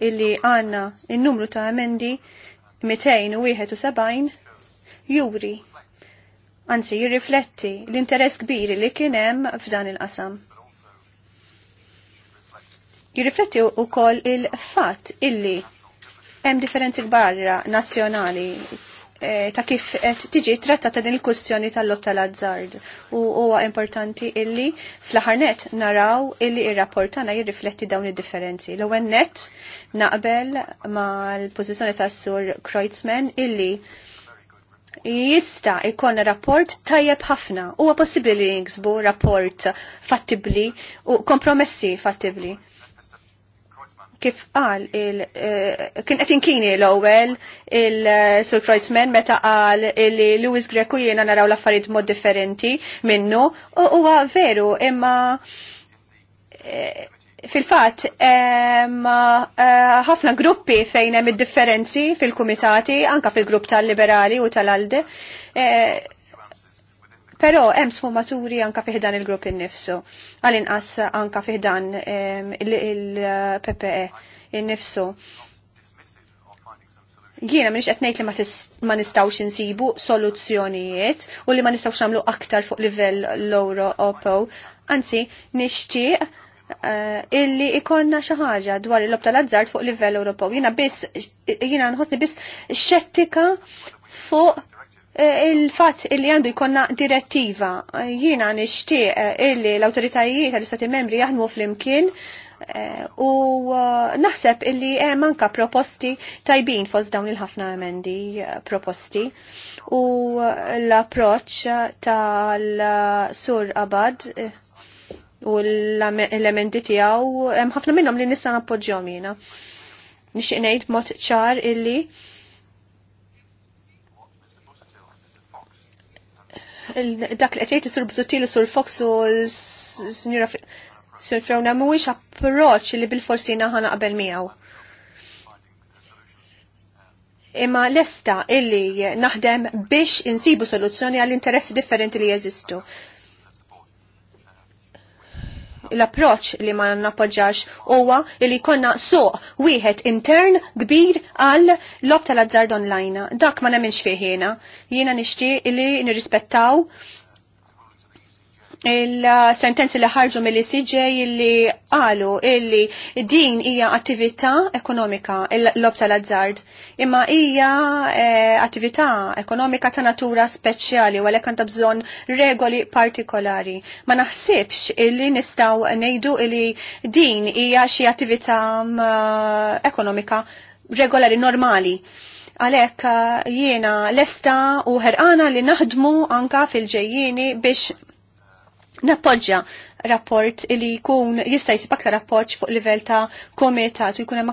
illi għanna il-numru ta' emendi 271 juri, anzi jirrifletti l-interess kbiri li kienem f'dan il-qasam. Jirrifletti u koll il-fat illi hemm differenzi barra nazzjonali Eh, ta' kif qed tiġi trattata din il-kustjoni tal-lotta l-azzard. U huwa importanti illi fl-aħħar net naraw illi ir-rapport tagħna jirrifletti dawn id-differenzi. L-ewwel net naqbel mal-pożizzjoni tas-sur Kreutzmann illi jista ikon rapport tajjeb ħafna. Huwa possibbli jinksbu rapport fattibli u kompromessi fattibli kif qal il eh, kien qed inkini l-ewwel il-Sur eh, Kreutzmann meta qal li Louis Greco jiena naraw l-affarijiet mod differenti minnu u huwa veru imma eh, fil-fatt ħafna gruppi fejn hemm id-differenzi fil-kumitati anka fil-grupp tal-liberali u tal-alde Pero hemm sfumaturi anka dan il-grupp innifsu, għal-inqas anka dan il-PPE innifsu. Jiena minix qed ngħid li ma nistgħux insibu soluzzjonijiet u li ma nistgħux nagħmlu aktar fuq livell l-Euro Oppo. Anzi, nixtieq eh, illi ikonna xaħġa dwar il-lob tal-azzard fuq livell Ewropew. Jina biss, jina nħosni biss xettika fuq Eh, il-fat li għandu jkonna direttiva. Jiena nixtieq eh, illi l-autoritajiet tal-istati membri jaħdmu fl-imkien eh, u naħseb illi hemm anka proposti tajbin fost dawn il-ħafna emendi proposti u l-approċċ tal-sur abad u l-emendi tiegħu hemm ħafna minnhom li nista' nappoġġjahom jiena. Nixtieq ngħid mod ċar illi dak li qed jgħid sur Bżuttil sur Fox u s-Sinjura Sir Frawna mhuwiex approċċ li bil-forsi qabel naqbel miegħu. Imma lesta illi naħdem biex insibu soluzzjoni għall interessi differenti li jeżistu l-approċ li ma nappoġġax huwa li konna suq wieħed intern kbir għal lob tal-azzard online. Dak ma nemmenx jiena, Jiena nixtieq li nirrispettaw il-sentenzi li ħarġu mill-ICJ li qalu illi din hija attività ekonomika l-lob tal-azzard imma hija eh, attività ekonomika ta' natura speċjali għalhekk għandha bżonn regoli partikolari. Ma naħsibx illi nistgħu ngħidu illi din hija xi attività mm, eh, ekonomika regolari normali għalek eh, jiena lesta u ħerqana li naħdmu anka fil-ġejjini biex Nappoġġa rapport li jkun jista' jsib aktar appoġġ fuq livell ta' komitat u jkun hemm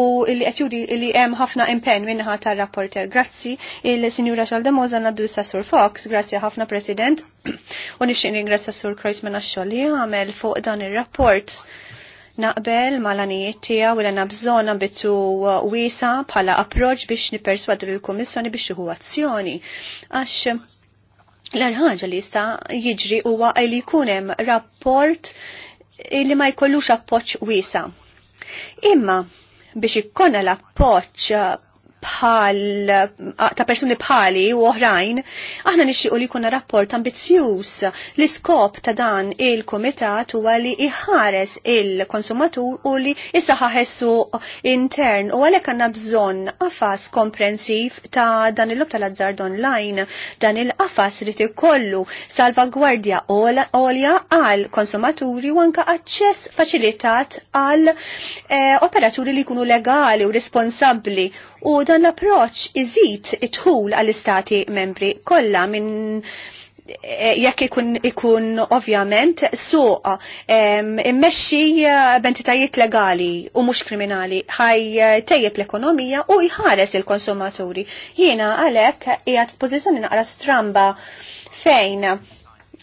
u li qed juri li hemm ħafna impenn minnaħa tar-rapporter. Grazzi il-Sinjura Xalda Moza naddu sa' Sur Fox, grazzi ħafna President. U nixtieq ningrazzja Sur Kreuzman għax-xogħol li għamel fuq dan ir-rapport naqbel mal-anijiet tiegħu u l bżonna ambitu wiesa bħala approċ biex nipperswadu lill-Kummissjoni biex tieħu azzjoni. Għax L-arħanġa li jista jiġri huwa li jkun hemm rapport li ma jkollux appoġġ wiesa. Imma biex ikkonna l-appoġġ bħal ta' persuni bħali u oħrajn, aħna nixtiequ li jkunna rapport ambizzjuż l-iskop ta' dan il-komitat huwa li iħares il-konsumatur u li issaħaħessu intern u għalhekk għandna bżonn qafas komprensiv ta' dan il-lob tal-azzard online. Dan il-qafas li ikollu salvagwardja għolja għal konsumaturi u anka aċċess faċilitat għal eh, operaturi li jkunu legali u responsabbli u dan dan l-approċ iżid it-tħul għall-istati membri kollha minn eh, jekk ikun, ikun ovvjament suq immexxi eh, b'entitajiet legali u mhux kriminali ħaj eh, tejjeb l-ekonomija u jħares il-konsumaturi. Jiena għalhekk qiegħed f'pożizzjoni naqra stramba fejn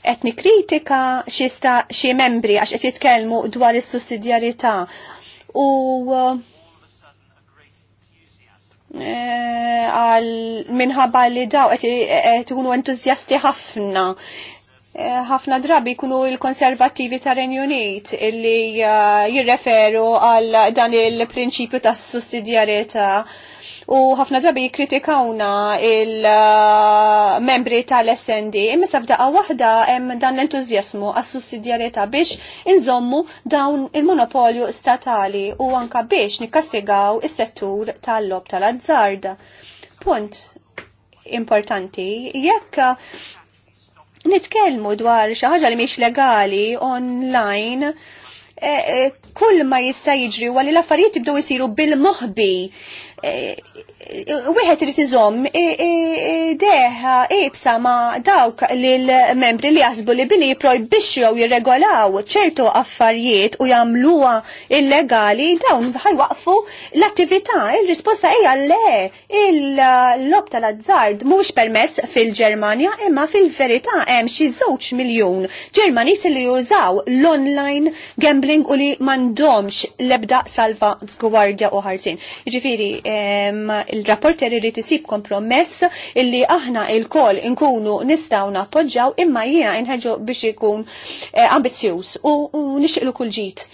qed nikkritika xi membri għax qed jitkellmu dwar is-sussidjarità u Eh, għal minħabba li daw qed ikunu entużjasti ħafna eh, ħafna drabi kunu il-konservativi ta' Unit illi eh, jirreferu għal dan il-prinċipju ta' sussidjarieta u ħafna drabi kritikawna il-membri tal-SND imma sabdaqa waħda hemm dan l-entużjasmu għas sussidjarjetà biex inżommu dawn il-monopolju statali u anka biex nikkastigaw is-settur tal-lob tal-azzarda. Punt importanti jekk nitkellmu dwar xi ħaġa li mhix legali online eh, eh, kull ma jista' jiġri u li l-affarijiet jibdew isiru bil-moħbi wieħed irid iżomm deħa ibsa ma' dawk lil membri li jaħsbu li billi jipprojbixxu jirregolaw ċertu affarijiet u jagħmluha illegali dawn ħajwaqfu l-attività. Il-risposta hija le il-lob tal-azzard mhux permess fil-Ġermanja imma fil-verità hemm xi żewġ miljun Ġermaniż li jużaw l-online gambling u li m'għandhomx l-ebda salva gwardja u ħarsin. Jiġifieri. Eh, il-rapporter irrid isib kompromess illi aħna il-kol inkunu nistaw nappoġġaw imma jiena inħeġġu biex ikun eh, ambizzjuż u nixtiqlu kull ġid.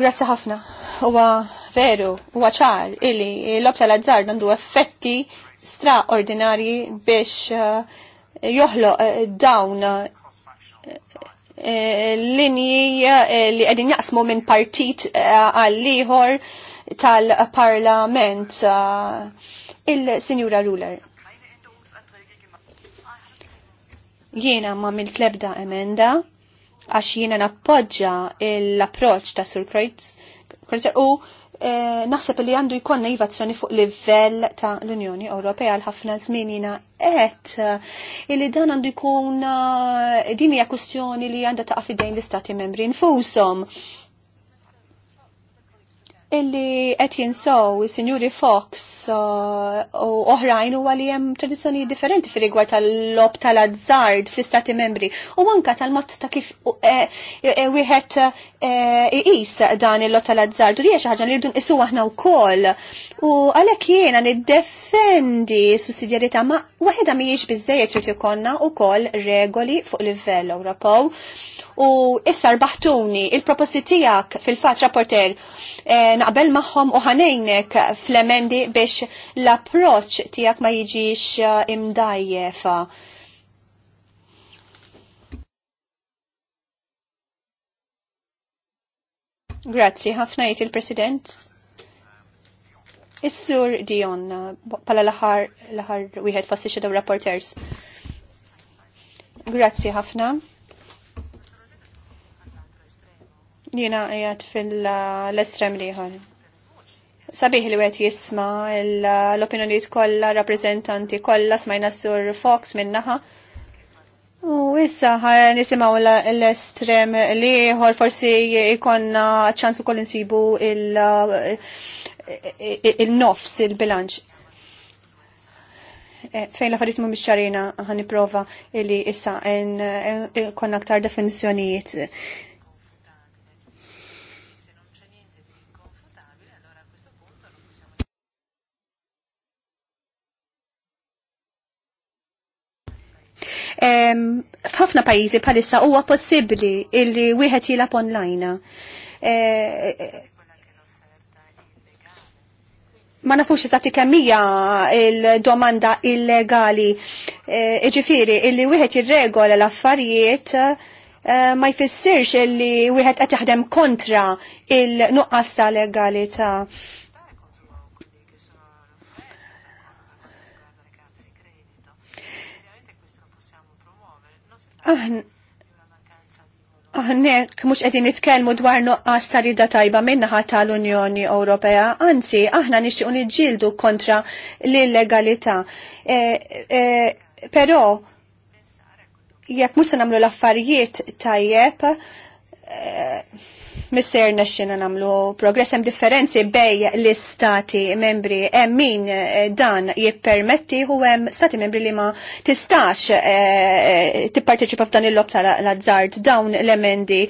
Grazzi ħafna. Huwa veru, huwa ċar illi l-ob l azzar għandu effetti straordinarji biex eh, joħloq eh, dawn linji li qegħdin jaqsmu minn partit għal ieħor tal-Parlament uh, il-Sinjura Ruler. Jiena ma mill-klebda emenda għax jiena nappoġġa l-approċ ta' Sur Kreutz u eh, naħseb li għandu jkollna innovazzjoni fuq livell ta' l-Unjoni Ewropea għal ħafna żmien jiena qed eh, li dan għandu jkun eh, din hija kwestjoni li għandha ta' fidejn l-Istati membri nfushom illi qed jinsaw is-Sinjuri Fox uh, u oħrajn huwa li hemm tradizzjoni differenti fir-rigward tal-lob tal-azzard fl-Istati Membri u anka tal-mod ta' kif e, e, e, wieħed iqis dan il-lob tal-azzard u li xi ħaġa li rridu nqisuha aħna wkoll. U għalhekk jiena niddefendi sussidjarjetà ma' waħedha mhijiex biżejjed trid ikollna wkoll regoli fuq livell Ewropew u issa rbaħtuni il-proposti tijak fil-fat rapporter eh, naqbel maħħom u ħanejnek fl-emendi biex l-approċ tijak ma jiġix eh, imdajjefa. Grazzi, ħafna jgħid il-President. Is-sur Dion, pala l-ħar wieħed fassi xedaw rapporters. Grazzi ħafna. Jina għajat fil-estrem liħor. Sabiħ li għet jisma l-opinjoniet kolla, rappresentanti kolla, smajna sur Fox minnaħa. U issa nisimaw l-estrem liħor, forsi jikonna ċansu kol insibu il-nofs, il-bilanċ. Eh, fejn l-affarijiet mu biex ħani prova li issa konna aktar definizjonijiet F'ħafna pajjiżi bħalissa huwa possibbli illi wieħed jilab online. Eh, ma nafux eżatti hija il-domanda illegali. Eh, iġifieri illi wieħed jirregola l-affarijiet eh, ma jfissirx illi wieħed qed jaħdem kontra il-nuqqas ta' legalità. Aħna Għannek, mux għedin nitkelmu dwar nuqqas ta' rida tajba minnaħa tal-Unjoni Ewropea, anzi, aħna nixtiqu nġildu kontra l-illegalità. E, e, pero, jek mux namlu l-affarijiet tajjeb, e, Mr. Nashina namlu progress hemm differenzi bej l-istati membri hemm min eh, dan jippermetti u hemm stati membri li ma tistax eh, eh, tipparteċipa f'dan il-lob tal-azzard dawn l-emendi.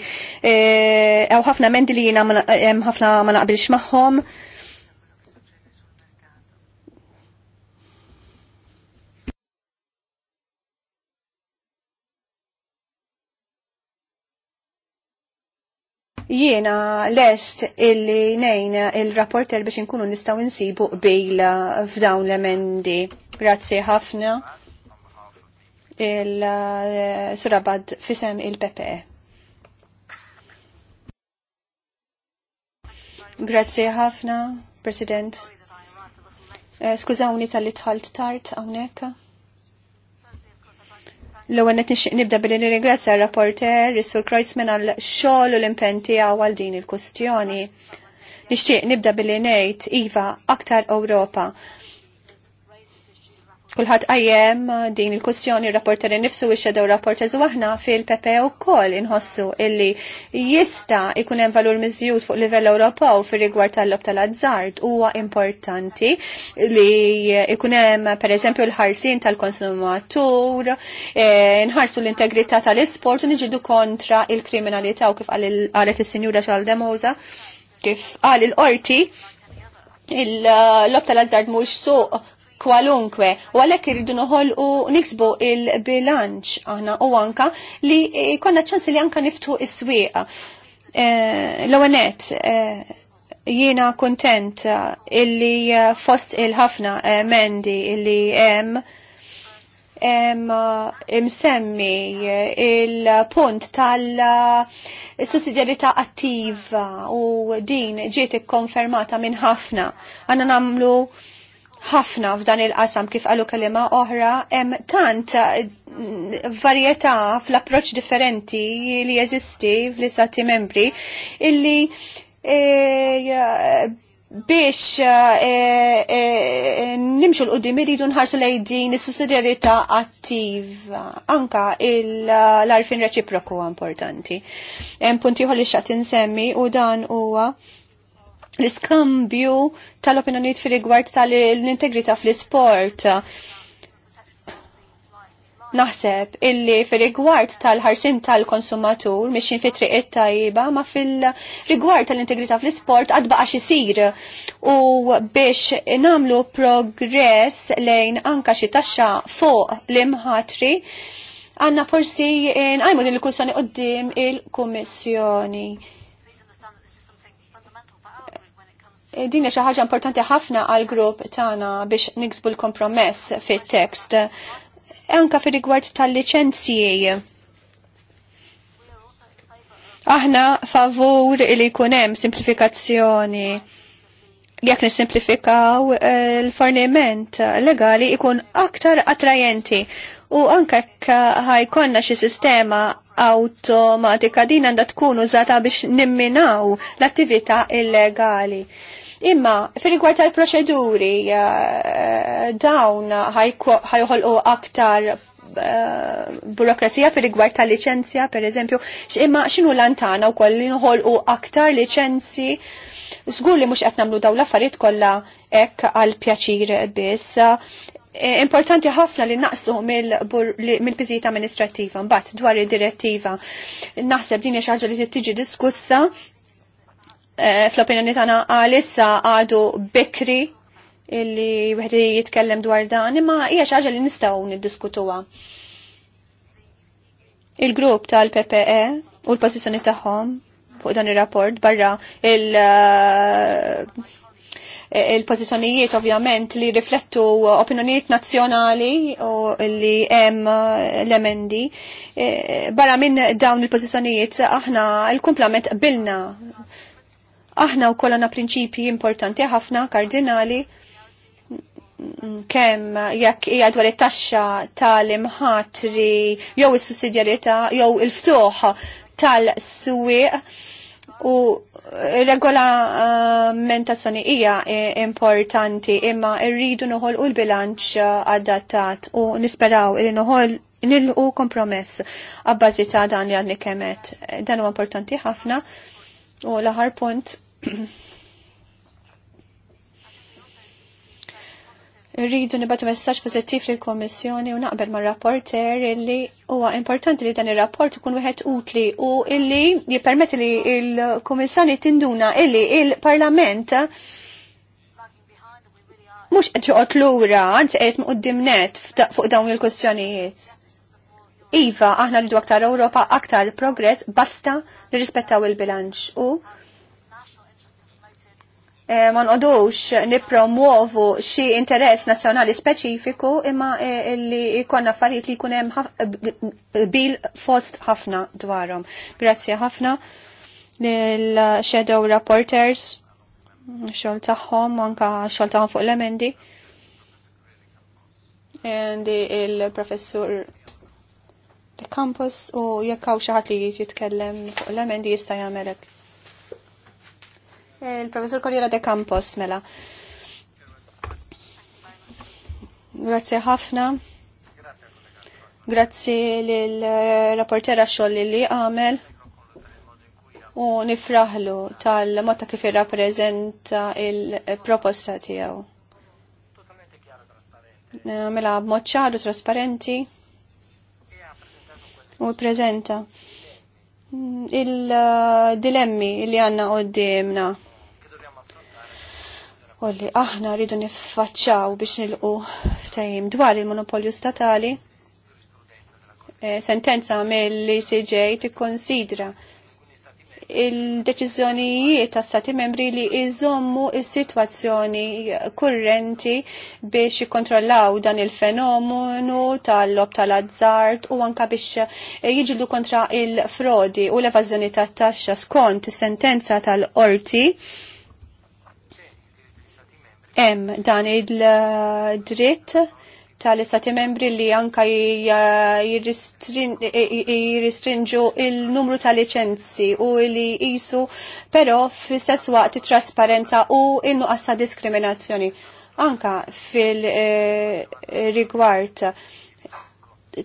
Ew ħafna emendi li jiena hemm ħafna ma naqbilx magħhom. Jiena lest illi nejn il-rapporter biex nkunu nistaw insibu bil f'dawn l-emendi. Grazzi ħafna il-surabad eh, fisem il-PPE. Grazzi ħafna, President. Eh, skużawni tal itħalt tart tard hawnhekk. L-ewwel qed nixtieq nibda billi nirringrazzja r-rapporter Sur Kreutzmann għal xogħol u l-impenti għal din il kwestjoni Nixtieq nibda billi ngħid iva aktar Ewropa Kulħadd qajjem eh, din il-kussjoni rapporteri nifsu u xedew rapporteri aħna fil-PP u koll inħossu illi jista ikunem hemm valur miżjud fuq livell Ewropew fir-rigward tal-lob tal-azzard huwa importanti li ikun hemm pereżempju l-ħarsin tal-konsumatur, eh, nħarsu l-integrità tal-isport u niġidu kontra il-kriminalità u kif qalet is-sinjura Xaldemoza kif qal il-qorti il-lob eh, tal-azzard mux suq kwalunkwe u għalhekk irridu noħolqu niksbu il-bilanċ aħna u anka li eh, konna ċans li anka niftu is-swieqa. Eh, L-għanet, eh, jiena kontent illi fost il-ħafna mendi illi jem imsemmi il-punt tal sussidjarita attiva u din ġiet ikkonfermata minn ħafna. Għanna namlu ħafna f'dan il-qasam kif għalu kelima oħra, hemm tant mm, varjetà fl-approċ differenti li jeżisti fl-istati membri illi e, biex e, e, nimxu l-qoddim iridu nħarsu lejdin is-sussidjarjetà attiva. Anka l-arfin reċiproku importanti. Hemm punti ħolli xaqt insemmi u dan huwa l-iskambju tal-opinjoniet fil-rigward tal-integrità fl-isport. Naħseb illi fil-rigward tal ħarsin tal-konsumatur, miexin fi triq tajba, ma fil-rigward tal-integrità fl-sport għadba għax xisir. U biex namlu progress lejn anka xi taxxa fuq l-imħatri, għanna forsi għajmu din il-kussjoni qoddim il-Kummissjoni. il kussjoni għoddim il il kummissjoni din xi ħaġa importanti ħafna għal grupp tagħna biex niksbu l-kompromess fit text Anka fir rigward tal-liċenzji. Aħna favur li jkun hemm simplifikazzjoni jekk nisimplifikaw eh, l-forniment legali ikun aktar attrajenti u anka ħajkonna xi sistema automatika din għandha tkun użata biex nimminaw l-attività illegali. Imma fil gwar tal-proċeduri eh, dawn ħajħolqu aktar eh, burokrazija fil gwar tal licenzja per eżempju, imma xinu lantana u koll u aktar licenzi. Zgur li mux għetnamlu daw l-affarijiet kolla ek għal pjaċir biss. Eh, importanti ħafna li naqsu mill-biżijiet amministrativa, mbagħad dwar id-direttiva. Naħseb din xi ħaġa li tiġi diskussa Eh, fl-opinjoni tagħna għalissa għadu bikri illi wieħed jitkellem dwar dan, imma hija xi ħaġa li nistgħu niddiskutuha. Il-grupp tal-PPE u l-pożizzjoni tagħhom fuq dan ir-rapport barra il- eh, il-pozizjonijiet ovvjament li riflettu opinjonijiet nazzjonali u li hemm l-emendi. Eh, barra minn dawn il-pozizjonijiet aħna l-kumplament bilna Aħna u kolana prinċipji importanti ħafna kardinali kemm jekk hija dwar it-taxxa tal-imħatri jew is-sussidjarjetà jew il-ftuħ tal-swieq u regolamentazzjoni hija importanti imma rridu noħolqu l-bilanċ adattat u nisperaw li noħol nilqu kompromess għabbażi ta' dan li għandni kemet. Dan huwa importanti ħafna. U l punt rridu nibatu messaġġ li lill komissjoni u naqbel mar rapporter illi huwa importanti li dan ir-rapport ikun wieħed utli u illi jippermetti li l komissjoni tinduna illi il-Parlament mhux qed joqgħod lura anzi qed net fuq dawn il-kwestjonijiet. Iva, aħna rridu aktar Ewropa, aktar progress, basta nirrispettaw il-bilanċ u eh, ma nqodux nipromuovu xi interess nazzjonali speċifiku imma e, li jkollna affarijiet li jkun hemm bil fost ħafna dwarhom. Grazzi ħafna lill-Shadow Reporters xol taħħom, anka xol taħħom fuq l-emendi. il-professur Campus u jekk hawn xi ħadd li jitkellem fuq l-emendi jista' jagħmelek. Eh, Il-Professur Corriera de Campos mela. Grazie ħafna. Grazzi lill rapportera xoll li għamel u nifraħlu tal-motta kif irrapprezenta il-proposta tiegħu. Eh, mela b'mod ċaru trasparenti u prezenta il-dilemmi li għanna għoddimna. li aħna rridu nifacċaw biex nilqu ftajim dwar il-monopolju statali. E, sentenza mill-ECJ tikkonsidra il-deċiżjonijiet ta' stati membri li iżommu il sitwazzjoni kurrenti biex jikkontrollaw dan il-fenomenu tal-lob tal-azzart u anka biex eh, jiġildu kontra il-frodi u l-evażjoni tat-taxxa skont sentenza tal-qorti hemm dan il-dritt tal-istati membri li anka jirristrinġu il-numru ta' licenzi u li jisu pero fl-istess waqt it-trasparenza u innu ta' diskriminazzjoni. Anka fil-rigward eh,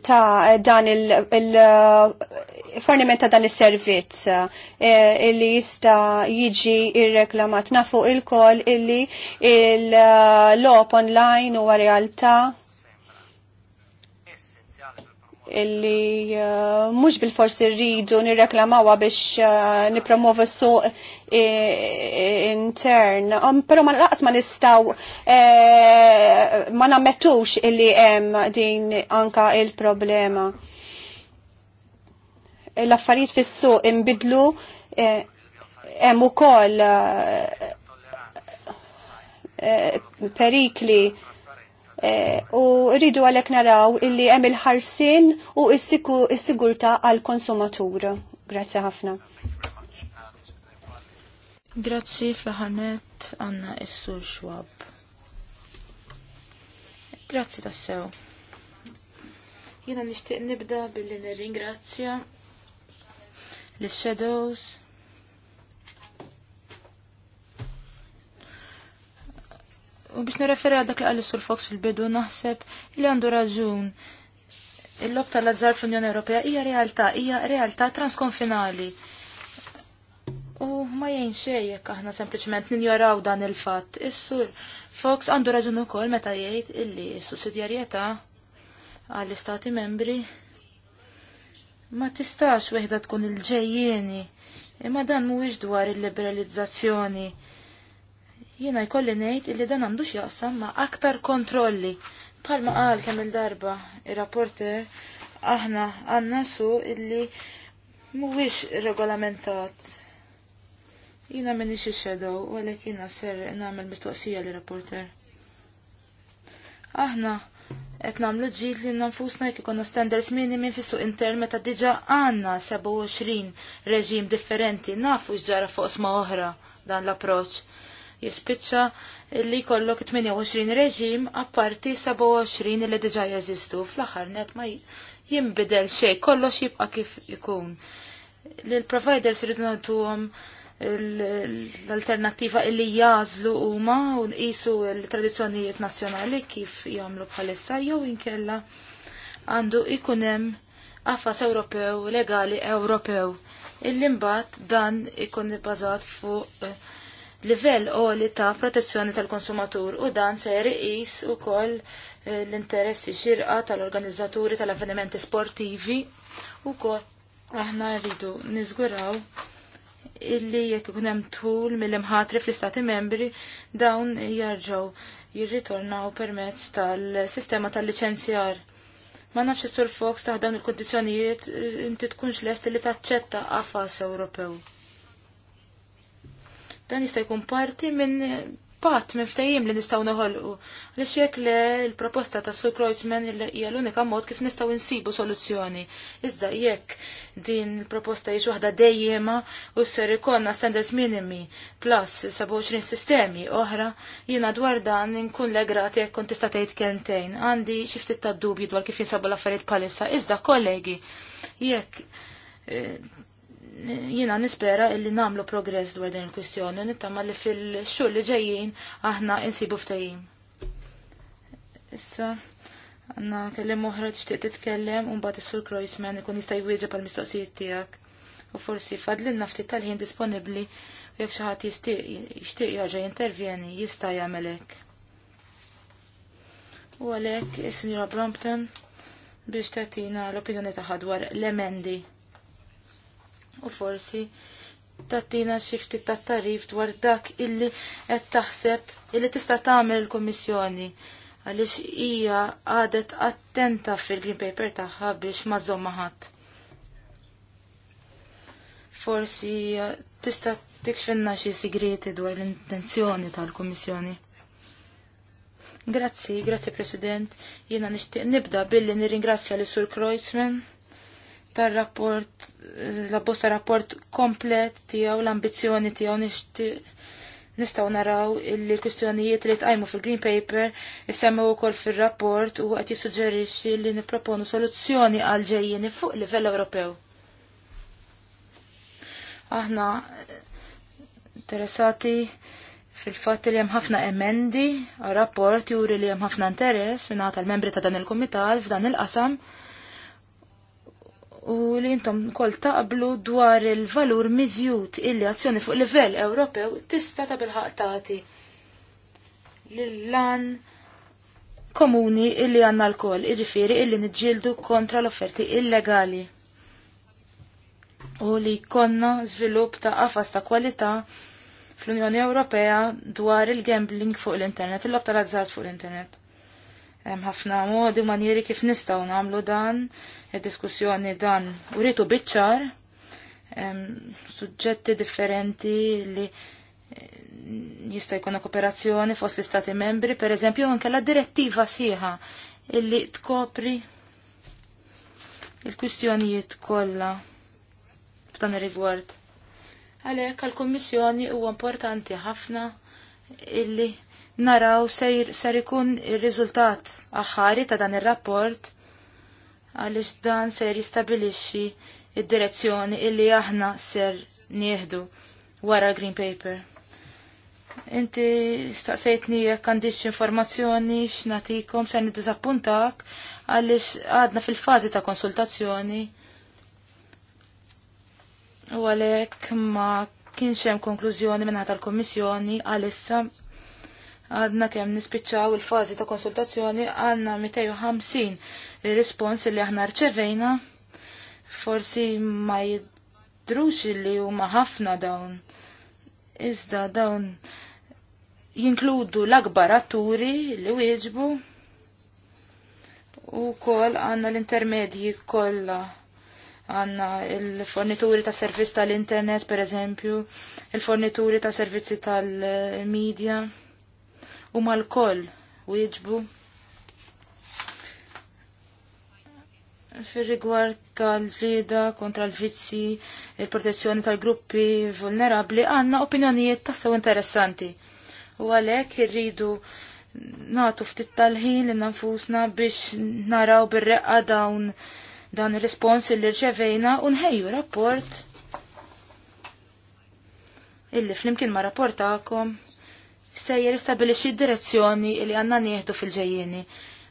ta' dan il-forniment eh, ta' dan il-servizz illi eh, jista jiġi il-reklamat nafu il-kol illi il-lop online u realtà illi uh, mux bil-forsi rridu nirreklamawa biex uh, nipromovu suq intern. Um, pero ma laqas ma nistaw eh, ma nammettux illi hemm din anka il-problema. L-affarijiet fis-suq imbidlu eh, hemm eh, ukoll eh, eh perikli Eh, u rridu għalek naraw illi hemm il-ħarsin u s-sigurta għal-konsumatur. Grazzi ħafna. Grazzi fl-ħanet għanna s sur xwab. Grazzi tassew. Jena nishtiq nibda billi nirringrazzja l-Shadows U biex nireferi għal dak li għal-Sur Fox fil-bidu naħseb li għandu raġun. Il-lob tal-azzar fl-Unjoni Ewropea hija realtà, hija realtà transkonfinali. U ma jgħin xejjek aħna sempliċement ninjoraw dan il-fatt. Is-Sur Fox għandu raġun ukoll meta jgħid illi s-sussidjarjetà għall-istati membri ma tistax weħda tkun il-ġejjieni imma dan mhuwiex dwar il-liberalizzazzjoni. il liberalizzazzjoni Jiena jkolli ngħid illi dan għandux jaqsam ma' aktar kontrolli. Palma qal kemm il-darba ir-rapporter aħna għandna su illi mhuwiex regolamentat. Jiena m'inhiex xedow, shadow għalhekk jiena ser nagħmel mistoqsija li rapporter. Aħna qed nagħmlu ġid li nfusna jekk ikonna standards minimi fis-suq intern meta diġà għandna 27 reġim differenti nafu x'ġara fuq sma oħra dan l-approċċ jispiċċa li jkollok 28 reġim apparti 27 li diġa' jeżistu fl-aħħar net ma jinbidel xejn, kollox jibqa' kif ikun. L-providers iridu nagħtuhom l-alternativa illi jazlu huma u nqisu l-tradizzjonijiet nazzjonali kif jagħmlu bħalissa jew inkella għandu ikun hemm Ewropew legali Ewropew illi limbat dan ikun ibbażat fuq uh, livell għoli ta' protezzjoni tal-konsumatur u dan ser u ukoll eh, l-interessi xirqa tal-organizzaturi tal-avvenimenti sportivi u koll aħna rridu nizguraw illi jekk ikun hemm tul mill-imħatri fl-istati membri dawn jarġaw jirritornaw permezz tal-sistema tal-liċenzjar. Ma nafx is-Sur Fox taħdem il-kundizzjonijiet eh, inti tkunx lest li taċċetta għafas Ewropew. Dan jista' jkun parti minn pat minn ftehim li nistgħu noħolqu. Għaliex jekk le l-proposta ta' Sur Kreuzman hija l-unika mod kif nistgħu insibu soluzzjoni. Iżda jekk din il-proposta hiex waħda dejjema u ser ikonna standards minimi plus 27 sistemi oħra, jiena dwar dan inkun legrati jekk kont tista' tgħid kelmtejn. Għandi xi ftit ta' dubji dwar kif jinsabu l-affarijiet bħalissa. Iżda kollegi, jekk eh, jina nispera illi namlu progress dwar din il-kwistjoni u nittama li fil-xur li ġejjin aħna insibu ftajim. Issa, għanna kellem uħra tixtieq titkellem un bat is-sur Kreuzman ikun jista' jwieġeb pal mistoqsijiet tiegħek. U forsi fadlin nafti tal-ħin disponibbli u jekk xi ħadd jixtieq jintervjeni jista' jagħmel hekk. U għalhekk is signora Brompton biex tagħtina l-opinjoni tagħha dwar l-emendi u forsi tattina xifti ta' tarif dwar dak illi qed taħseb illi tista' tagħmel il-Kummissjoni għaliex hija għadet attenta fil-Green Paper tagħha biex ma żomma ħadd. Forsi tista' tikxinna xi sigriti dwar l-intenzjoni tal-Kummissjoni. Grazzi, grazzi President. Jiena nixtieq nibda billi nirringrazzja li Sur Kreuzmann tar-rapport, eh, l bosta rapport komplet tiegħu l-ambizzjoni tiegħu nistaw naraw il-kwistjonijiet li tqajmu fil-Green Paper u wkoll fir-rapport u qed jissuġġerixxi li nipproponu soluzzjoni għal ġejjieni fuq livell Ewropew. Aħna interessati fil-fatt li hemm ħafna emendi għal rapport juri li hemm ħafna interess minn tal-membri ta' dan il-kumitat f'dan il-qasam. il komital fdan il qasam u li jintom kol taqblu dwar il-valur mizjut illi azzjoni fuq livell Ewropew tista ta' bil l-lan komuni illi għanna l-kol, iġifiri illi nġildu kontra l-offerti illegali. U li konna zvilup ta' qafas ta' kwalità fl-Unjoni Ewropea dwar il-gambling fuq l-internet, il-lob l azzart fuq l-internet. Hemm ħafna modi u manjeri kif nistgħu nagħmlu dan diskussjoni dan u rritu biċċar suġġetti differenti li eh, jista' jkun kooperazzjoni fost l-istati membri, per eżempju, la direttiva sħiħa illi tkopri il-kwistjonijiet kollha f'dan ir-rigward. Għalhekk għall-Kummissjoni huwa importanti ħafna illi naraw ser ikun ir-riżultat aħħari ta' dan ir-rapport għaliex dan ser jistabilixxi id-direzzjoni illi aħna ser nieħdu wara Green Paper. Inti staqsejtni jekk għandix informazzjoni x'natikom se niddisappuntak għaliex għadna fil-fażi ta' konsultazzjoni u għalhekk ma kienx hemm konklużjoni minn tal-Kommissjoni għalissa għadna kemm nispiċċaw il-fażi ta' konsultazzjoni għandna 250 il-respons li aħna rċevejna forsi ma jidrux li huma ħafna dawn. Iżda dawn jinkludu l-akbar atturi li wieġbu u kol għanna l-intermedji kolla għanna il-fornituri ta' servizz tal-internet, per eżempju, il-fornituri ta' servizzi tal-medja, u mal-koll wieġbu fir-rigward tal-ġlieda kontra l-vizzi, il-protezzjoni tal-gruppi vulnerabli, għanna opinjonijiet tassew interessanti. U għalek irridu natu ftit tal-ħin li nanfusna biex naraw bir-reqqa dawn dan il-respons li rċevejna u nħejju rapport illi flimkien ma rapportakom sejjer istabilixi direzzjoni li għanna nieħdu fil-ġejjeni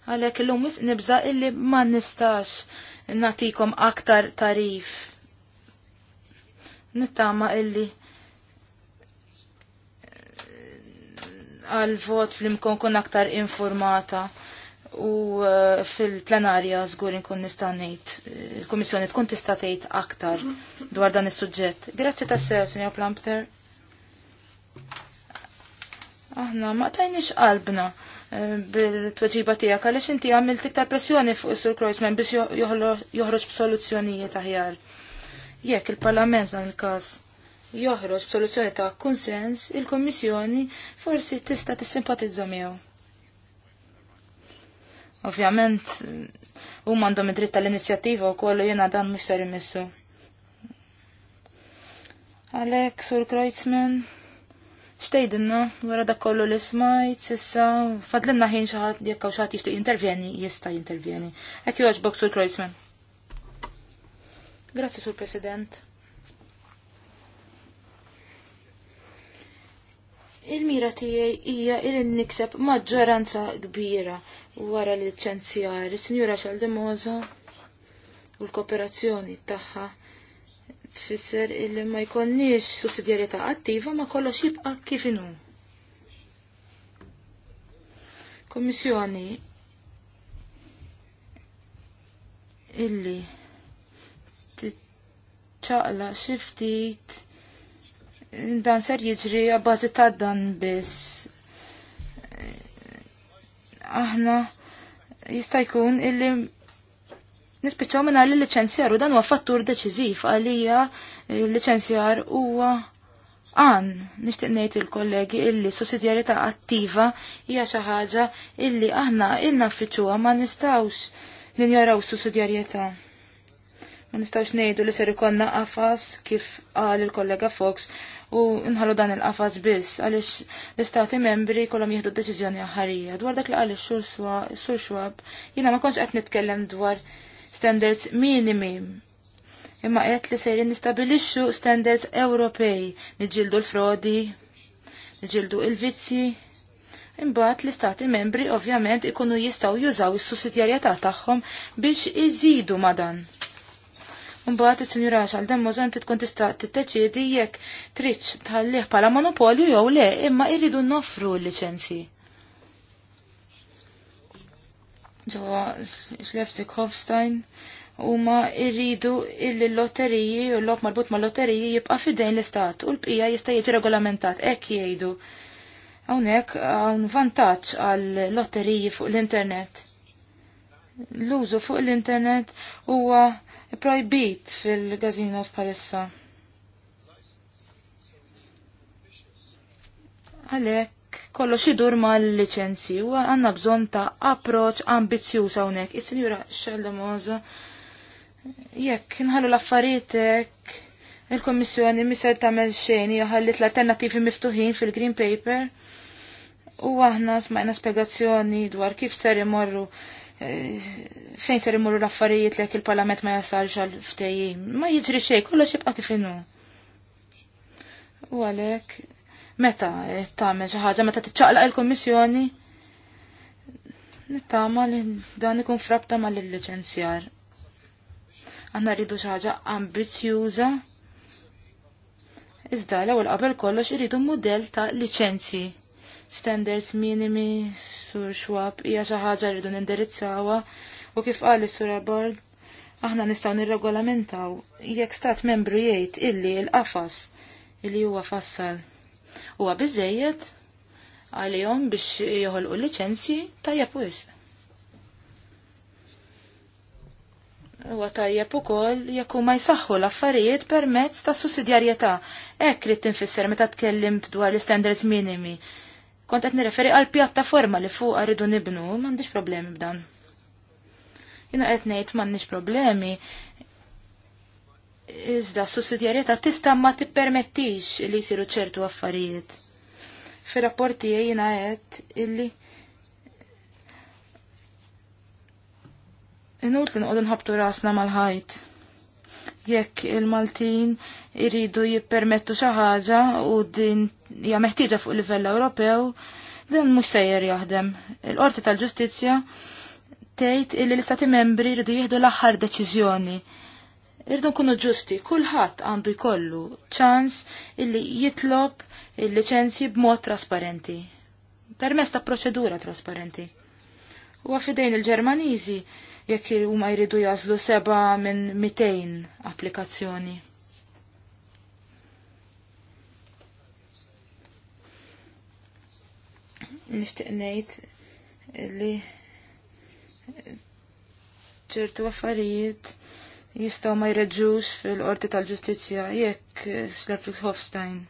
Għalek l-lum nibza illi ma nistax natikom aktar tarif. Nittama illi eh, għal-vot fl-imkon kun aktar informata u eh, fil-plenarja zgur nkun nista' ngħid eh, il-Kummissjoni tkun tista' tgħid aktar dwar dan is-suġġett. Grazzi tas-sew, Sinjor Plumpter. Aħna ma tajniex qalbna bil-tweġiba tiegħek għaliex inti għamilt iktar pressjoni fuq is-Sur Kreuzman biex joħroġ b'soluzzjonijiet aħjar. Jekk il-Parlament dan il-każ joħroġ b'soluzzjoni ta' kunsens, il-Kummissjoni forsi tista' tissimpatizza miegħu. Ovvjament, huma għandhom id-dritt tal-inizjattiva kollu jiena dan mhux ser imissu. Għalhekk, Sur Kreuzman, ċtejdinna, wara dak kollu li smajt, sissa, fadlinna ħin xaħat, jekkaw xaħat jishtiq intervjeni, jista jintervjeni. Ek joġbok sur Kreuzman. Grazzi sur President. Il-mira tiegħi hija il nikseb maġġoranza kbira wara li ċenzjar is-Sinjura Xaldemoza u l-kooperazzjoni tagħha tfisser illi ma jkonniex sussidjarjetà attiva ma kollox jibqa kif inhu. Kommissjoni illi ċaqla xiftit dan ser jiġri għabbażi ta' dan biss. Aħna jista' jkun illi nispiċaw minna li licenzjar u dan huwa fattur deċiżiv għalija licenzjar huwa għan nishtiq ngħid il-kollegi illi sussidjarjetà attiva hija xi ħaġa illi aħna ilna ffiċċuha ma nistgħux ninjaraw sussidjarjetà. Ma nistgħux ngħidu li ser ikonna qafas kif qal il-kollega Fox u nħallu dan il-qafas biss għaliex l-istati membri kollhom jieħdu deċiżjoni aħarija. dwar dak li qal is-sur Xwab jiena ma kontx qed nitkellem dwar standards minimi. Imma qed li sejrin nistabilixxu standards Ewropej, niġildu l-frodi, niġildu il-vizzi, Imbagħad l-istati membri ovvjament ikunu jistgħu jużaw is-sussidjarjetà tagħhom biex iżidu ma' dan. Imbagħad is-Sinjura għal dan mużon tkun tista' tiddeċiedi jekk tridx tħallih bħala monopolju jew le imma jridu noffru l-liċenzji. ġewwa Schleswig Hofstein huma rridu illi l-lotteriji u l-lok marbut ma' lotteriji jibqa' fidejn l-istat u l-bqija jista' jiġi regolamentat hekk jgħidu. Hawnhekk hawn vantaġġ għal lotteriji fuq l-internet. L-użu fuq l-internet huwa projbit fil-gazinos bħalissa. Għalhekk kollox idur mal-licenzi u għanna bżon ta' approċ ambizjuż hawnhekk. Is-Sinjura Xellemoza jekk nħallu l-affarietek il-Kommissjoni miser tagħmel xejn ħallit l-alternattivi miftuħin fil-Green Paper u aħna smajna spiegazzjoni dwar kif ser imorru eh, fejn ser imorru l-affarijiet li il-Parlament ma jasalx għal ftejjin. Ma jiġri xejn, kollox jibqa' kif inhu. U għalhekk meta tagħmel xi ħaġa meta tiċċaqlaq il-kummissjoni nittama li dan ikun frabta mal liċenzjar Aħna rridu xi ħaġa ambizjuża iżda l-ewwel qabel kollox iridu mudell ta' liċenzji. Standards minimi sur xwab hija xi ħaġa rridu nindirizzawha u kif qal is-sur Borg aħna nistgħu nirregolamentaw jekk stat membru jgħid illi l-qafas illi huwa fassal huwa għal għalihom biex joħolqu liċenzji tajjeb wisq. Huwa tajjeb ukoll jekk huma jsaħħu l-affarijiet permezz ta' sussidjarjetà. Hekk trid tinfisser meta tkellimt dwar l-standards minimi. Kont qed nirreferi għal pjattaforma li fuq rridu nibnu, m'għandix problemi b'dan. Jina qed ngħid m'għandniex problemi Iżda s-sussidjarjetà tista' ma tippermettix li jsiru ċertu affarijiet. Fir-rapporti jiena għed illi Inut li nqogħdu nħabtu rasna mal-ħajt. Jekk il-Maltin iridu jippermettu xi ħaġa u din hija meħtieġa fuq livell Ewropew, din mhux sejjer jaħdem. Il-Qorti tal-Ġustizzja tgħid illi l-Istati Membri jridu jieħdu l-aħħar deċiżjoni Irdu nkunu ġusti, kulħadd għandu jkollu ċans illi jitlob il-liċenzji b'mod trasparenti. Permess ta' proċedura trasparenti. U għafidejn il-Ġermaniżi jekk huma jridu jażlu seba' minn 200 applikazzjoni. Nixtieq ngħid li ċertu affarijiet jistaw ma jreġġux fil-qorti tal-ġustizja jekk eh, Schleswig Hofstein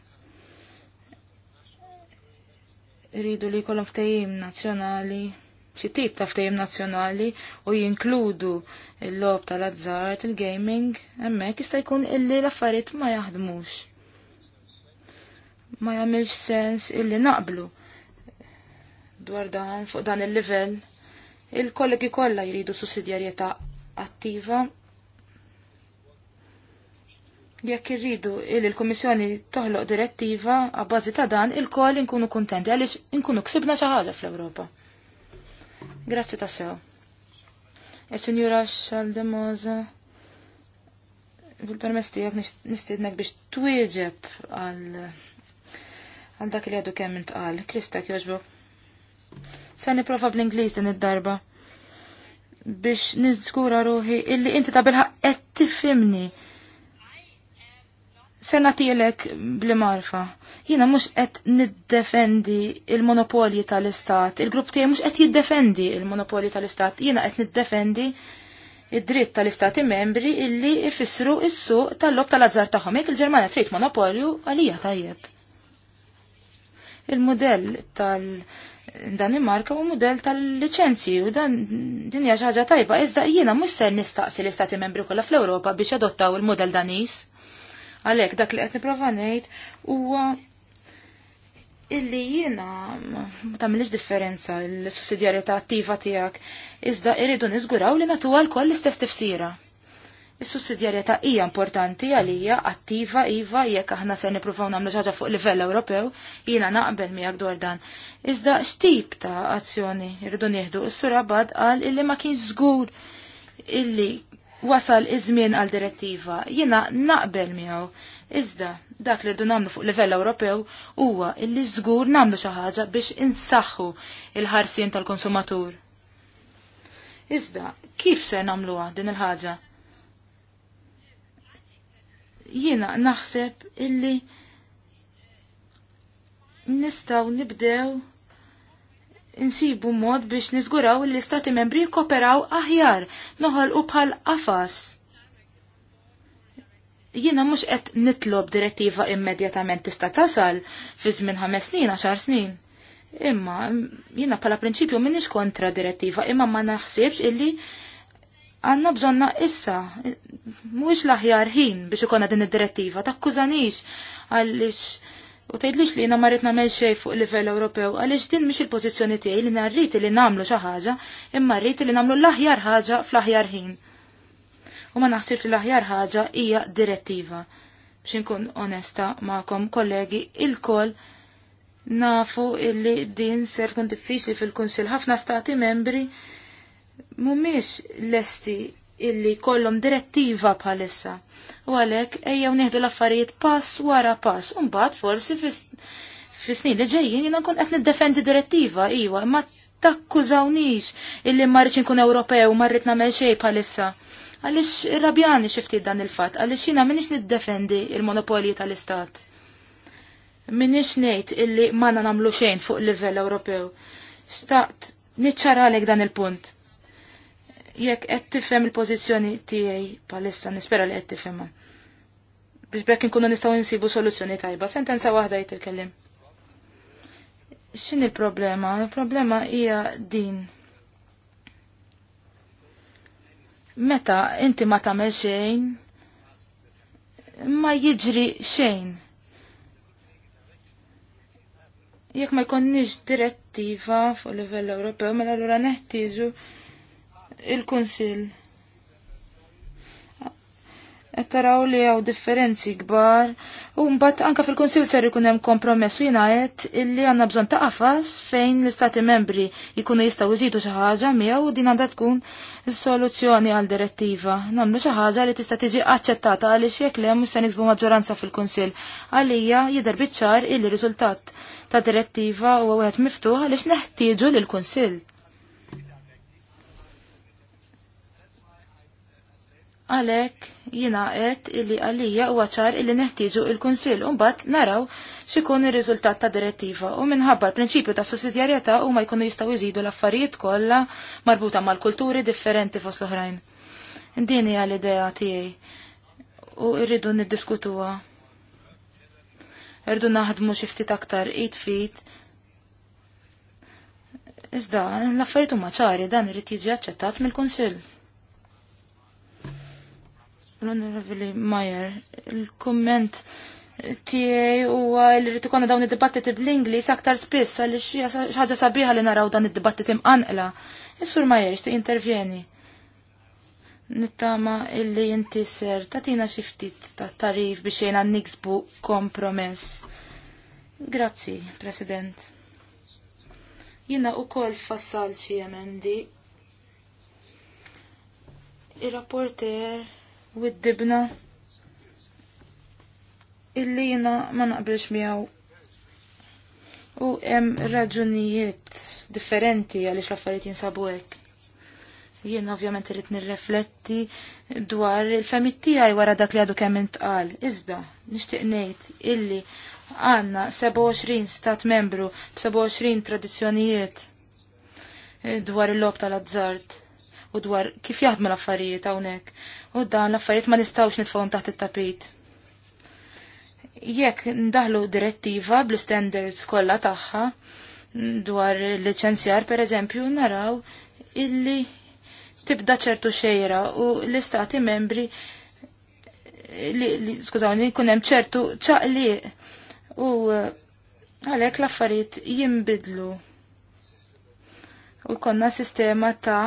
rridu li kolom ftajim nazjonali xi tip ta' ftajim nazzjonali u jinkludu l-lob tal-azzart, il-gaming, hemmhekk jista' jkun illi l-affarijiet ma jaħdmux. Ma jagħmilx sens illi naqblu dwar dan fuq dan il-livell il-kollegi kollha jridu sussidjarjetà attiva Jekk irridu il l-Kummissjoni toħloq direttiva għabbażi ta' dan, il-koll inkunu kontenti għaliex inkunu ksibna xi ħaġa fl-Ewropa. Grazzi ta' sew. Is-Sinjura e, Xaldemoza, bil-permess tiegħek nistiednek biex twieġeb għal għal dak li għadu kemm intqal. Kristak jogħġbok. Se nipprova bl-Ingliż din id-darba biex niżgura ruħi illi inti ta' bilħaq qed tifhimni Senatijelek bl-marfa, jina mux qed niddefendi il-monopolji tal-istat, il-grupp tiegħi mux qed jiddefendi il-monopolji tal-istat, jina qed niddefendi id-dritt tal-istati membri illi ifissru issu suq tal-lob tal-azzar tagħhom Jek il ġermana trid monopolju għalija tajjeb. Il-modell tal-Danimarka u modell tal licenzi u dan din hija xi ħaġa tajba iżda jiena mhux ser nistaqsi l-istati membri kollha fl-Ewropa biex adottaw il-modell Daniż Għalhekk dak li qed nipprova ngħid huwa illi jiena ma tagħmilx differenza l-sussidjarjetà attiva tiegħek iżda irridu niżguraw li nagħtuha lkoll l-istess tifsira. Is-sussidjarjetà hija importanti għalija attiva iva jekk aħna se nippruvaw nagħmlu ħaġa fuq livell Ewropew, jiena naqbel miegħek dwar dan. Iżda x'tip ta' azzjoni irridu nieħdu? s sura bad qal illi ma kienx żgur illi wasal iż-żmien għal direttiva. Jiena naqbel miegħu. Iżda, dak li rridu nagħmlu fuq livell Ewropew huwa illi żgur nagħmlu xi ħaġa biex insaħħu il-ħarsien tal-konsumatur. Iżda, kif se nagħmluha din il-ħaġa? Jiena naħseb illi nistgħu nibdew insibu mod biex nizguraw li l-istati membri kooperaw aħjar noħol u bħal qafas. Jiena mhux qed nitlob direttiva immedjatament tista' tasal fi żmien ħames snin, għaxar snin. Imma jiena bħala prinċipju m'iniex kontra direttiva, imma ma naħsibx illi għanna bżonna issa, mux laħjar ħin biex ikonna din id-direttiva, takkużanix għalix U tgħidlix li jiena ma rrid nagħmel xejn fuq livell Ewropew għaliex din mhix il-pożizzjoni tiegħi li narrid li nagħmlu xi ħaġa, imma rrid li nagħmlu l-aħjar ħaġa fl-aħjar ħin. U ma naħsibx li l-aħjar ħaġa hija direttiva. Biex kun onesta ma'kom kollegi il-koll nafu illi din ser tkun diffiċli fil-Kunsill ħafna stati membri mumiex lesti illi kollom direttiva bħalissa u għalek ejjew neħdu l-affarijiet pass wara pass, unbat forsi fi snin li ġejjin jina nkun qed niddefendi direttiva, iwa, imma takkużawnix illi marriċ nkun Ewropew marrit nagħmel xej bħalissa. Għaliex rabjani xifti dan il-fatt, għaliex jina minix niddefendi il-monopolji tal-Istat. Minix ngħid illi ma nagħmlu xejn fuq livell Ewropew. Staqt niċċaralek dan il-punt. Jekk qed tifhem il-pożizzjoni tiegħi palissa nispera li qed tifhemha biex bekk nkunu nistgħu nsibu soluzzjoni tajba. Sentenza waħda jgħid il X'in il-problema? Il-problema hija din. Meta inti ma tagħmel xejn, ma jiġri xejn. Jekk ma jkunniex direttiva fuq livell Ewropew, mela allura neħtieġu il-Kunsill qed taraw li hawn differenzi kbar u mbagħad anke fil-Kunsill ser ikun hemm kompromess jiena qed illi għandna bżonn ta' qafas fejn l-Istati membri jkunu jistgħu jżidu xi ħaġa miegħu din għandha tkun is-soluzzjoni għal direttiva. Nagħmlu xi ħaġa li tista' tiġi aċċettata għaliex jekk le mhux se niksbu maġġoranza fil-Kunsill. Għalija jidher biċ-ċar illi riżultat ta' direttiva huwa wieħed miftuħ għaliex neħtieġu lill-Kunsill. Għalek, jina qed illi għalija huwa għacħar illi neħtieġu il-Kunsill u mbagħad naraw x'ikun ir-riżultat ta' direttiva u minħabba l-prinċipju ta' sussidjarjetà huma jkunu jistgħu jizidu l-affarijiet kollha marbuta mal-kulturi differenti fost l-oħrajn. Din hija l-idea tiegħi u rridu niddiskutuha. Irridu naħdmu xi ftit aktar id feet Iżda, l-affarijiet huma ċari dan irid jiġi aċċettat mill-Kunsill l-Onorevoli Majer, il-komment tiegħi huwa li rrid ikolna dawn id-dibattiti bl-Ingliż aktar spiss għaliex hija ħaġa sabiħa li naraw dan id-dibattiti mqanqla. Is-Sur Majer xti intervjeni. Nittama illi inti ser tatina xi ftit ta' tarif biex jiena niksbu kompromess. Grazzi, President. Jiena wkoll fassal xi emendi. Ir-rapporter u id-dibna illi jina ma naqbilx miegħu. U hemm raġunijiet differenti għaliex l-affarijiet jinsabu hekk. Jien ovvjament irid nirrefletti dwar il-femit tiegħi wara dak li għadu kemm intqal. Iżda, nixtieq ngħid illi għandna 27 stat membru b'27 tradizzjonijiet eh, dwar il-lob tal-azzart u dwar kif jaħdmu l-affarijiet hawnhekk. U dan affarijiet ma nistawx nitfawhom taħt it-tapit. Jekk ndaħlu direttiva bl-standards kollha tagħha dwar licenzjar per eżempju naraw illi tibda ċertu xejra u l-istati membri li, li skużawni jkun hemm ċertu ċaqli u għalhekk l-affarijiet jinbidlu. U konna sistema ta'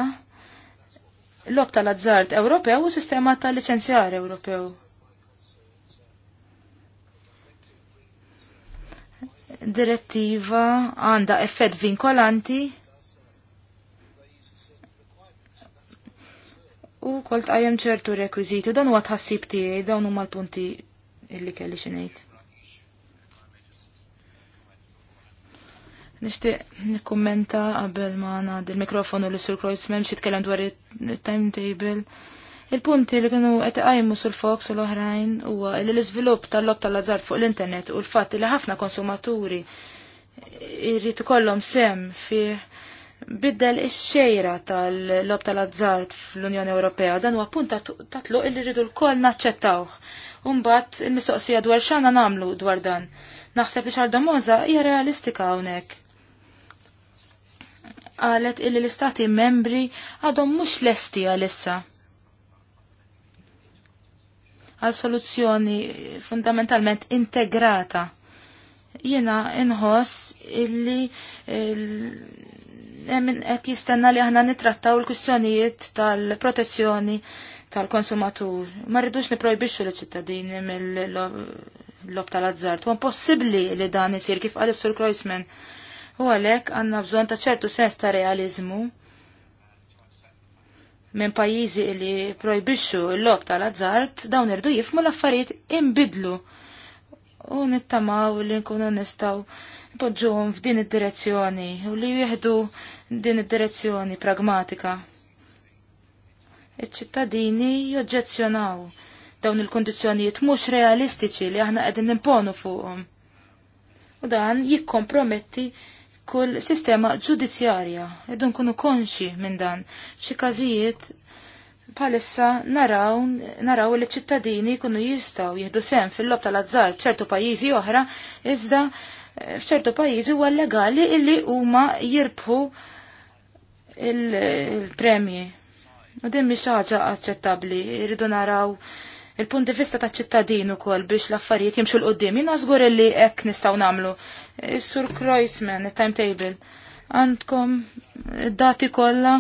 l-lob tal-azzart Ewropew u sistema tal-licenzjar Ewropew. Direttiva għanda effett vinkolanti u kolt għajem ċertu rekwiziti, dan huwa tħassib tiegħi, dawn huma l-punti illi kelli xinejt. Nishtiq nikkummenta qabel ma ngħaddi l-mikrofonu li sur Kreuzman xi tkellem dwar it-timetable. Il-punti li kienu qed iqajmu sul Fox u l-oħrajn huwa li l-iżvilupp tal-lob tal-azzar fuq l-internet u l-fatt li ħafna konsumaturi irrid ikollhom sem fih biddel ix-xejra tal-lob tal-azzar fl-Unjoni Ewropea dan huwa punt tluq li rridu lkoll naċċettawh. Umbagħad il-mistoqsija dwar x'għandna nagħmlu dwar dan. Naħseb li xalda moza hija realistika hawnhekk qalet illi l-istati membri għadhom mhux lesti għalissa għal soluzzjoni fundamentalment integrata. Jiena inħoss illi hemm qed jistenna li aħna nitrattaw il-kwistjonijiet tal-protezzjoni tal-konsumatur. Ma rridux niprojbixxu l-ċittadini mill-lob tal-azzart. Huwa possibbli li dan isir kif qal is-Sur Kreuzman u għalhekk għandna bżonn ta' ċertu sens ta' realizmu minn pajjiżi li projbixxu l-lob tal-azzart dawn irdu jifmu l-affarijiet imbidlu u nittamaw li nkunu nistgħu podġum f'din id-direzzjoni u li jihdu din id-direzzjoni pragmatika. Iċ-ċittadini joġġezzjonaw dawn il-kondizjonijiet mhux realistiċi li aħna qegħdin nimponu fuqhom. U dan jikkomprometti kull sistema ġudizzjarja. Iddu nkunu konxi minn dan. xi każijiet palissa naraw, naraw li ċittadini kunu jistaw jihdu sem fil-lob tal-azzar ċertu pajizi oħra, iżda eh, fċertu pajizi huwa legali illi huma jirbħu il-premji. U dimmi xaġa ħaġa aċċettabbli, irridu naraw il-punti vista ta' ċittadin ukoll biex l-affarijiet jimxu l-qoddim. Jina żgur illi hekk nistgħu nagħmlu Is-Sur Kreuzman, il-timetable. Għandkom dati kolla.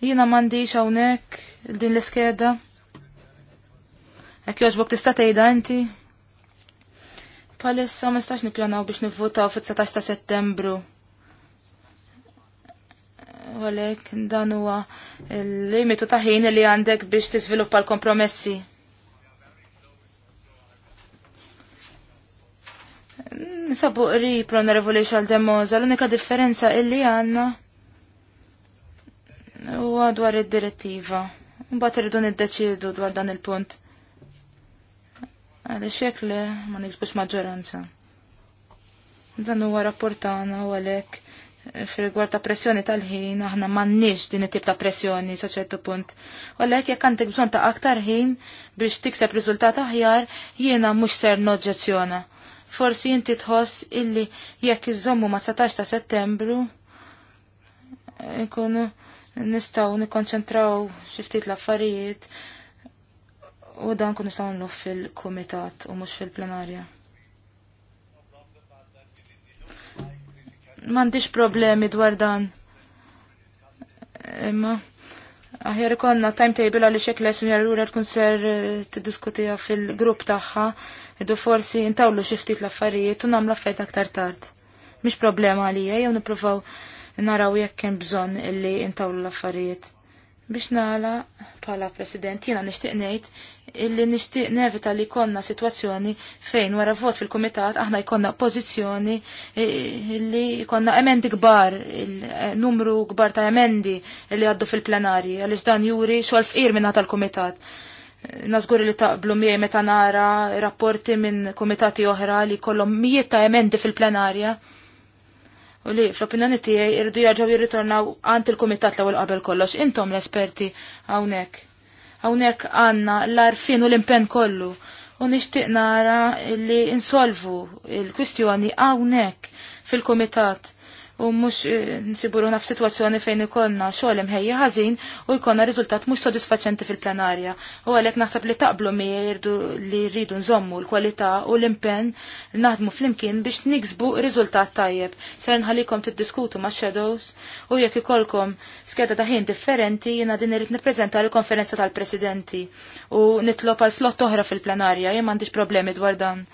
Jina mandiċ hawnhekk din l-iskeda. Hekk jogħġbok tista' tejda inti. Palissa ma nistax nippjanaw biex nivvutaw fit-19 ta' Settembru. Għalek dan huwa l-limitu ta' ħin li għandek biex tiżviluppa l-kompromessi. Nisabu qrib revolution għal Demoza, l-unika differenza illi għanna u dwar id-direttiva. Mbagħad irridu niddeċiedu dwar dan il-punt. Għaliex hekk le ma nisbux maġġoranza. Dan huwa rapportana u għalhekk fil-gwar ta' pressjoni tal-ħin, aħna mannix din it-tip ta' pressjoni sa' ċertu punt. U Għalek jekk għandek bżon ta' aktar ħin biex tikseb riżultat aħjar, jiena mhux ser noġġezzjona forsi inti tħoss illi jekk iżommu ma' 17 ta' settembru nkunu nistaw nikkonċentraw xiftit l-affarijiet u dan kun nistaw nlu fil-komitat u mux fil-plenarja. Mandiġ problemi dwar dan. Imma Aħjar ikonna timetable għalli xek l-essunjar l tkun ser eh, t-diskutija fil-grupp taħħa, iddu forsi intawlu xiftit l-affarijiet u namlu affarijiet aktar tard. Mish problema għalija, jew niprofaw naraw jekk hemm bżonn illi intawlu l-affarijiet. Biex nala pala president jina nishtiq ngħid illi nishtiq nevita li konna situazzjoni fejn wara vot fil-komitat aħna jkonna pozizjoni e, illi jkonna emendi kbar, e, numru kbar ta' emendi illi għaddu fil-plenarji għaliex dan juri xogħol fqir minna tal-komitat. Nazgur li taqblu miej meta nara rapporti minn komitati oħra li kollhom mijiet ta' emendi fil-plenarja u li fl-opinjoni tiegħi irridu jarġgħu jirritornaw għand il-kumitat l-ewwel qabel kollox. Intom l-esperti hawnhekk. Hawnhekk għandna l-arfin u l-impenn kollu u nixtieq nara li insolvu il-kwistjoni hawnhekk fil-kumitat u mhux eh, nsiburu naf f'sitwazzjoni fejn ikollna xogħol imħejja ħażin u jkollna riżultat mhux sodisfaċenti fil planarja U għalhekk naħseb li taqblu mi li rridu nżommu l-kwalità u l-impenn naħdmu flimkien biex niksbu riżultat tajjeb. Ser nħallikom tiddiskutu ma' shadows u jekk ikolkom skeda ta' ħin differenti jiena din irrit nippreżenta l-konferenza tal-presidenti u nitlob għal slot oħra fil planarja jien m'għandix problemi dwar dan.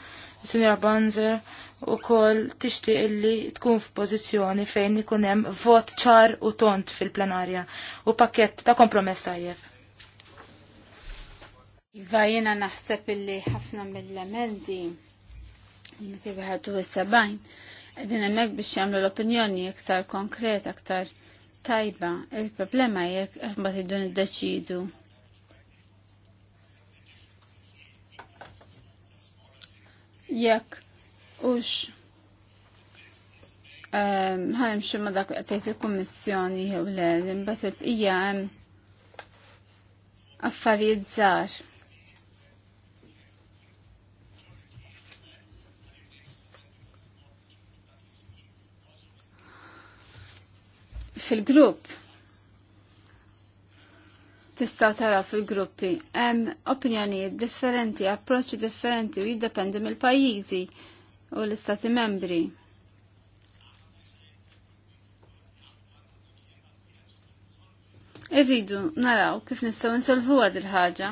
Signora Banzer, u kol tishti illi tkun f-pozizjoni fejn ikunem vot ċar u tont fil-plenarja u pakket ta' kompromess tajjeb. Iva jena naħseb illi ħafna mill-emendi jena jimtibiħatu s-sebajn Għedin emmek biex jamlu l-opinjoni iktar konkret, iktar tajba. Il-problema jek għabat id-dun id-deċidu. Jekk Ux, ehm, ħanem xumma dak għatajt il-kommissjoni jew le, għedin bat il-bqija għem affarijiet zaħr. Fil-grupp, tista' tara fil-gruppi hemm opinjonijiet differenti, approċċi differenti u jiddependi mill-pajjiżi u l-Istati membri. Irridu naraw kif nistgħu insolvu għad il-ħaġa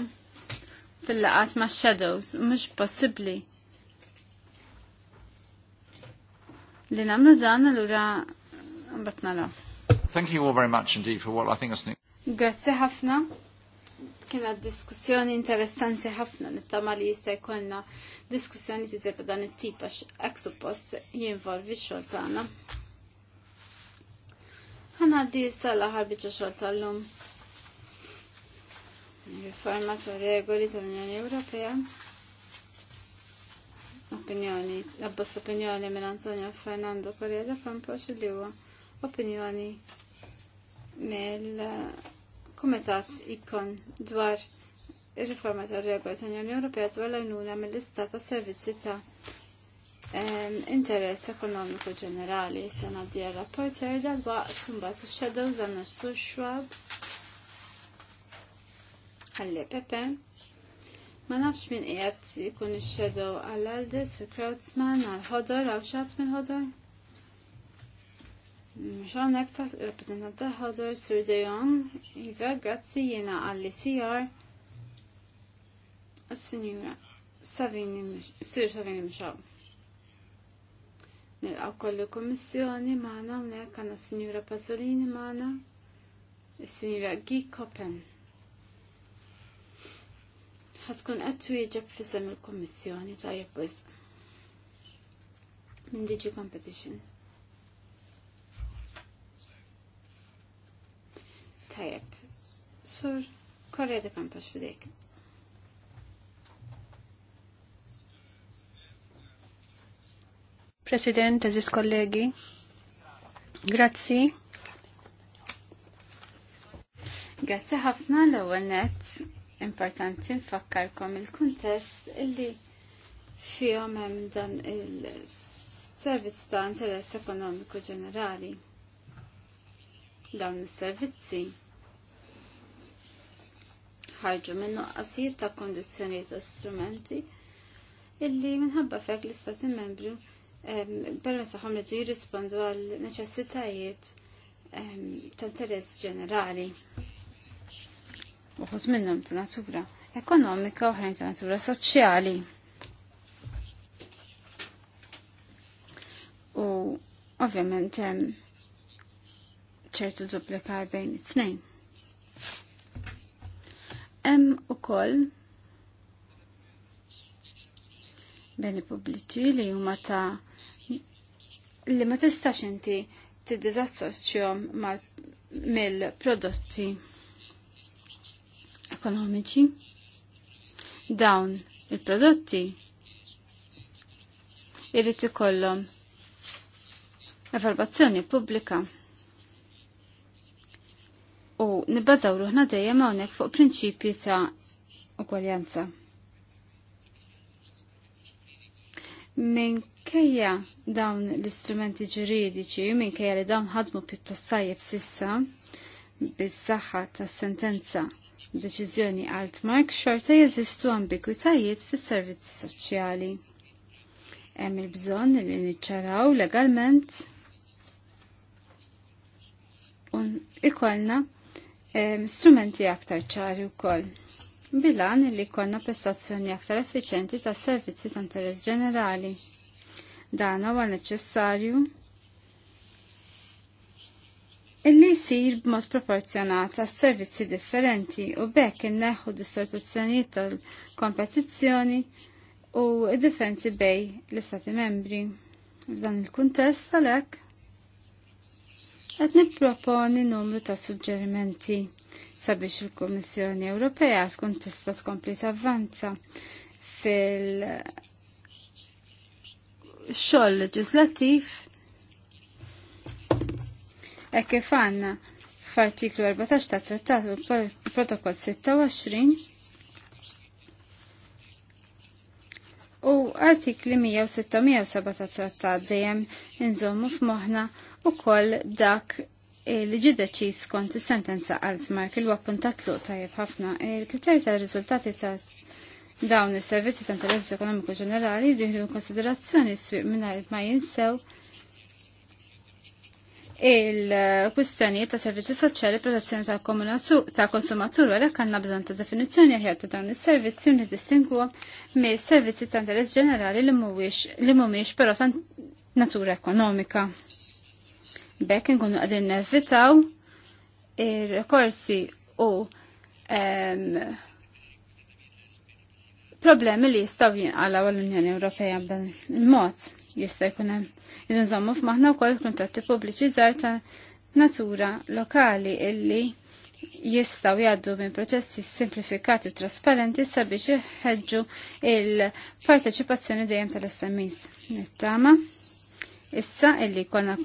fil-laqat ma' shadows u mhux possibbli. Li nagħmlu dan allura mbagħad naraw. Thank you all very much indeed for what I think is Grazzi ħafna kienet diskussjoni interessanti ħafna nittama li jista' jkollna diskussjoni tizet ta' dan it-tip għax hekk suppost jinvolvi x-xogħol tagħna. Ħanaddi issa l-aħħar biċċa xogħol tal-lum. Riforma ta' regoli tal-Unjoni Ewropea. Opinjoni, abbas opinjoni minn Antonio Fernando Correa da Campos li huwa opinjoni mill kumitat ikon dwar ir-riforma tar-regola ta' unjoni Ewropea dwar l-għajnuna mill-istat ta' servizzi ta' interess ekonomiku ġenerali. sena ngħaddi rapporter dal-waqt imbagħad ix-shadows għandna s Schwab għall Pepe. Ma nafx min qiegħed ikun ix-shadow għall Aldes u Krautzman għal ħodor għaw xatt minn ħodor. Mxonek taħt il-rappresentant taħħadur Dejon, Iva, grazzi jena għalli sijar. Signora, Savini, Sir Savini Mxab. Nilqaw kollu kommissjoni maħna unek s Signora Pazzolini maħna, Signora Gi Kopen. Għatkun għattu jieġab fissam il-kommissjoni tajab Minn Digi Competition. tajab. Sur, korja de kampax fidejk. President, eżis kollegi, grazzi. Grazzi ħafna l ewwel net. importanti nfakkarkom il-kuntest illi fihom hemm dan il-servizz ta' interess ekonomiku ġenerali. Dawn is-servizzi ħarġu minnu qasir ta' kondizjonijiet u strumenti illi minħabba fek l-istati membru ehm, permessa ħom li jirrispondu għal neċessitajiet ehm, ta' interess ġenerali. Uħut minnhom ta' natura ekonomika u ta' natura soċjali. U ovvjament ċertu duplika bejn it-tnejn. Hemm ukoll beni pubbliċi li huma ta' li ma tistax inti ma mill-prodotti ekonomiċi. Dawn il-prodotti irrid ikollhom evalvazzjoni pubblika u nibbazaw ruħna dejjem hawnhekk fuq prinċipji ta' ugwaljanza. Minkejja dawn l-istrumenti ġuridiċi, minkejja li dawn ħadmu pjuttost sajjef sissa, bis-saħħa tas-sentenza deċiżjoni Altmark xorta jeżistu ambigwitajiet fis-servizzi soċjali. Hemm il-bżonn li niċċaraw legalment u ikolna strumenti aktar ċari u koll. Bilan li konna prestazzjoni aktar effiċenti ta' servizzi ta' interess ġenerali. Dan huwa neċessarju illi jisir b'mod proporzjonat għas servizzi differenti u bekk inneħħu distortuzzjonijiet tal-kompetizzjoni u d-difenzi bej l-Istati membri. F'dan il-kuntest għalhekk Qed nipproponi numru ta' suġġerimenti sabiex il-Kummissjoni Ewropea tkun tista' tkompli tavvanza fil xogħol leġislattiv hekk kif għandna f'artiklu 14 ta' trattat u protokoll 26 u artikli 106 ta' trattat dejjem inżommu f'moħħna u koll dak li ġi deċis kont sentenza għal-zmark il appuntat luq tajjeb ħafna. Il-kriterji ta' riżultati ta' dawn is-servizzi ta' interess ekonomiku ġenerali jridu konsiderazzjoni s-swieq mingħajr ma jinsew il-kwistjonijiet ta' servizzi soċjali protezzjoni ta' konsumatur għalhekk għandna bżonn ta' definizzjoni aħjar ta' dawn is-servizzi u nidistinguhom mis-servizzi ta' interess ġenerali li mumiex li mhumiex però ta' natura ekonomika. Bekk nkunu għadin nervitaw il-rekorsi u problemi li jistaw jinqalaw l-Unjoni Ewropea b'dan il-mod jista' jkun hemm. Inżommu f'maħna wkoll kontratti pubbliċi żgħar ta' natura lokali illi jistaw jgħaddu minn proċessi simplifikati u trasparenti sabiex iħeġġu il-parteċipazzjoni dejjem tal-SMEs. Nittama Issa illi konna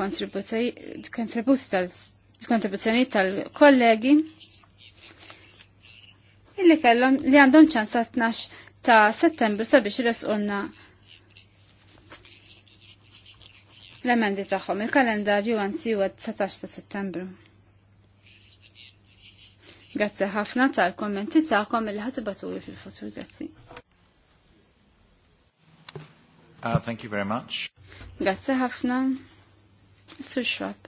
kontribuzzjoni tal-kollegi illi kellhom li għandhom ċans 12 ta' settembru sabiex resqunna l-emendi tagħhom. Il-kalendarju għanzi siwa 19 ta' settembru. Grazzi ħafna tal-kommenti tagħkom illi ħatibatu fil-futur. Grazzi. Uh, thank you very much. Grazzi ħafna. Sur Schwab.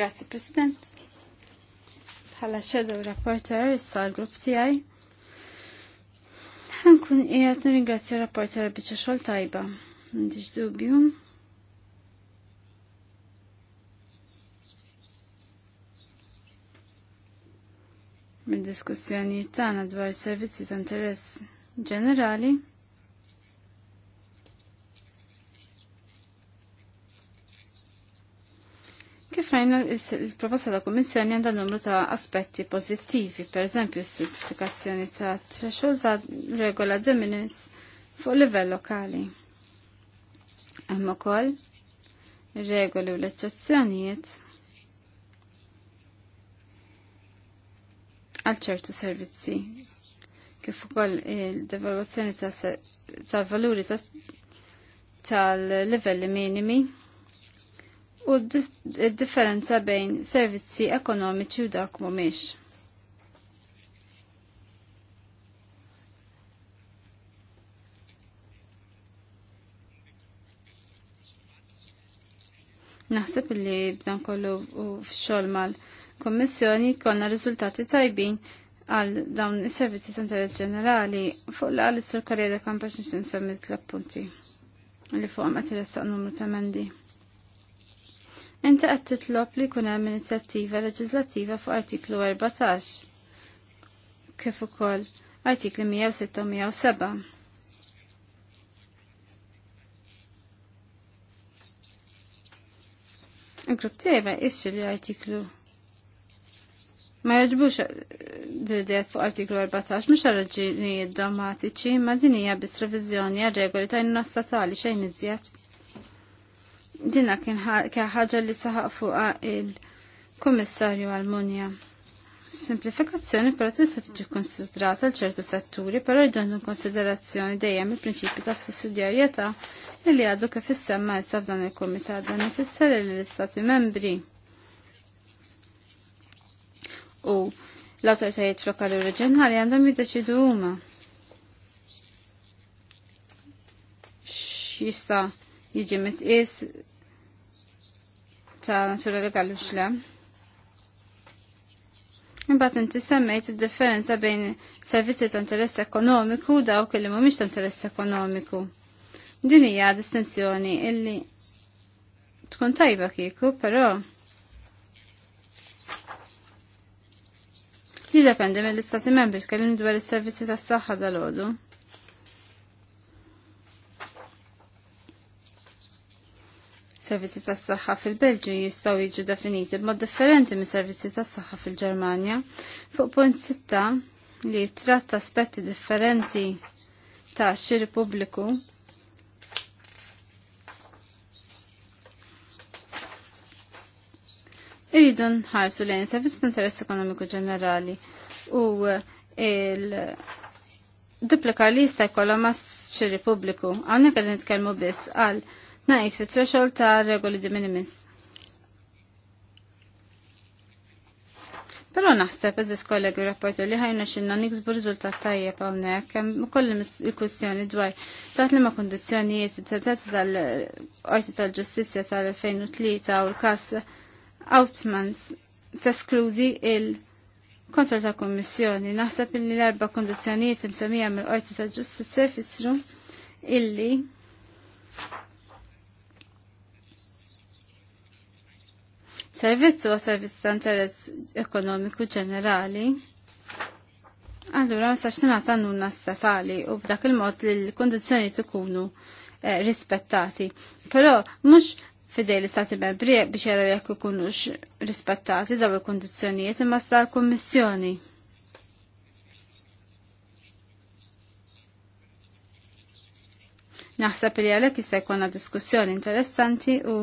Grazzi President. Bħala Shadow Rapporter issa l-grupp tiegħi. Ħankun qiegħed nirringrazzja rapporter biċċa xogħol tajba. M'għandix dubju. mid-diskussjonijiet tagħna dwar servizzi ta' interess ġenerali Kif rajna il-proposta ta' Kommissjoni għandha numru ta' aspetti pożittivi, per eżempju s sertifikazzjoni ta' threshold ta' regola de minimis fuq livell lokali. Hemm ukoll regoli u l-eċċezzjonijiet għal ċertu servizzi kif ukoll il-devalwazzjoni ta' valuri tal-livelli minimi u d-differenza bejn servizzi ekonomiċi u dak mumiex. Naħseb li b'dan kollu u f'xogħol mal-Kommissjoni konna riżultati tajbin għal dawn is-servizzi ta' interess ġenerali fuq l-għal is-sur Karriera da' kampax nix l punti li fuqhom qed iressaq numru ta' mendi. Inti qed titlob li jkun hemm inizjattiva leġislattiva fuq artiklu 14 kif ukoll artikli 106 u 107. Il-grupp tiegħi ma jqisx li artiklu ma jaġbux dil-idea fuq artiklu 14 mhux raġunijiet domatiċi ma din hija biss reviżjoni għar-regoli tajn statali xejn iżjed. Dinna kien ħaġa li saħaq fuqa il-Kummissarju Almunja. Simplifikazzjoni però tista' tiġi konsidrata l ċertu setturi, però jdoħdu konsiderazzjoni dejjem il-prinċipju ta' sussidjarjetà li għadu kif issemma issa f'dan il-Kumitat dan ifisser li l-Istati membri u l-awtoritajiet lokali u reġjonali għandhom jiddeċidu huma. X'jista' jiġi mitqies ta' natura legali u xle. Imbagħad inti semmejt id-differenza bejn servizzi ta' interess ekonomiku daw dawk li mhumiex ta' interess ekonomiku. Din hija distinzjoni illi tkun tajba kieku, però Li dependi mill-istati membri tkellim dwar is-servizzi tas-saħħa dal-għodu. servizzi tas saħħa fil belġju jistgħu jiġu definiti b'mod differenti minn servizzi tas saħħa fil-Ġermanja. Fuq punt sitta li tratta aspetti differenti ta' xiri pubbliku Irridu nħarsu lejn servizz ta' interess ekonomiku ġenerali u il duplika li jista' jkollhom ma' xiri pubbliku. Hawnhekk qed nitkellmu biss għal Nice, fit threshold ta' regoli di minimis. Pero naħseb eżis kollegi rapportu li ħajna xinna niksbu riżultat tajjeb hawnhekk hemm kollim il kustjoni dwar taħt liema kundizzjonijiet it-tetet tal-Qorti tal-Ġustizzja tal-2003 u l-każ Outmans teskludi il-kontrol ta' kummissjoni. Naħseb li l-erba' kundizzjonijiet imsemmija mill-Qorti tal-Ġustizzja jfissru illi servizzu huwa servizz ta' interess ekonomiku ġenerali. Allura ma saċ tingħata statali u b'dak il-mod li l-kondizzjoni tkunu eh, rispettati. Però mhux fidej l-istati membri biex jaraw jekk ikunux rispettati daw il-kondizzjonijiet imma sta l-Kummissjoni. Naħseb li għalhekk jista' jkollna diskussjoni interessanti u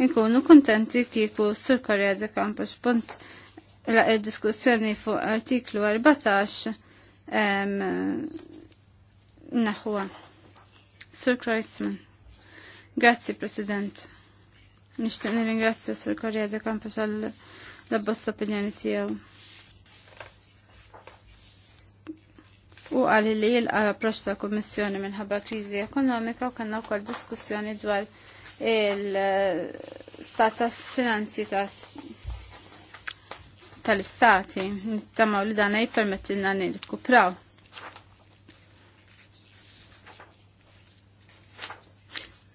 Nkunu kontenti kieku Sur Korea de Campus punt la diskussjoni fuq artiklu 14 naħwa. Sur Kreisman. Grazzi, President. Nishtiq nirringrazzja Sur Korea de Campus għal la abbozz opinjoni tiegħu. U għalli li jilqa l-approċ ta' kummissjoni minħabba kriżi ekonomika u kanna wkoll diskussjoni dwar il-stat finanzi tal-istati. Nittamaw li dana jipermettilna nirkupraw.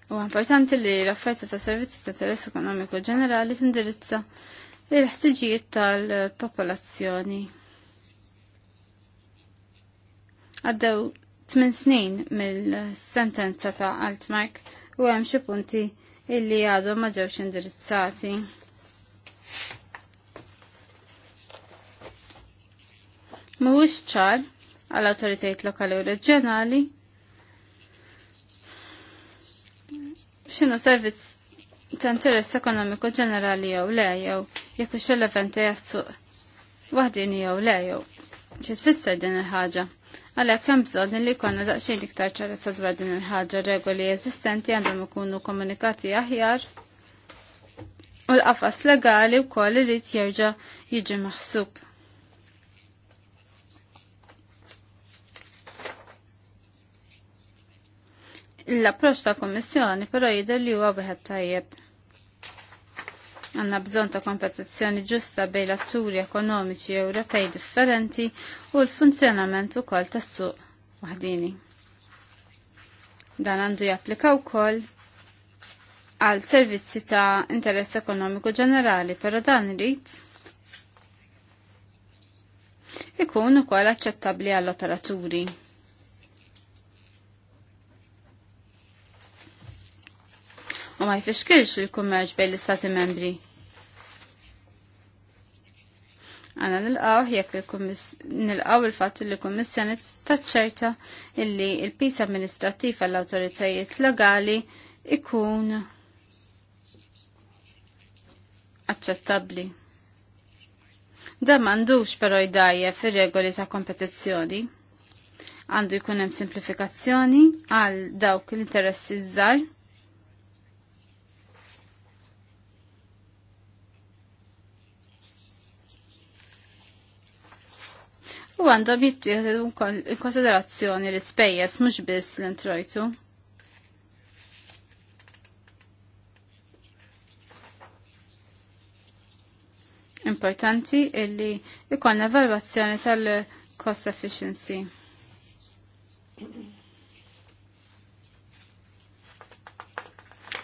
U importanti li l-offerta ta' servizzi ta' interess ekonomiku ġenerali tindirizza il-ħtiġijiet tal-popolazzjoni. Għaddew 8 snin mill-sentenza ta' Altmark u hemm xi punti illi għadhom ma ġewx indirizzati. Mhuwiex ċar għall awtoritajiet lokali u reġjonali x'inhu servizz ta' interess ekonomiku ġenerali jew le jew jekk hux relevanti għas-suq waħdin jew le jew xi tfisser din il-ħaġa. Għalhekk hemm bżonn li jkollna daqsxejn iktar ċarezza dwar din il-ħaġa regoli eżistenti għandhom ikunu komunikati aħjar u l-qafas legali wkoll li jerġa' jiġi maħsub. L-approċċ ta' Kommissjoni però jidher li huwa wieħed tajjeb. Għanna bżon ta' kompetizzjoni ġusta bejn l-atturi ekonomiċi Ewropej differenti u l-funzjonament ukoll tas-suq waħdini. Dan għandu japplika wkoll għal servizzi ta' interess ekonomiku ġenerali, pero dan irid ikun ukoll aċċettabbli għall-operaturi. u ma jfixkilx il-kummerċ bejn l-istati membri. Għana jek jekk nilqaw il fat li l-Kummissjoni taċċerta illi il pisa amministrattiv għall awtoritajiet legali ikun aċċettabbli. Da mandux però jdajja fir-regoli ta' kompetizzjoni għandu jkun hemm simplifikazzjoni għal dawk l-interessi żgħar u għandhom jittieħdu konsiderazzjoni l-ispejjeż mhux biss l-introjtu. Importanti illi ikon evalwazzjoni tal-cost efficiency.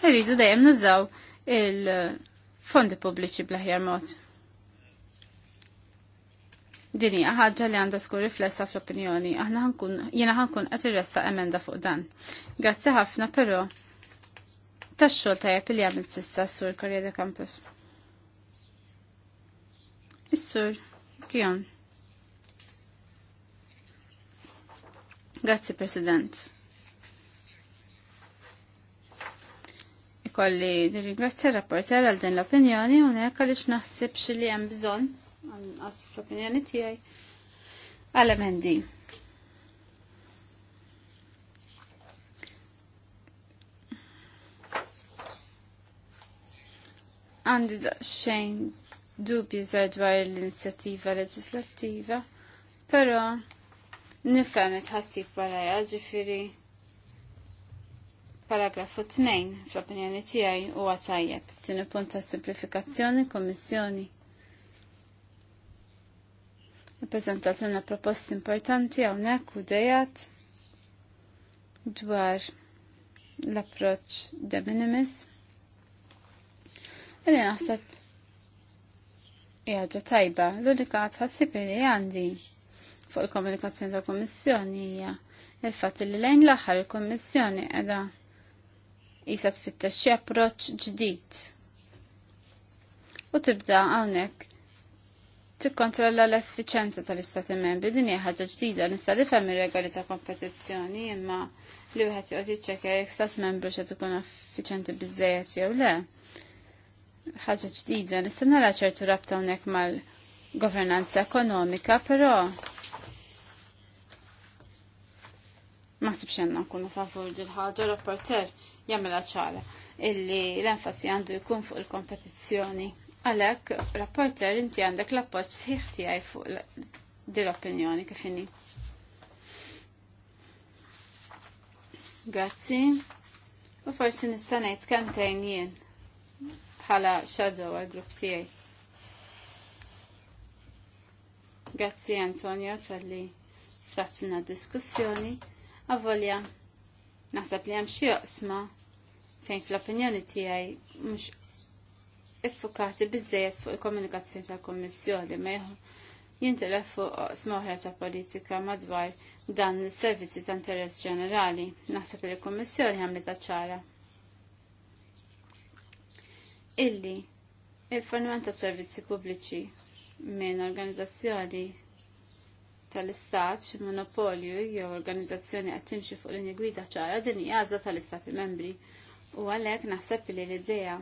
Irridu dejjem nużaw il-fondi pubbliċi bl-aħjar mod dini ħaġa li għandha skur riflessa fl-opinjoni, aħna ħankun jiena ħankun qed irressa emenda fuq dan. Grazzi ħafna però tax-xogħol tajjeb li għamilt sissa sur Korea de Campus. Is-sur Kion. Grazzi President. Ikolli nirringrazzja r-rapporter għal din l-opinjoni u nekk għaliex naħsibx li hemm bżonn għas fl-opinjoni tiegħi għal-emendi. Għandi daqsxejn dubju zaħdwar dwar l-inizjattiva leġislattiva, però nifhem it-ħassib barajja ġifiri paragrafu 2 fl-opinjoni tiegħi huwa tajjeb. Tieni punta ta' simplifikazzjoni, kommissjoni l-na proposti importanti hawnhekk u dejat dwar l-approċċ de minimis. Illi naħseb ħaġa tajba, l-unika għadħasib li għandi fuq il-komunikazzjoni ta' komissjoni hija il-fatt li lejn l-aħħar il komissjoni qiegħda jisa tfittex xi approċċ ġdid. U tibda hawnhekk tikkontrolla l-effiċenza tal-istati membri din hija ħaġa ġdida nista' nifhem ir-regoli ta' kompetizzjoni imma li wieħed joqgħod jiċċekkja jekk stat membru xed ikun effiċenti biżejjed jew le. Ħaġa ġdida nista' nara ċertu rabta hawnhekk mal-governanza ekonomika, però ma sibx għandna nkunu favur din ħaġa rapporter jagħmilha ċara illi l-enfasi għandu jkun fuq il-kompetizzjoni. Għalek, rapporter, inti għandek l-appoċ sħiħ għaj fuq dil-opinjoni kifini. Grazzi. U forsi nistanajt skantejn jien bħala shadow għal grupp tijaj. Grazzi Antonio tal-li ftaħtina diskussjoni. Avolja, naħseb li hemm xi joqsma fejn fl-opinjoni tiegħi mhux effukati bizzejet fuq il-komunikazzjoni tal-Kommissjoni ma jintilef fuq smoħra ta' politika madwar dan is-servizzi ta' interess ġenerali. Naħseb li l-Kummissjoni għamlet ċara. Illi il fornament ta' servizzi pubbliċi minn organizzazzjoni tal-istat xi monopolju jew organizzazzjoni qed timxi fuq l gwida ċara din hija tal-istati membri u għalhekk naħseb li l-idea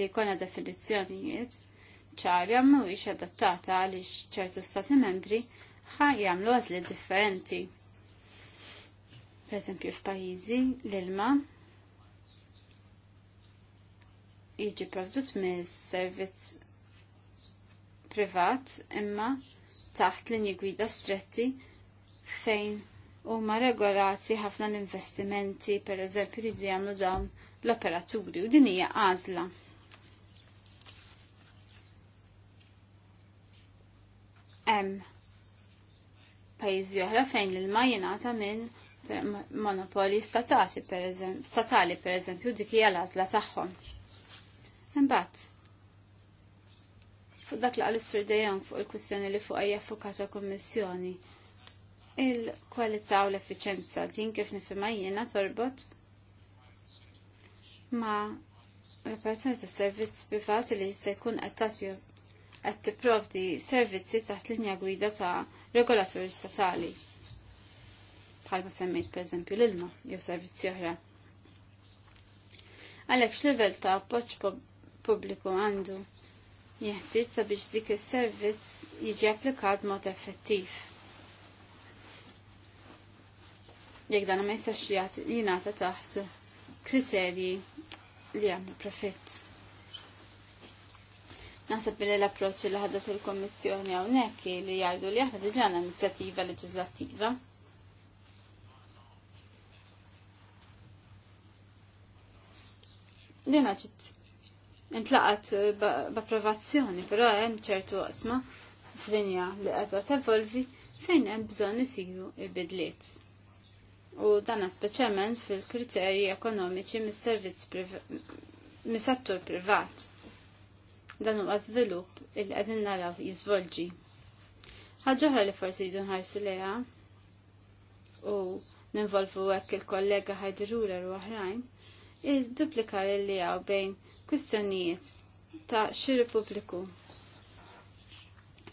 li jkollna definizzjonijiet ċarja mhuwiex adattata għaliex ċertu stati membri ħa jagħmlu għazli differenti. Pereżempju f'pajjiżi l-ilma jiġi provdut mis-servizz privat imma taħt linji gwida stretti fejn huma regolati ħafna l-investimenti per eżempju li jagħmlu dawn l-operaturi u din hija għażla. Hemm pajjiżi oħra fejn l-ilma jingħata minn monopoli statali pereżempju statali pereżempju dik hija l-għażla tagħhom. Imbagħad fuq dak laqal is-Sur fuq il-kwistjoni li fuq hija fokata kummissjoni. Il-kwalità u l-effiċenza din kif nifhimha jiena torbot ma l operazzjoni tas servizz privati li jista' jkun qed qed tipprovdi servizzi taħt linja gwida ta' regolatori statali. Bħalma semmejt pereżempju l-ilma jew servizzi oħra. Għalhekk x'livell ta' appoġġ pubbliku għandu jeħtieġ sabiex dik is-servizz jiġi applikat mod effettiv. Jekk dan ma jistax jingħata taħt kriterji li għamlu profitt. Nasab li l-approċċ li ħadda il-Kommissjoni hawnhekk li jgħidu li aħna diġà inizjattiva leġislattiva. Dina ġit intlaqat eh, b'approvazzjoni, però hemm ċertu qasma f'dinja li qiegħda tevolvi fejn hemm bżonn isiru l-bidliet. U dan speċjalment fil-kriterji ekonomiċi mis-servizz mis-settur privat dan huwa żvilupp il qegħdin naraw jiżvolġi. Ħaġa li forsi jdu nħarsu leha u ninvolvu hekk il-kollega Heidi Ruler u oħrajn, il-duplikar li għaw bejn kwistjonijiet ta' xiru pubbliku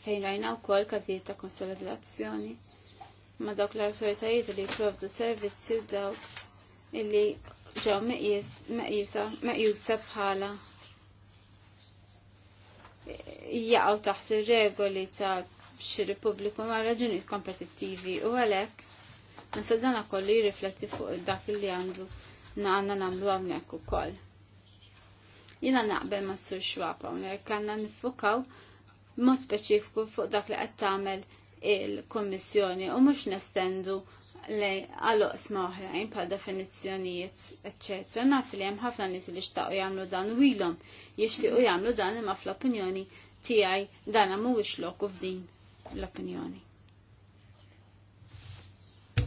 fejn rajna wkoll każijiet ta' konsolidazzjoni ma' dawk l-awtoritajiet li jipprovdu servizzi u dawk illi ġew meqjusa bħala jaqgħu taħt ir-regoli ta' xi Repubbliku ma' raġunijiet kompetittivi u għalhekk nista' dan kollu jirrifletti fuq dak li għandu għandna nagħmlu hawnhekk ukoll. Jiena naqbel ma' sur xwab hawnhekk għandna nifukaw mod speċifiku fuq dak li qed tagħmel il-Kommissjoni u mhux nestendu għal-oqsma oħrajn pa' definizzjonijiet, etc. Naf li hemm ħafna nies li xtaqu jagħmlu dan u ilhom jixtiequ jagħmlu dan imma fl-opinjoni tiegħi dan mhuwiex loku f'din l-opinjoni.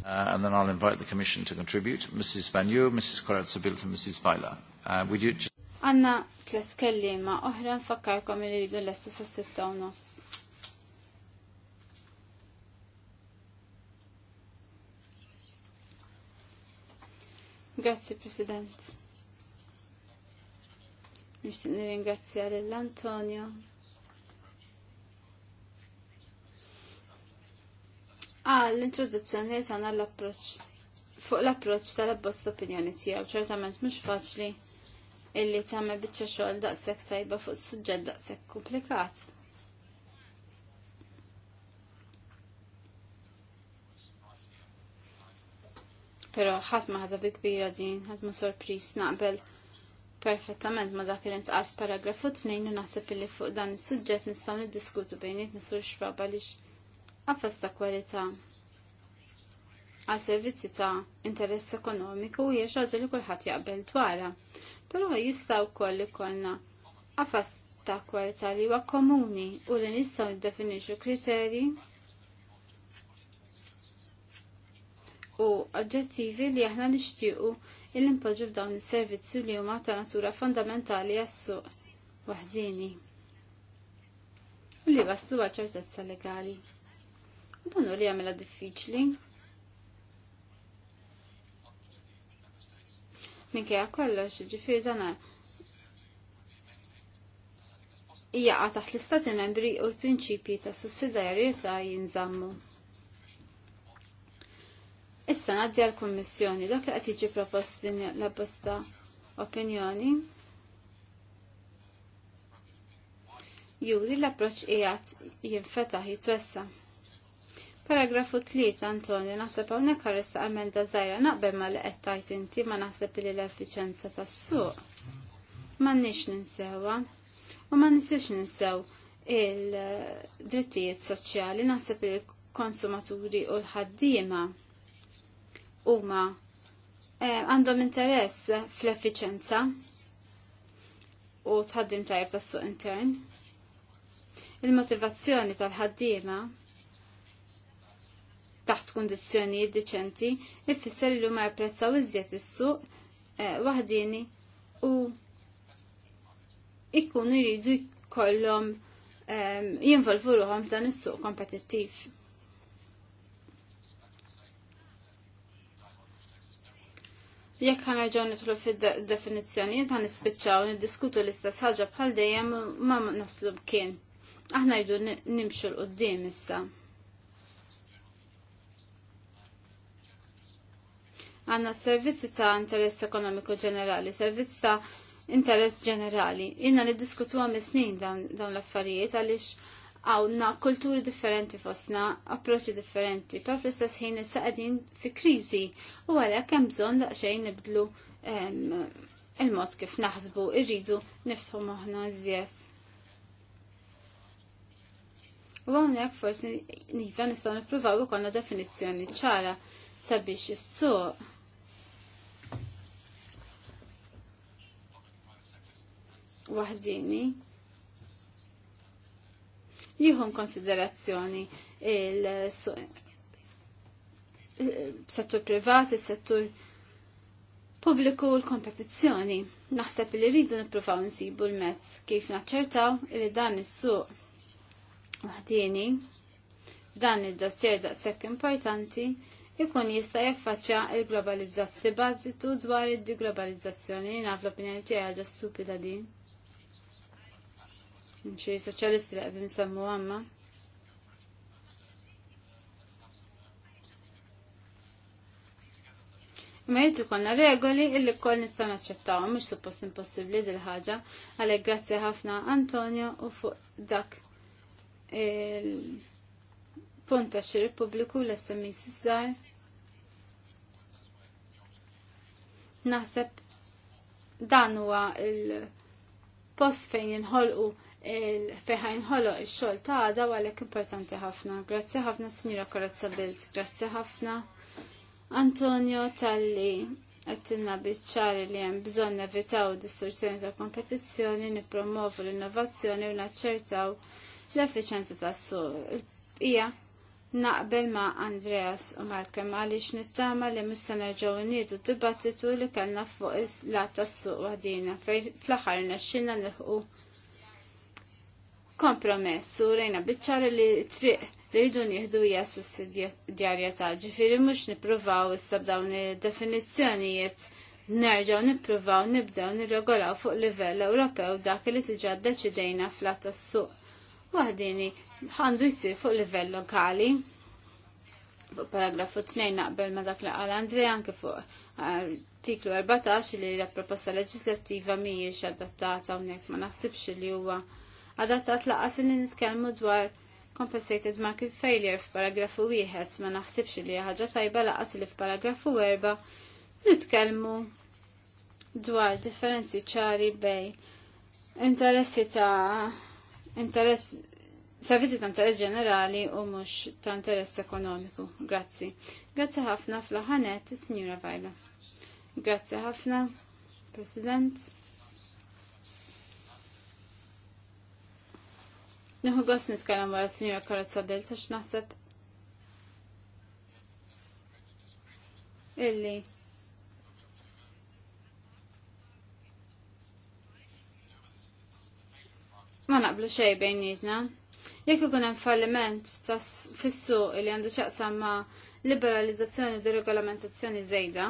Uh, and then I'll invite the Commission to contribute. Mrs. Banyu, Mrs. Koratsabilt and Mrs. Vaila. Uh, Anna, tlet kellima oħra nfakkarkom li rridu l-istess s-sitta u nofs. Grazzi, President. Nishtiq nirringrazzja lill-Antonio. Ah, l-introduzzjoni tana l-approċċ fuq l-approċċ tal-abbost opinjoni tiegħu ċertament mhux faċli illi tagħmel biċċa xogħol daqshekk tajba fuq suġġett daqshekk komplikat. Pero ħadd ma ħadha kbira din, ħadd ma sorpris naqbel perfettament ma dak li ntqal paragrafu tnejn u naħseb li fuq dan is-suġġett nistgħu niddiskutu bejnietna sur xfaba li qafas ta' kwalità għal servizzi ta' interess ekonomiku hija jiex li kulħadd jaqbel dwarha. Però jista' wkoll konna għafas ta' kwalità li huwa komuni u li nistgħu niddefinixxu kriterji u oġġettivi li aħna nixtiequ il impoġġu f'dawn is-servizzi li huma ta' natura fondamentali għas-suq waħdini. U li waslu għal ċertezza legali. Dan li jagħmilha diffiċli. Minkejja kollox, ġifieri dan hija taħt l-istati membri u l-prinċipji ta' sussidjarjetà jinżammu. Issa ngħaddi għal kummissjoni dak li qed jiġi propost din l-abbosta opinjoni. Juri l-approċ ijat jinfetaħ jitwessa. Paragrafu 3 Antonio naħseb hawnhekk ħarissa emenda żgħira naqbel ma li qed inti ma naħseb li l-effiċenza tas-suq m'għandniex ninsewa u ma nisix ninsew il-drittijiet soċjali naħseb il-konsumaturi u l-ħaddiema huma eh, għandhom interess fl-effiċenza u tħaddim tajjeb tas-suq intern. Il-motivazzjoni tal-ħaddiema taħt kundizzjonijiet diċenti ifisser li huma japprezzaw iżjed is-suq eh, waħdini u ikkunu jridu jkollhom eh, jinvolvu ruhom f'dan is-suq kompetittiv. jekk ħana ġon nitlu fid-definizzjoni, ta' nispiċċaw niddiskutu l-istess ħaġa bħal dejjem ma naslu kien. Aħna jdu nimxu l-qoddim issa. Għanna servizzi ta' interess ekonomiku ġenerali, servizzi ta' interess ġenerali. Inna niddiskutu għam snin dawn l-affarijiet għaliex għawna kulturi differenti fosna, approċċi differenti, per fl-istess ħin issa qegħdin fi kriżi u għalhekk hemm bżonn daqsxejn nibdlu il-mod kif naħsbu irridu niftħu moħħna zjes. U hawnhekk forsi niva nistgħu nippruvaw ikollna definizzjoni ċara sabiex is-suq waħdini jieħu konsiderazzjoni il-settur privat, il-settur pubbliku u l-kompetizzjoni. Naħseb li rridu nippruvaw nsibu l-mezz kif naċċertaw li dan is-suq waħdieni dan id-dossier daqshekk importanti ikun jista' jaffaċċja il-globalizzazzjoni bażitu dwar id-deglobalizzazzjoni naf l-opinjoni tiegħi stupida din. Xie soċjalisti li għadin semmu għamma. Ma jittu konna regoli illi kol nistaw naċċettaw, mux suppost impossibli dil-ħagġa, għalek grazzi ħafna Antonio u fuq dak il-punta xir pubbliku l-SMI e sizzar. Naħseb dan huwa il-post fejn inħolqu fejħajn ħolo il-xol ta' għada għalek importanti ħafna. Grazzi ħafna, Signora Korazza Bilt, grazzi ħafna. Antonio Talli, għattinna bieċari li jem bżon nevitaw distorsjoni ta' kompetizzjoni, nipromovu l-innovazzjoni u naċċertaw l-efficienza ta' s Ija, naqbel ma' Andreas u Malcolm għaliex nittama li mista nerġgħu niedu dibattitu li kellna fuq il-lat tas-suq għadina fej fl-aħħar nexxinna nilħu kompromess u rejna bitċar li triq li rridu nieħdu hija ta' ġifieri mhux nippruvaw issa b'dawn id-definizzjonijiet nerġgħu nippruvaw nibdew nirregolaw fuq livell Ewropew dak li diġà ddeċidejna deċidejna att tas-suq waħdini għandu jsir fuq livell lokali. Fuq paragrafu 2 naqbel ma dak li qal Andrej anke fuq artiklu 14 li l-proposta leġislattiva mhijiex adattata hawnhekk ma naħsibx li huwa adattat laqas li nitkellmu dwar compensated market failure f'paragrafu wieħed ma naħsibx li ħaġa tajba laqas li f'paragrafu erba nitkellmu dwar differenzi ċari bej interessi ta' interess servizzi ta' interess ġenerali u mhux ta' interess ekonomiku. Grazzi. Grazzi ħafna fl-ħanet, Signora Vajla. Grazzi ħafna, President. Nieħu gost nitkellem wara Sinjora Karozza Bilt għax naħseb illi ma naqblu xej bejnietna. Jekk ikun hemm falliment tas fissu li għandu ċ'aqsam ma' liberalizzazzjoni u deregolamentazzjoni żejda.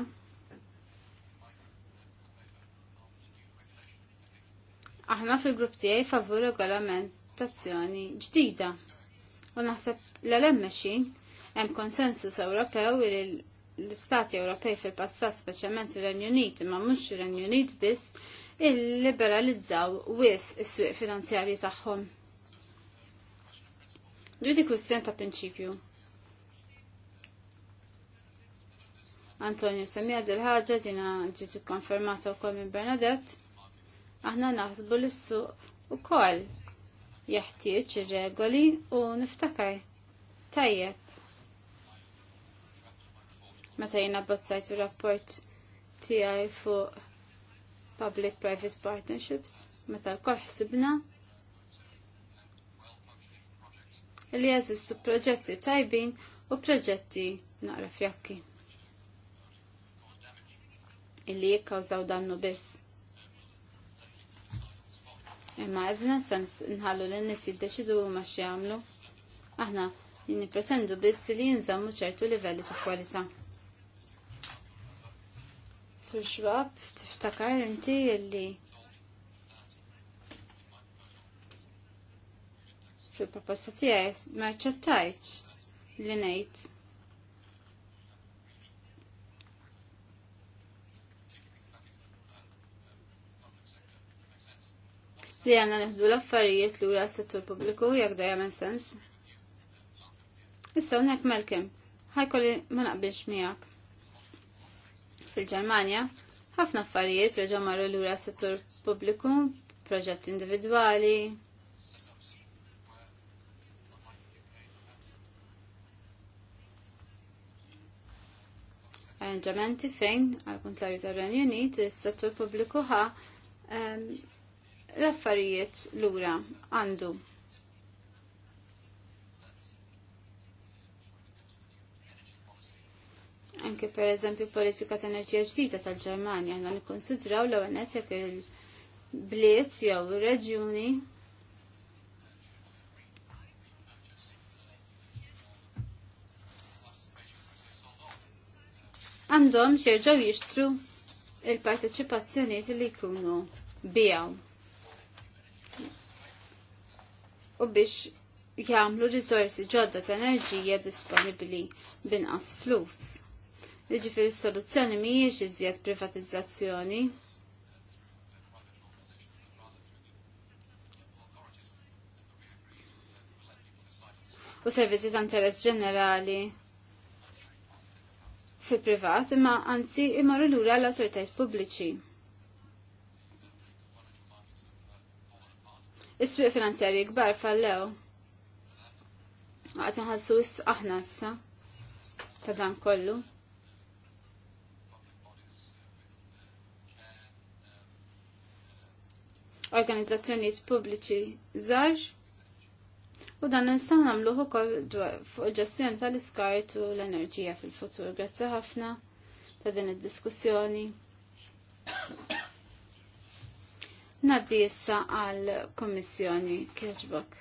Aħna fil-grupp tiegħi favur regolament tazzjoni ġdida. U naħseb l-elemmexin hemm konsensus Ewropew li l-Istati Ewropej fil-passat speċjalment ir-Renju Unit imma mhux ir-Renju Unit biss illiberalizzaw wis is-swieq finanzjarji tagħhom. Ġudi kwistjon ta' prinċipju. Antonio semmija dil-ħaġa dina ġiet ikkonfermata wkoll minn Bernadette aħna naħsbu l-suq u kol jeħtieġ ir-regoli u niftakar tajjeb. Meta jiena abbozzajt ir-rapport tiegħi fuq public-private partnerships, meta l ħsibna li jeżistu proġetti tajbin u proġetti naqra fjakki illi jikkawżaw dannu biss. Imma għedna san nħallu l-nis jiddeċidu ma xiamlu. Aħna nipretendu biss li jinżammu ċertu livelli ta' kwalità. Sur xwab, tiftakar inti li fil-proposta tiegħi ma li ngħid li għanna neħdu l-affarijiet l ura settur publiku jgħak da jagħmel sens. Issa hawnhekk Malcolm, kolli ma naqbilx miegħek. Fil-Ġermanja, ħafna affarijiet reġgħu marru l ura settur pubbliku, proġett individwali. Arranġamenti fejn, għal-kontrarju tal-Renju Unit, is-settur pubbliku ħa l-affarijiet lura għandu. Anke per eżempju politika ta' enerġija ġdida tal-Ġermanja għandna nikkonsidraw l għanet jekk il-bliet jew reġjuni għandhom xieġaw jixtru il-parteċipazzjoniet li jkunu bijaw. u biex jagħmlu risorsi ġodda ta' enerġija disponibbli binqas flus. Jiġifieri is soluzzjoni mhijiex iżjed privatizzazzjoni. u servizzi ta' interess ġenerali fil-privat imma anzi imma lura l-autoritajt pubbliċi. Is-swieq finanzjarji kbar fallew. Għat nħassu aħna issa ta' dan kollu. Organizzazzjonijiet pubbliċi żgħar U dan nistgħu nagħmluh ukoll fuq il-ġestjoni tal-iskart u l-enerġija fil-futur. Grazzi ħafna ta' din id-diskussjoni. Naddi issa għal kommissjoni kieġbok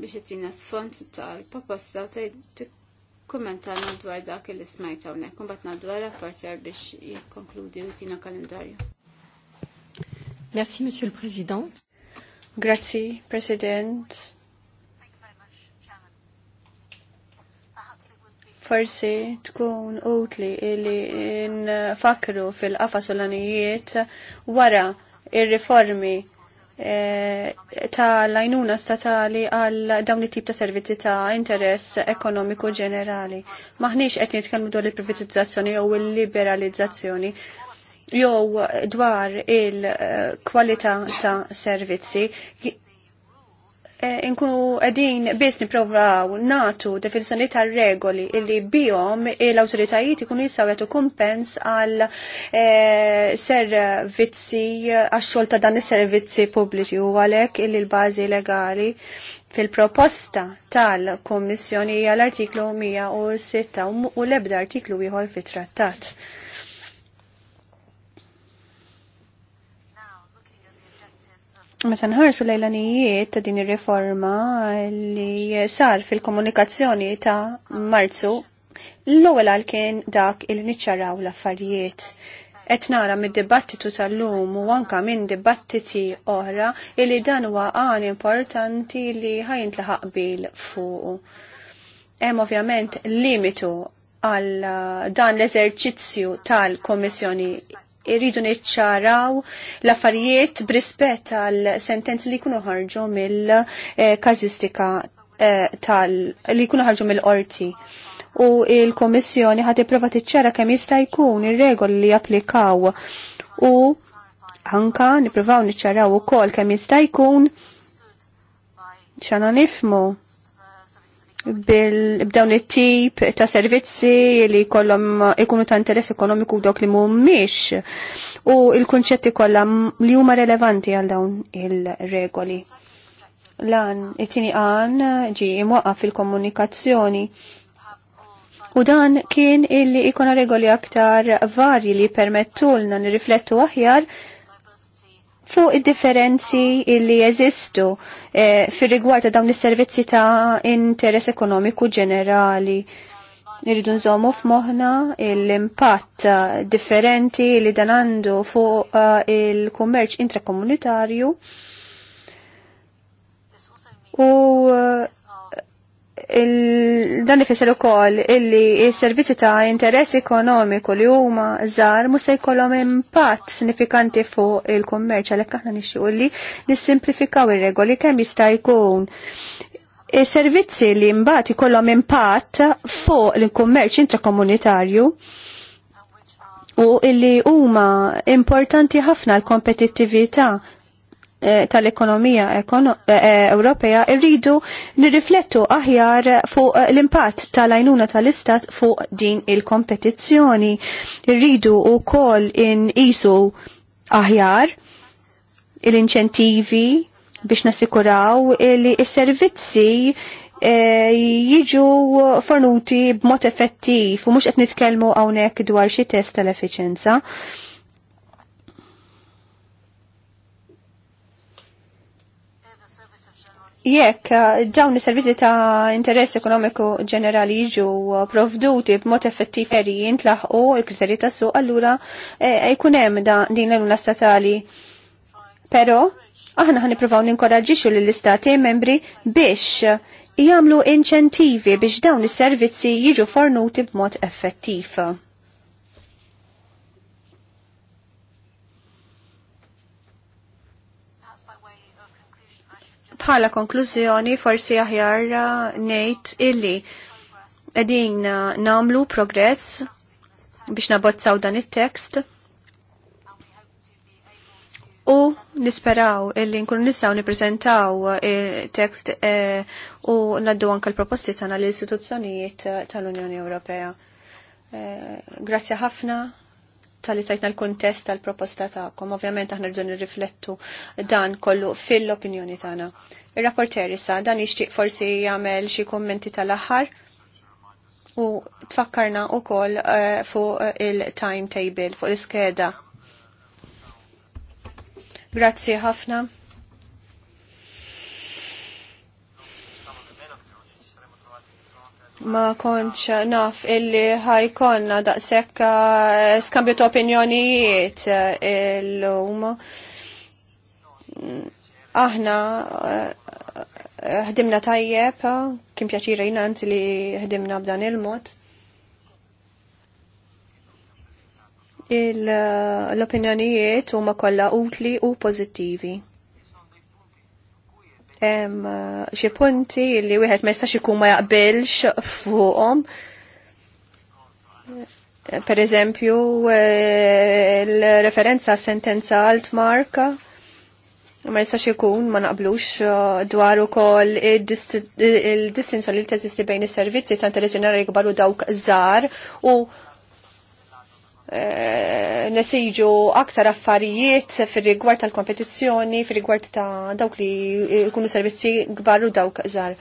biex jtina sfont tal-proposta u t-kommentana dwar dak il smajta u nekum bat nadwar rapporter biex jikonkludi u tina kalendarju. Merci, Monsieur le Président. Grazie, President. forsi tkun utli li nfakru fil-qafas l-anijiet wara ir-riformi eh, ta' lajnuna statali għal dawn it-tip ta' servizzi ta' interess ekonomiku ġenerali. Maħniex qed nitkellmu dwar il-privatizzazzjoni jew il-liberalizzazzjoni jew dwar il-kwalità eh, ta' servizzi. Eh, inkunu għedin biss niprovaw natu definizjoni ta' regoli illi bijom l-autoritajiet ikunu jistaw jgħatu kumpens għal eh, servizzi, għaxxol ta' dan is-servizzi pubbliċi u għalek illi l-bazi legali fil-proposta tal komissjoni għal artiklu 106 u l-ebda artiklu ieħor fit-trattat. Meta nħarsu lejlanijiet ta' din ir-riforma li sar fil-komunikazzjoni ta' Marzu, l-ewwel għal kien dak il niċċaraw l-affarijiet. Qed nara mid-dibattitu tal-lum u anka minn dibattiti oħra li dan huwa għan importanti li ħajntlaħaq bil fuq. Hemm ovvjament limitu għal dan l-eżerċizzju tal-Komissjoni irridu niċċaraw l-affarijiet brispett għal sentenzi li jkunu ħarġu mill-kazistika eh, eh, tal li jkunu ħarġu mill-qorti. U il-Komissjoni ħati prova tiċċara kemm jista' jkun ir-regoli li japplikaw u anka nippruvaw niċċaraw ukoll kemm jista' jkun xana nifmu b'dawn it-tip ta' servizzi li kollhom ikunu ta' interess ekonomiku dok li mhumiex u l-kunċetti kollha li huma relevanti għal dawn il-regoli. Lan it-tieni għan ġi imwaqqaf fil-komunikazzjoni. U dan kien illi ikona regoli aktar varji li permettulna nirriflettu aħjar fuq id-differenzi li jeżistu eh, fir rigward dawn is-servizzi ta' interess ekonomiku ġenerali. Irridu nżommu f'moħħna l-impatt differenti li dan għandu fuq uh, il-kummerċ intrakomunitarju u uh, dan ifisser ukoll illi s-servizzi ta' interess ekonomiku li huma żgħar mhux se jkollhom impatt sinifikanti fuq il-kummerċ għalhekk aħna nixtiequ li nissimplifikaw ir-regoli kemm jista' jkun servizzi li mbagħad ikollhom impatt fuq il-kummerċ intrakomunitarju u illi huma importanti ħafna l-kompetittività Eh, tal-ekonomija eh, eh, Ewropea irridu nirriflettu aħjar fuq l-impatt tal-għajnuna tal-istat fuq din il-kompetizzjoni. Irridu u kol in isu aħjar il-inċentivi biex nasikuraw li s-servizzi jiġu fornuti b'mod effettiv u mhux qed nitkellmu hawnhekk dwar xi test tal-efficienza. Jekk eh, dawn is-servizzi ta' interess ekonomiku ġenerali jiġu eh, provduti b'mod effettiv eri jintlaħqu il kriterji tas-suq, allura eh, jkun hemm din l-luna statali. Però aħna ħan nippruvaw ninkoraġġixxu lill-istati membri biex jagħmlu inċentivi biex dawn is-servizzi jiġu fornuti b'mod effettiv. Bħala konklużjoni forsi aħjar uh, ngħid illi qegħdin uh, namlu progress biex nabozzaw dan it-tekst u nisperaw illi nkunu nistgħu nippreżentaw uh, tekst u naddu anke l-proposti tagħna l-istituzzjonijiet tal-Unjoni Ewropea. Grazie ħafna tal-li tajtna l-kontest tal-proposta ta'kom. Ovvjament aħna rridu nirriflettu dan kollu fil-opinjoni tagħna. ir rapporteri sa, dan jixtieq forsi jagħmel xi kummenti tal-aħħar u tfakkarna wkoll uh, fuq il-timetable, fuq l-iskeda. Grazzi ħafna. ma konċ naf illi ħajkonna daqsekka uh, skambju ta' opinjonijiet uh, il-lum. Aħna uh, ħdimna tajjeb, kim pjaċira jinant li ħdimna b'dan il-mod. Il mod l opinjonijiet huma kollha utli u pożittivi. Uh, xi punti li wieħed ma jistax ikun ma jaqbilx fuqhom. Per eżempju, eh, l-referenza sentenza alt marka ma jistax ikun ma naqblux eh, dwar ukoll il-distinzjoni li teżisti bejn is-servizzi ta' teleġenerali kbar dawk żgħar u Eh, nesiġu aktar affarijiet fil-rigward tal-kompetizzjoni, fil-rigward ta' dawk li kunu servizzi gbarru dawk zar.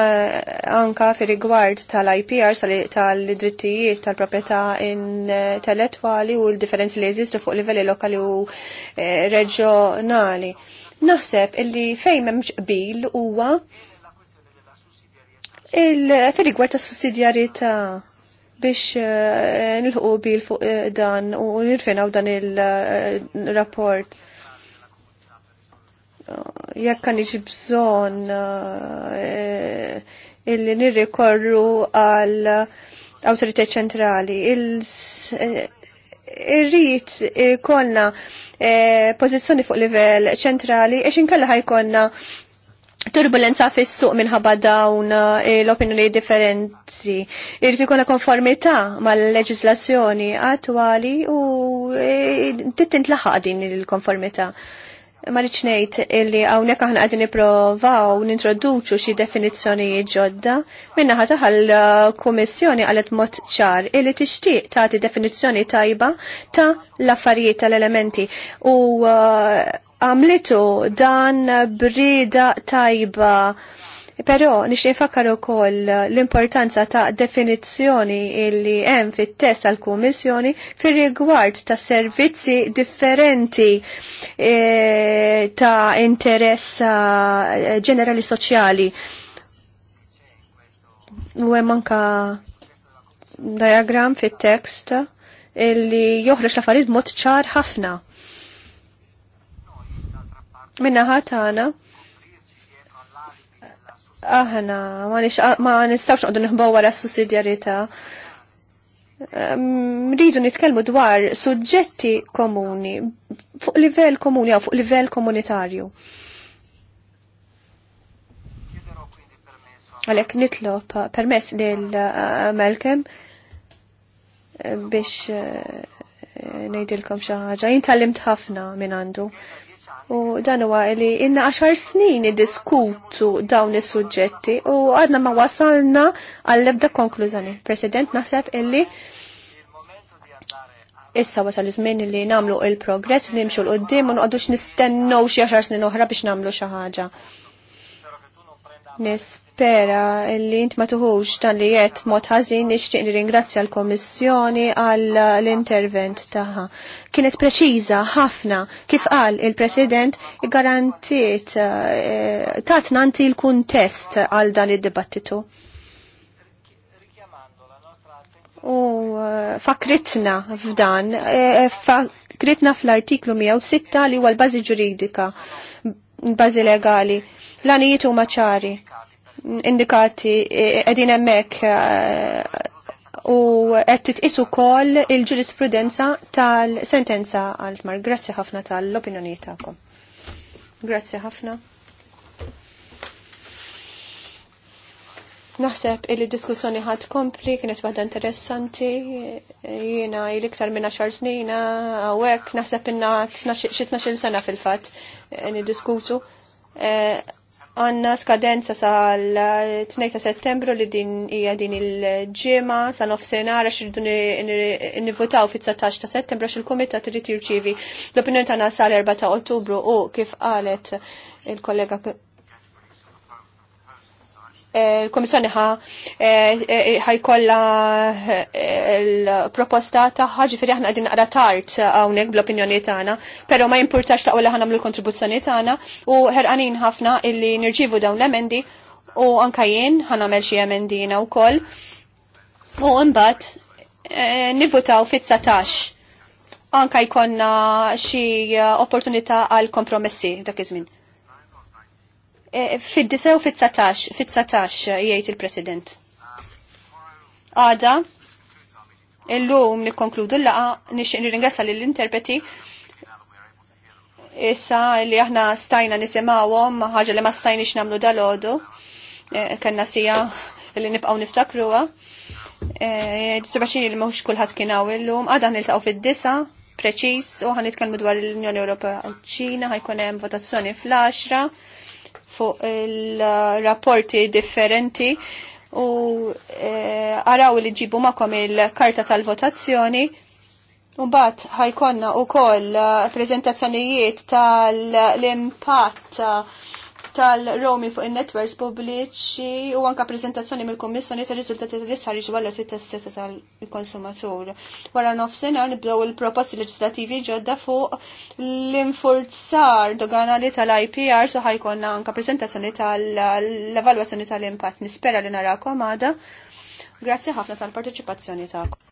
Eh, anka fil-rigward tal-IPR, tal-drittijiet, tal tal-etwali u l-differenzi li jeżistu fuq livelli lokali u eh, reġjonali. Naħseb illi fejn memx qbil huwa il-fil-rigward tas-sussidjarità biex eh, nilħu bil fuq eh, dan u nirfinaw dan il-rapport. Eh, jekk kan bżon illi nirrikorru għal awtoritet ċentrali. Irrit konna pozizjoni fuq livell ċentrali, eċin kalla ħajkonna turbulenza fis-suq minħabba dawn eh, l-opinjoni differenti. Irrid ikun konformità mal-leġislazzjoni attwali u eh, titint laħaq din il-konformità. Ma rridx ngħid illi hawnhekk aħna qegħdin nipprovaw nintroduċu xi definizzjonijiet ġodda minnaħa taħal kummissjoni qalet mod ċar illi tixtieq tagħti definizzjoni tajba ta' l-affarijiet tal-elementi u eh, għamlitu dan brida tajba. Pero nixtieq infakkar ukoll l-importanza ta' definizzjoni illi hemm fit-test tal-Kummissjoni fir-rigward ta' servizzi differenti e, ta' interess e, ġenerali soċjali. U hemm anka diagram fit-tekst illi joħroġ l-affarijiet mod ċar ħafna. Minnaħa tagħna aħna ma nistawx noqdu nħbaw wara s-sussidjarita. Rridu nitkellmu dwar suġġetti komuni, fuq livell komuni fuq livell komunitarju. Għalek nitlob permess lil eh, melkem eh, biex eh, nejdilkom xaħġa. Jintallimt ħafna minn għandu. U dan huwa li inna għaxar snin iddiskutu dawn is-suġġetti u għadna ma wasalna għall-ebda konklużjoni. President naħseb illi issa wasal iż-żmien li nagħmlu il-progress, nimxu l qoddim u nqogħdux nistennew xi għaxar snin oħra biex nagħmlu xi ħaġa. Nispera li int ma tuħux dan li jett mod ħażin nixtieq li ringrazzja l-Kommissjoni għal l-intervent tagħha. Kienet preċiża ħafna kif qal il-President garantiet eh, tatna anti l-kuntest għal dan id-dibattitu. U eh, fakritna f'dan, eh, fakritna fl-artiklu 106 li huwa l-bażi ġuridika, bażi legali l-għanijiet u maċari indikati e, e, edin emmek e, u qed titqisu wkoll il-ġurisprudenza tal-sentenza għal-tmar. Grazzi ħafna tal-opinjoni tagħkom. Grazzi ħafna. Naħseb il diskussjoni ħad kompli, kienet waħda interessanti, jiena il iktar minna xar snina, għawek, naħseb inna xitna xil sena fil-fat, eh, niddiskutu. diskutu eh, għanna skadenza sal-2 ta' settembru li din hija din il ġima, sa nofsinhar għax irridu nivvutaw fit-19 ta' settembru għax il-kumitat irid jirċievi l-opinjoni tagħna sal-4 ta' Ottubru u kif qalet il-kollega il-Komissjoni eh, eh, ħajkolla eh, l-proposta ħagġi firri aħna għadin għara tard hawnhekk bl-opinjoni tagħna, pero ma jimpurtax taqgħu li ħanamlu l-kontribuzzjoni tagħna u ħerqanin ħafna illi nirġivu dawn l-emendi u anka jien ħanamel xi emendina wkoll. U mbagħad nivutaw fit-19 anka jkonna xi opportunità għal kompromessi dak iż-żmien. Eh, fid-disa u fid-satax, fid-satax, eh, jgħid il-President. Għada, illum nikkonkludu l-laqa, nixin ringrazza l-interpreti, issa li aħna stajna nisimawom, ħaġa li ma stajni xnamlu dal-ħodu, eh, kanna sija li nibqaw niftakruwa. Disabaxini li muħx kullħat kienaw il-lum, għada niltaqaw fid-disa, preċis, u ħanitkellmu dwar l-Unjoni Ewropea u ċina, ħajkunem hemm votazzjoni fl-10 fuq il-rapporti differenti u għaraw e, li ġibu makom il-karta tal-votazzjoni bat ħajkonna u koll prezentazzjonijiet tal-impatt tal-roaming fuq in-networks pubbliċi u anka prezentazzjoni mill-Kummissjoni tar-riżultati tal-isħar ġwalla fit tas tal-konsumatur. Wara nofsinhar nibdew il-proposti leġislativi ġodda fuq l-infurzar doganali tal-IPR so ħajkonna anka preżentazzjoni tal-evalwazzjoni tal-impatt. Nispera li narakom għada. Grazzi ħafna tal-parteċipazzjoni tagħkom.